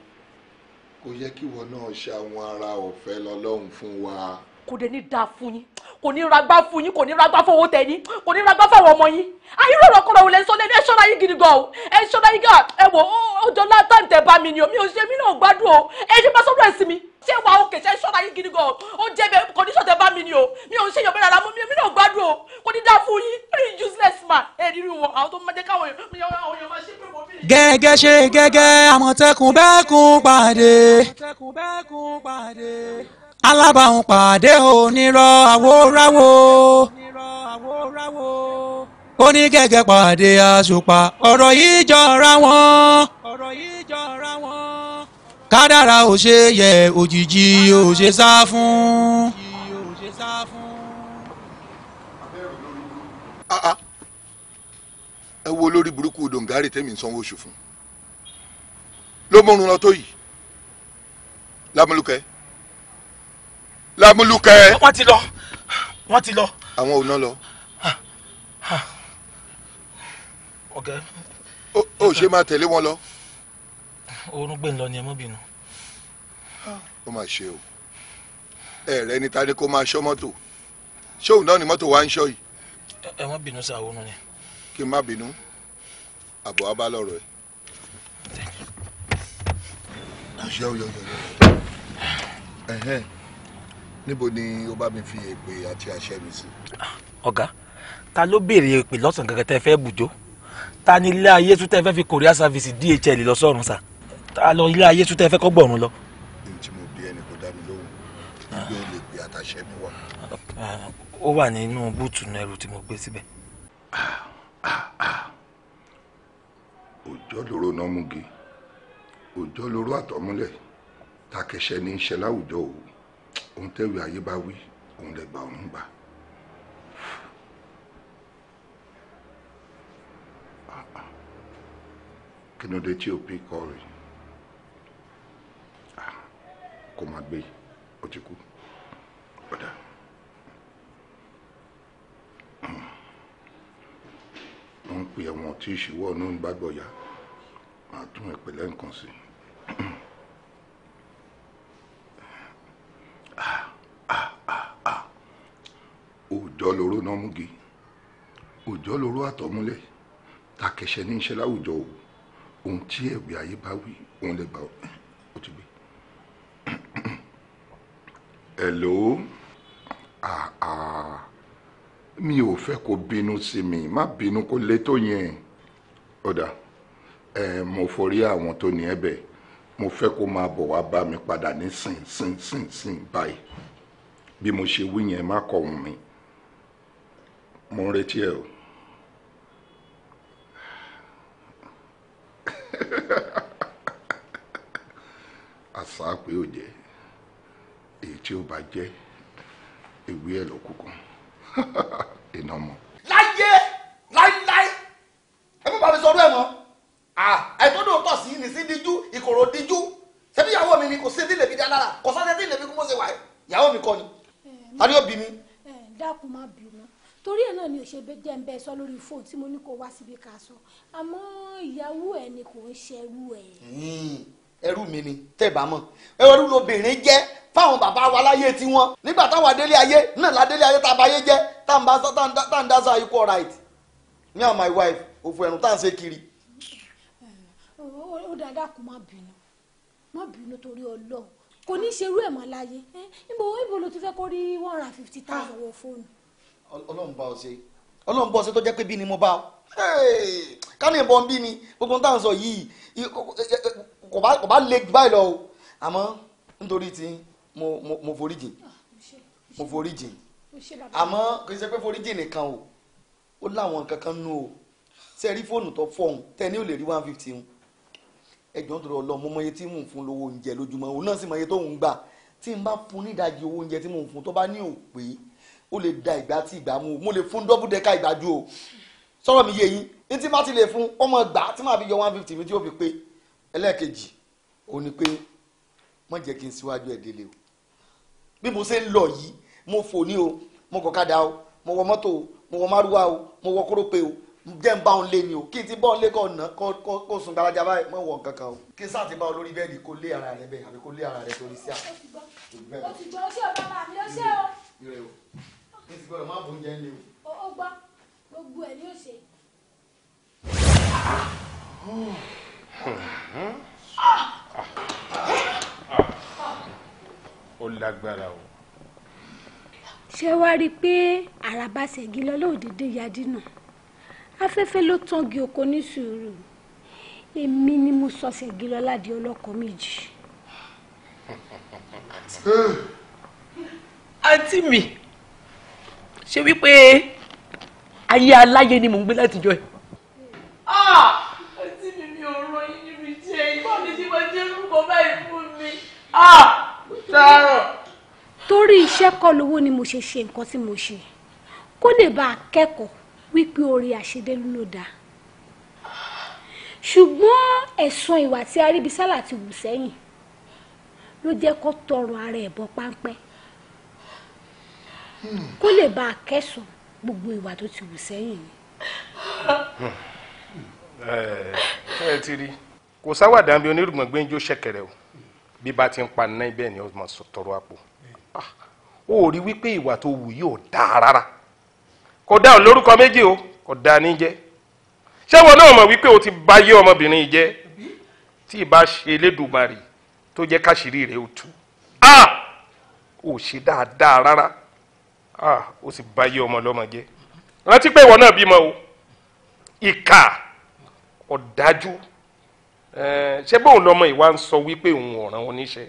kò yẹ kí wọn náà ṣàwọn ara ọ̀fẹ́ lọ́lọ́run fún wa kò dé ní da fún yín kò ní ragbá fún yín kò ní ragbá fún owó tẹ̀yìn kò ní ragbá fún àwọn ọmọ yín ayúrò ọ̀rọ̀ kọ̀rọ̀ òlẹ̀ sọ́lẹ̀ ẹ ṣọ́ra yín gidi gan o ẹ ṣọ́ra gan ẹ wò ó jọ látàn tẹ̀ bá mi ni o ò ṣe mí náà gbádùn o ẹ bá sọ́dọ̀ ẹ̀ mi ṣé wà ó ṣe ṣọ́ra yín gidi gan o ó jẹ́ kò ní ṣọ̀tẹ̀ bá mi ni o mi ò ṣe yọ̀bẹ̀ rárá mú mi mi náà gbádùn o kò ní dá fún yín rí useless man ẹ rí wọn àwọn tó máa káwọn èèyàn máa alábàáhùn pàdé onírọ̀ àwòráwò onígẹ̀gẹ̀ pàdé àṣùpá ọ̀rọ̀ yìí jọra wọn kádàrá ò ṣe yẹ òjijì ò ṣe sá fún. Ah, ah. ẹ wo lórí burúkú dòǹgárì tẹ́mi ń sanwó oṣù fún ló mọ̀rún lọ tó yìí lámúlùkẹ́. Lámúlùkẹ́. wọ́n ti lọ wọ́n ti lọ. àwọn ò ná lọ. ọ̀gá. ó ṣe máa tẹ̀lé wọn lọ. oorun gbé ń lọ ni ẹ mọ́ bínú. ó mà ṣe o ẹ̀rẹ́ ni ta ni kó máa ṣọ́ mọ́tò ṣé òun náà ni mọ́tò wa ń ṣọ́ yìí. ẹ mọ́ bínú sáà oorun ni. kí n má bínú àbọ̀ wa bá lọ́rọ̀ ẹ̀. ṣé o yọ yọ yọ ẹ̀hẹ́n níbo ni o bá mi fi èpè àti àṣẹ mi sí. ọ̀gá ta ló béèrè èpè lọ́sàn-án kankan tẹ́ fẹ́ bùjọ́ ta ni ilé ayé tún tẹ́ fẹ́ fi korea service dhl lọ sọ́run sa ta lọ ilé ayé tún tẹ́ fẹ́ kọ́ gbọ̀run lọ. ní tí mo bí ẹni kò dá mi lóhùn nígbà olè pé àtàṣẹ mi wà. ó wà nínú búùtù náà ẹrù tí mo gbé síbẹ̀. òjò lóró náà mú gi òjò lóró àtọ̀múlẹ̀ takẹ̀ṣẹ̀ ní í ṣe láwùjọ òwò ohun tẹ́wé ayé bá wí òun lẹ́gbà ọ̀run gbà. kí ló dé tí ò pín kọ́ rè kó má gbé ó ti kú ọ̀dà. wọ́n ń pè ẹ̀wọ̀n tí ìṣíwọ́ ọ̀nà ń gbàgbọ́ ya màá tún ẹ̀pẹ̀lẹ́ nǹkan sí i. òòjọ́ lóró náà múgi òòjọ́ lóró àtọ̀múlẹ̀ takẹsẹ ní iṣẹ́ láwùjọ o ohun tí ẹ̀wì ayé bá wí òun lè bá ó ti gbé. hello ah ah mi ò fẹ́ kó bínú sí mi má bínú kó lé tó yẹn ọ̀dà ẹ̀ mo forí àwọn tó ní ẹ̀bẹ̀ mo fẹ́ kó máa bọ̀ wá bá mi padà ní sìn sìn sìn sìn báyìí bí mo ṣe wí yẹn má kọ̀ wọ́n mi mo ń retí ẹ o. (laughs) àṣà pé ò jẹ́ èyí tí ó bá jẹ́ ewé ẹ̀ ló kúkú (laughs) iná mọ́. láyé láíláí ẹ má bàa sọ ọdún ẹ mọ́ òrò díjú ṣebí ìyàwó mi ni kò sí ẹtí lèmi dá lára kò sọ́ọ́ ẹtí lèmi kó mo ṣe wà ìyàwó mi kọ́ ni tani ó bí mi. dákun má bínú torí ẹ náà ni ò ṣe jẹ́ ń bẹ́ sọ lórí fóònù tí mo ní kó wá síbi ká sọ àmọ́ ìyàwó ẹ ni kò ń ṣerú ẹ. ẹrú mi ni tẹ́ ẹ bá mọ̀ ẹrú lobìnrin jẹ́ fáwọn bàbá wa láyé tiwọn nígbà táwọn adélé ayé náà ládélé ayé tábàyé jẹ́ tá à ń dá sa equal right me and my wife òfò ẹ̀rùn tá à ṣe kiri dáadáa kò má bínú má bínú torí ọlọ́run kò ní ṣerú ẹ̀ mọ́ láyé eh, níbo níbo ló ti fẹ́ kó rí one hundred and fifty thousand wọ fóònù. ọlọ́run bá ọ ṣe ọlọ́run bá ọ ṣe tó jẹ́ pé bí ni mo bá ọ kánú ìbọn bí ni gbogbo táwọn sọ yìí kò bá le jù báyìí lọ o àmọ́ nítorí tí ah, mo foríjìn mo foríjìn àmọ́ kò ṣe pé foríjìn nìkan o ó láwọn kankan nù o ṣe rí fóònù tó fọ̀hún tẹ ní ò lè rí one fifty hun ẹjọ́ nítorí ọlọ́run mo mọye tí mò ń fún lówó oúnjẹ lójúmọ́ òun náà sì mọye tó ń gbà tí n bá fún nídajì owó oúnjẹ tí mò ń fún tó bá ní òpè ó lè da ìgbà tí ìgbà mu mo lè fún dọ́bù dẹ́ka ìgbàjú o sọ̀rọ̀ mi yé yín ní tí má ti lè fún ọmọ gbà tí màá fi yọ one fifty mi tí ó fi pé ẹlẹ́ẹ̀kejì ò ní pé má jẹ́ kí n síwájú ẹ̀ délé o bí mo ṣe ń lọ yìí mo fò ní o mo kọ̀kadà o mo wọ mọ́tò o mo jẹ́ ń bá òun lé ni o kí n ti bá òun lé kọ́ ọ̀nà kó sun gbalaja báyìí mọ̀ wọ̀n kankan o kí n sáà ti bá òun lórí bẹ́ẹ̀dì kó lé ara rẹ bẹ́ẹ̀ àbí kó lé ara rẹ torí sí à. o ti gbọ́ ṣé o bàbá mi ó ṣe o. ìrẹ̀ o kí n ti gbọ́dọ̀ má bóúnjẹ ń lé o. ó gbọ́ gbogbo ẹ̀ ni ó ṣe. ó lágbára o ṣé wàá rí i pé àràbà ṣègí lọ lóòdìdí yadínà afẹ́fẹ́ ló tangi oko ní sùúrù èmi ni mo sọ Ṣẹ̀gilọ́lá di ọlọ́kọ méjì. àǹtí mi ṣe wípé ayé aláyé ni mò ń gbé látijọ́ ẹ̀. àǹtí mi mi ò rọ yín níbi jẹ́ ìbọn mi ti máa jẹ́ orúkọ báyìí fún mi. torí iṣẹ́ kọ́ lówó ni mo ṣe ṣe nǹkan tí mo ṣe kó lè bá a kẹ́kọ̀ọ́ wípé oore àṣedélú ló dáa ṣùgbọ́n ẹ̀sùn ìwà tí Arìbísálà ti wù sẹ́yìn ló jẹ́ kó tọrọ ara ẹ̀ bọ́ páńpẹ́ kó lè bá a kẹ́sàn gbogbo ìwà tó ti wù sẹ́yìn ni. ẹ ẹ ti rí kò sáwàdà bí onírùgbọ̀n gbẹ́njọ́ ṣẹ̀kẹ̀rẹ̀ o bí bá ti ń pa náà bẹ́ẹ̀ ni ọmọ tọrọ àpò ó ah, rí wípé ìwà tó wù yìí dáa rárá kò dá lórúkọ méjì o kò dá ní jẹ́ ṣé wọn náà mọ̀ wípé o ti bá yé ọmọbìnrin jẹ́ tí ì bá ṣe elédùnmarì tó jẹ́ káṣírí rẹ̀ ó tú a ò ṣe dáadáa rárá a ó sì bá yé ọmọ lọ́mọ jẹ́ rántí pé ìwọ náà bímọ o ìkà ọ̀dájú ṣé bóun lọmọ ìwà ń sọ wípé òun ọ̀ràn oníṣẹ́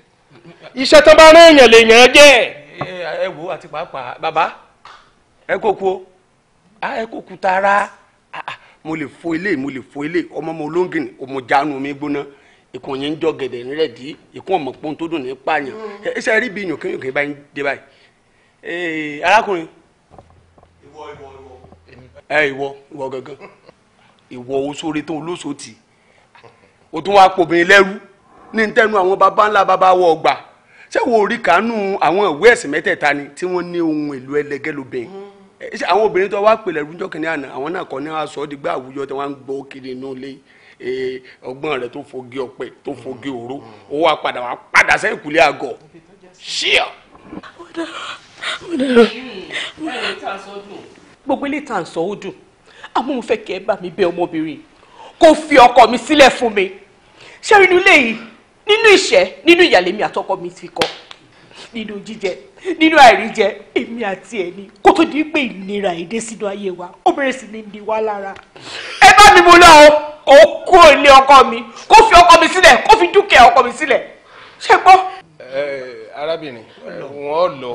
iṣẹ́ tó bá rán èèyàn lèèyàn jẹ́. ẹ wo àti pàápàá bàbá ẹ kó kú o. Ah, ẹ kò kú tara ah, ah, mo lè fo ilé mo lè fo ilé ọmọ mo lóngìn mo jánu mi gbóná ìkùn yẹn ń jọ gẹ̀dẹ̀ nílẹ̀ dí ìkùn ọmọ pọ́n tó dùn ní pààyàn mm. ẹ ṣe rí bí yòókè yòókè báyìí dé báyìí eh, arákùnrin. ìwọ ìwọ ìwọ. ẹ eh, ìwọ ìwọ gangan ìwọ oṣoore tó olóṣò tì o tún wáá pòbìnrin lẹ́rú ní ntẹ́nu àwọn baba ńlá baba wọ ọgbà ṣé wo orí kàánú àwọn ìwé ẹ̀sìn mẹ́tẹ̀ẹ̀ta ni tí wọ́n ní ohun èlò ẹlẹgẹ́ lóbìnrin mm. Eh, ṣe àwọn obìnrin tó wá pèlè rújọ kìnìún àná àwọn náà kọ́ ní wọn sọ ọ́ di gbá àwùjọ tí wọ́n ń gbọ́ kiri inú ilé eh, ọgbọ́n rẹ̀ tó fogi ọ̀pẹ tó fogi òró ó wá padà wá padà sẹ́yìn kùlé àgọ́ ṣíọ. gbogbo ilé tà sọ ó dùn àmọ́ mo fẹ́ kẹ́ ẹ bá mi bẹ ọmọbìnrin kó fi ọkọ mi sílẹ̀ fún mi ṣé inú ilé yìí nínú ìṣẹ́ nínú ìyàlẹ́mi àtọkọ mi ti kọ́ nínú jíjẹ nínú àìríjẹ èmi àti ẹni tó di pé ìnira èdè sínú ayé wa ó bẹ̀rẹ̀ sí ní ní wa lára. ẹ bá mi mú náà ó kúrò ní ọkọ mi kó fi ọkọ mi sílẹ̀ kó fi dúkìá ọkọ mi sílẹ̀ ṣé gbọ́. ẹ arábìnrin wọn lọ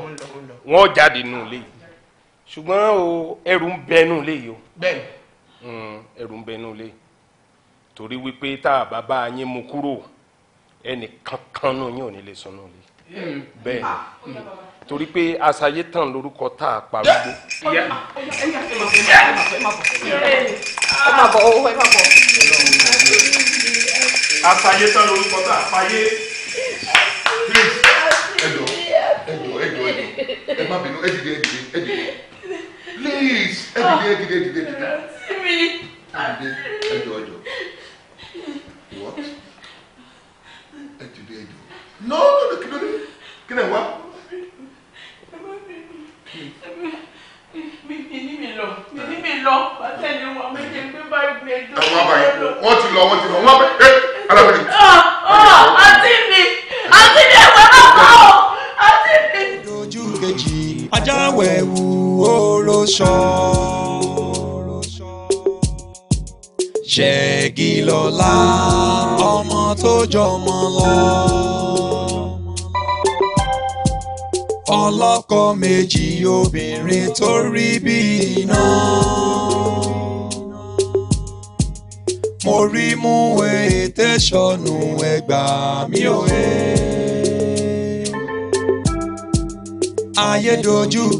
wọn jáde nù lé ṣùgbọ́n o ẹrù ń bẹ nù lé yìí o bẹ́ẹ̀ hmm, ẹrù ń bẹ nù lé torí wípé tá a bá bá yín mú kúrò ẹnì kankan nù yín ò ní lè sọ nù lé bẹ́ẹ̀ ni torí pé aṣayé tàn lórúkọ tá a parúgbó. ẹ má bọ̀ owó ẹ má aṣayé tàn lórúkọ tá a fayé. ẹjọ ẹjọ ẹjọ ẹ má bínú ẹdìdì ẹdìdì ẹdìdì please ẹdìdì ẹdìdì ẹdìdì ẹdìdì ẹdìdì ẹjọ ẹjọ what ẹdìdì ẹjọ no no no kí ló dé kí ló dé wá mi ní mi lọ mi ní mi lọ bàtẹ́ni wọn méje gbé báyìí gbé ẹjọ́ ìjọba lọ ọ ọ àti mi àti mi ẹ̀wọ̀n náà kọ́ àti mi. ṣẹ́gi lọ́la ọmọ tó jọmọ lọ ọlọ́kọ méjì obìnrin tó rí bí iná. mo rí mú ètè sọnù ẹgbà mi ò he. ayé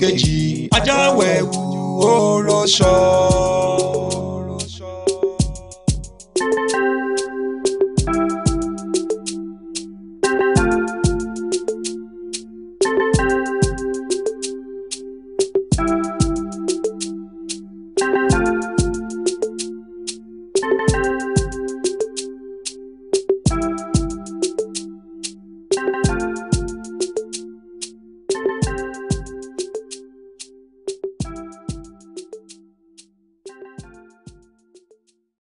kejì ajáwẹ̀ wù ó rọṣọ.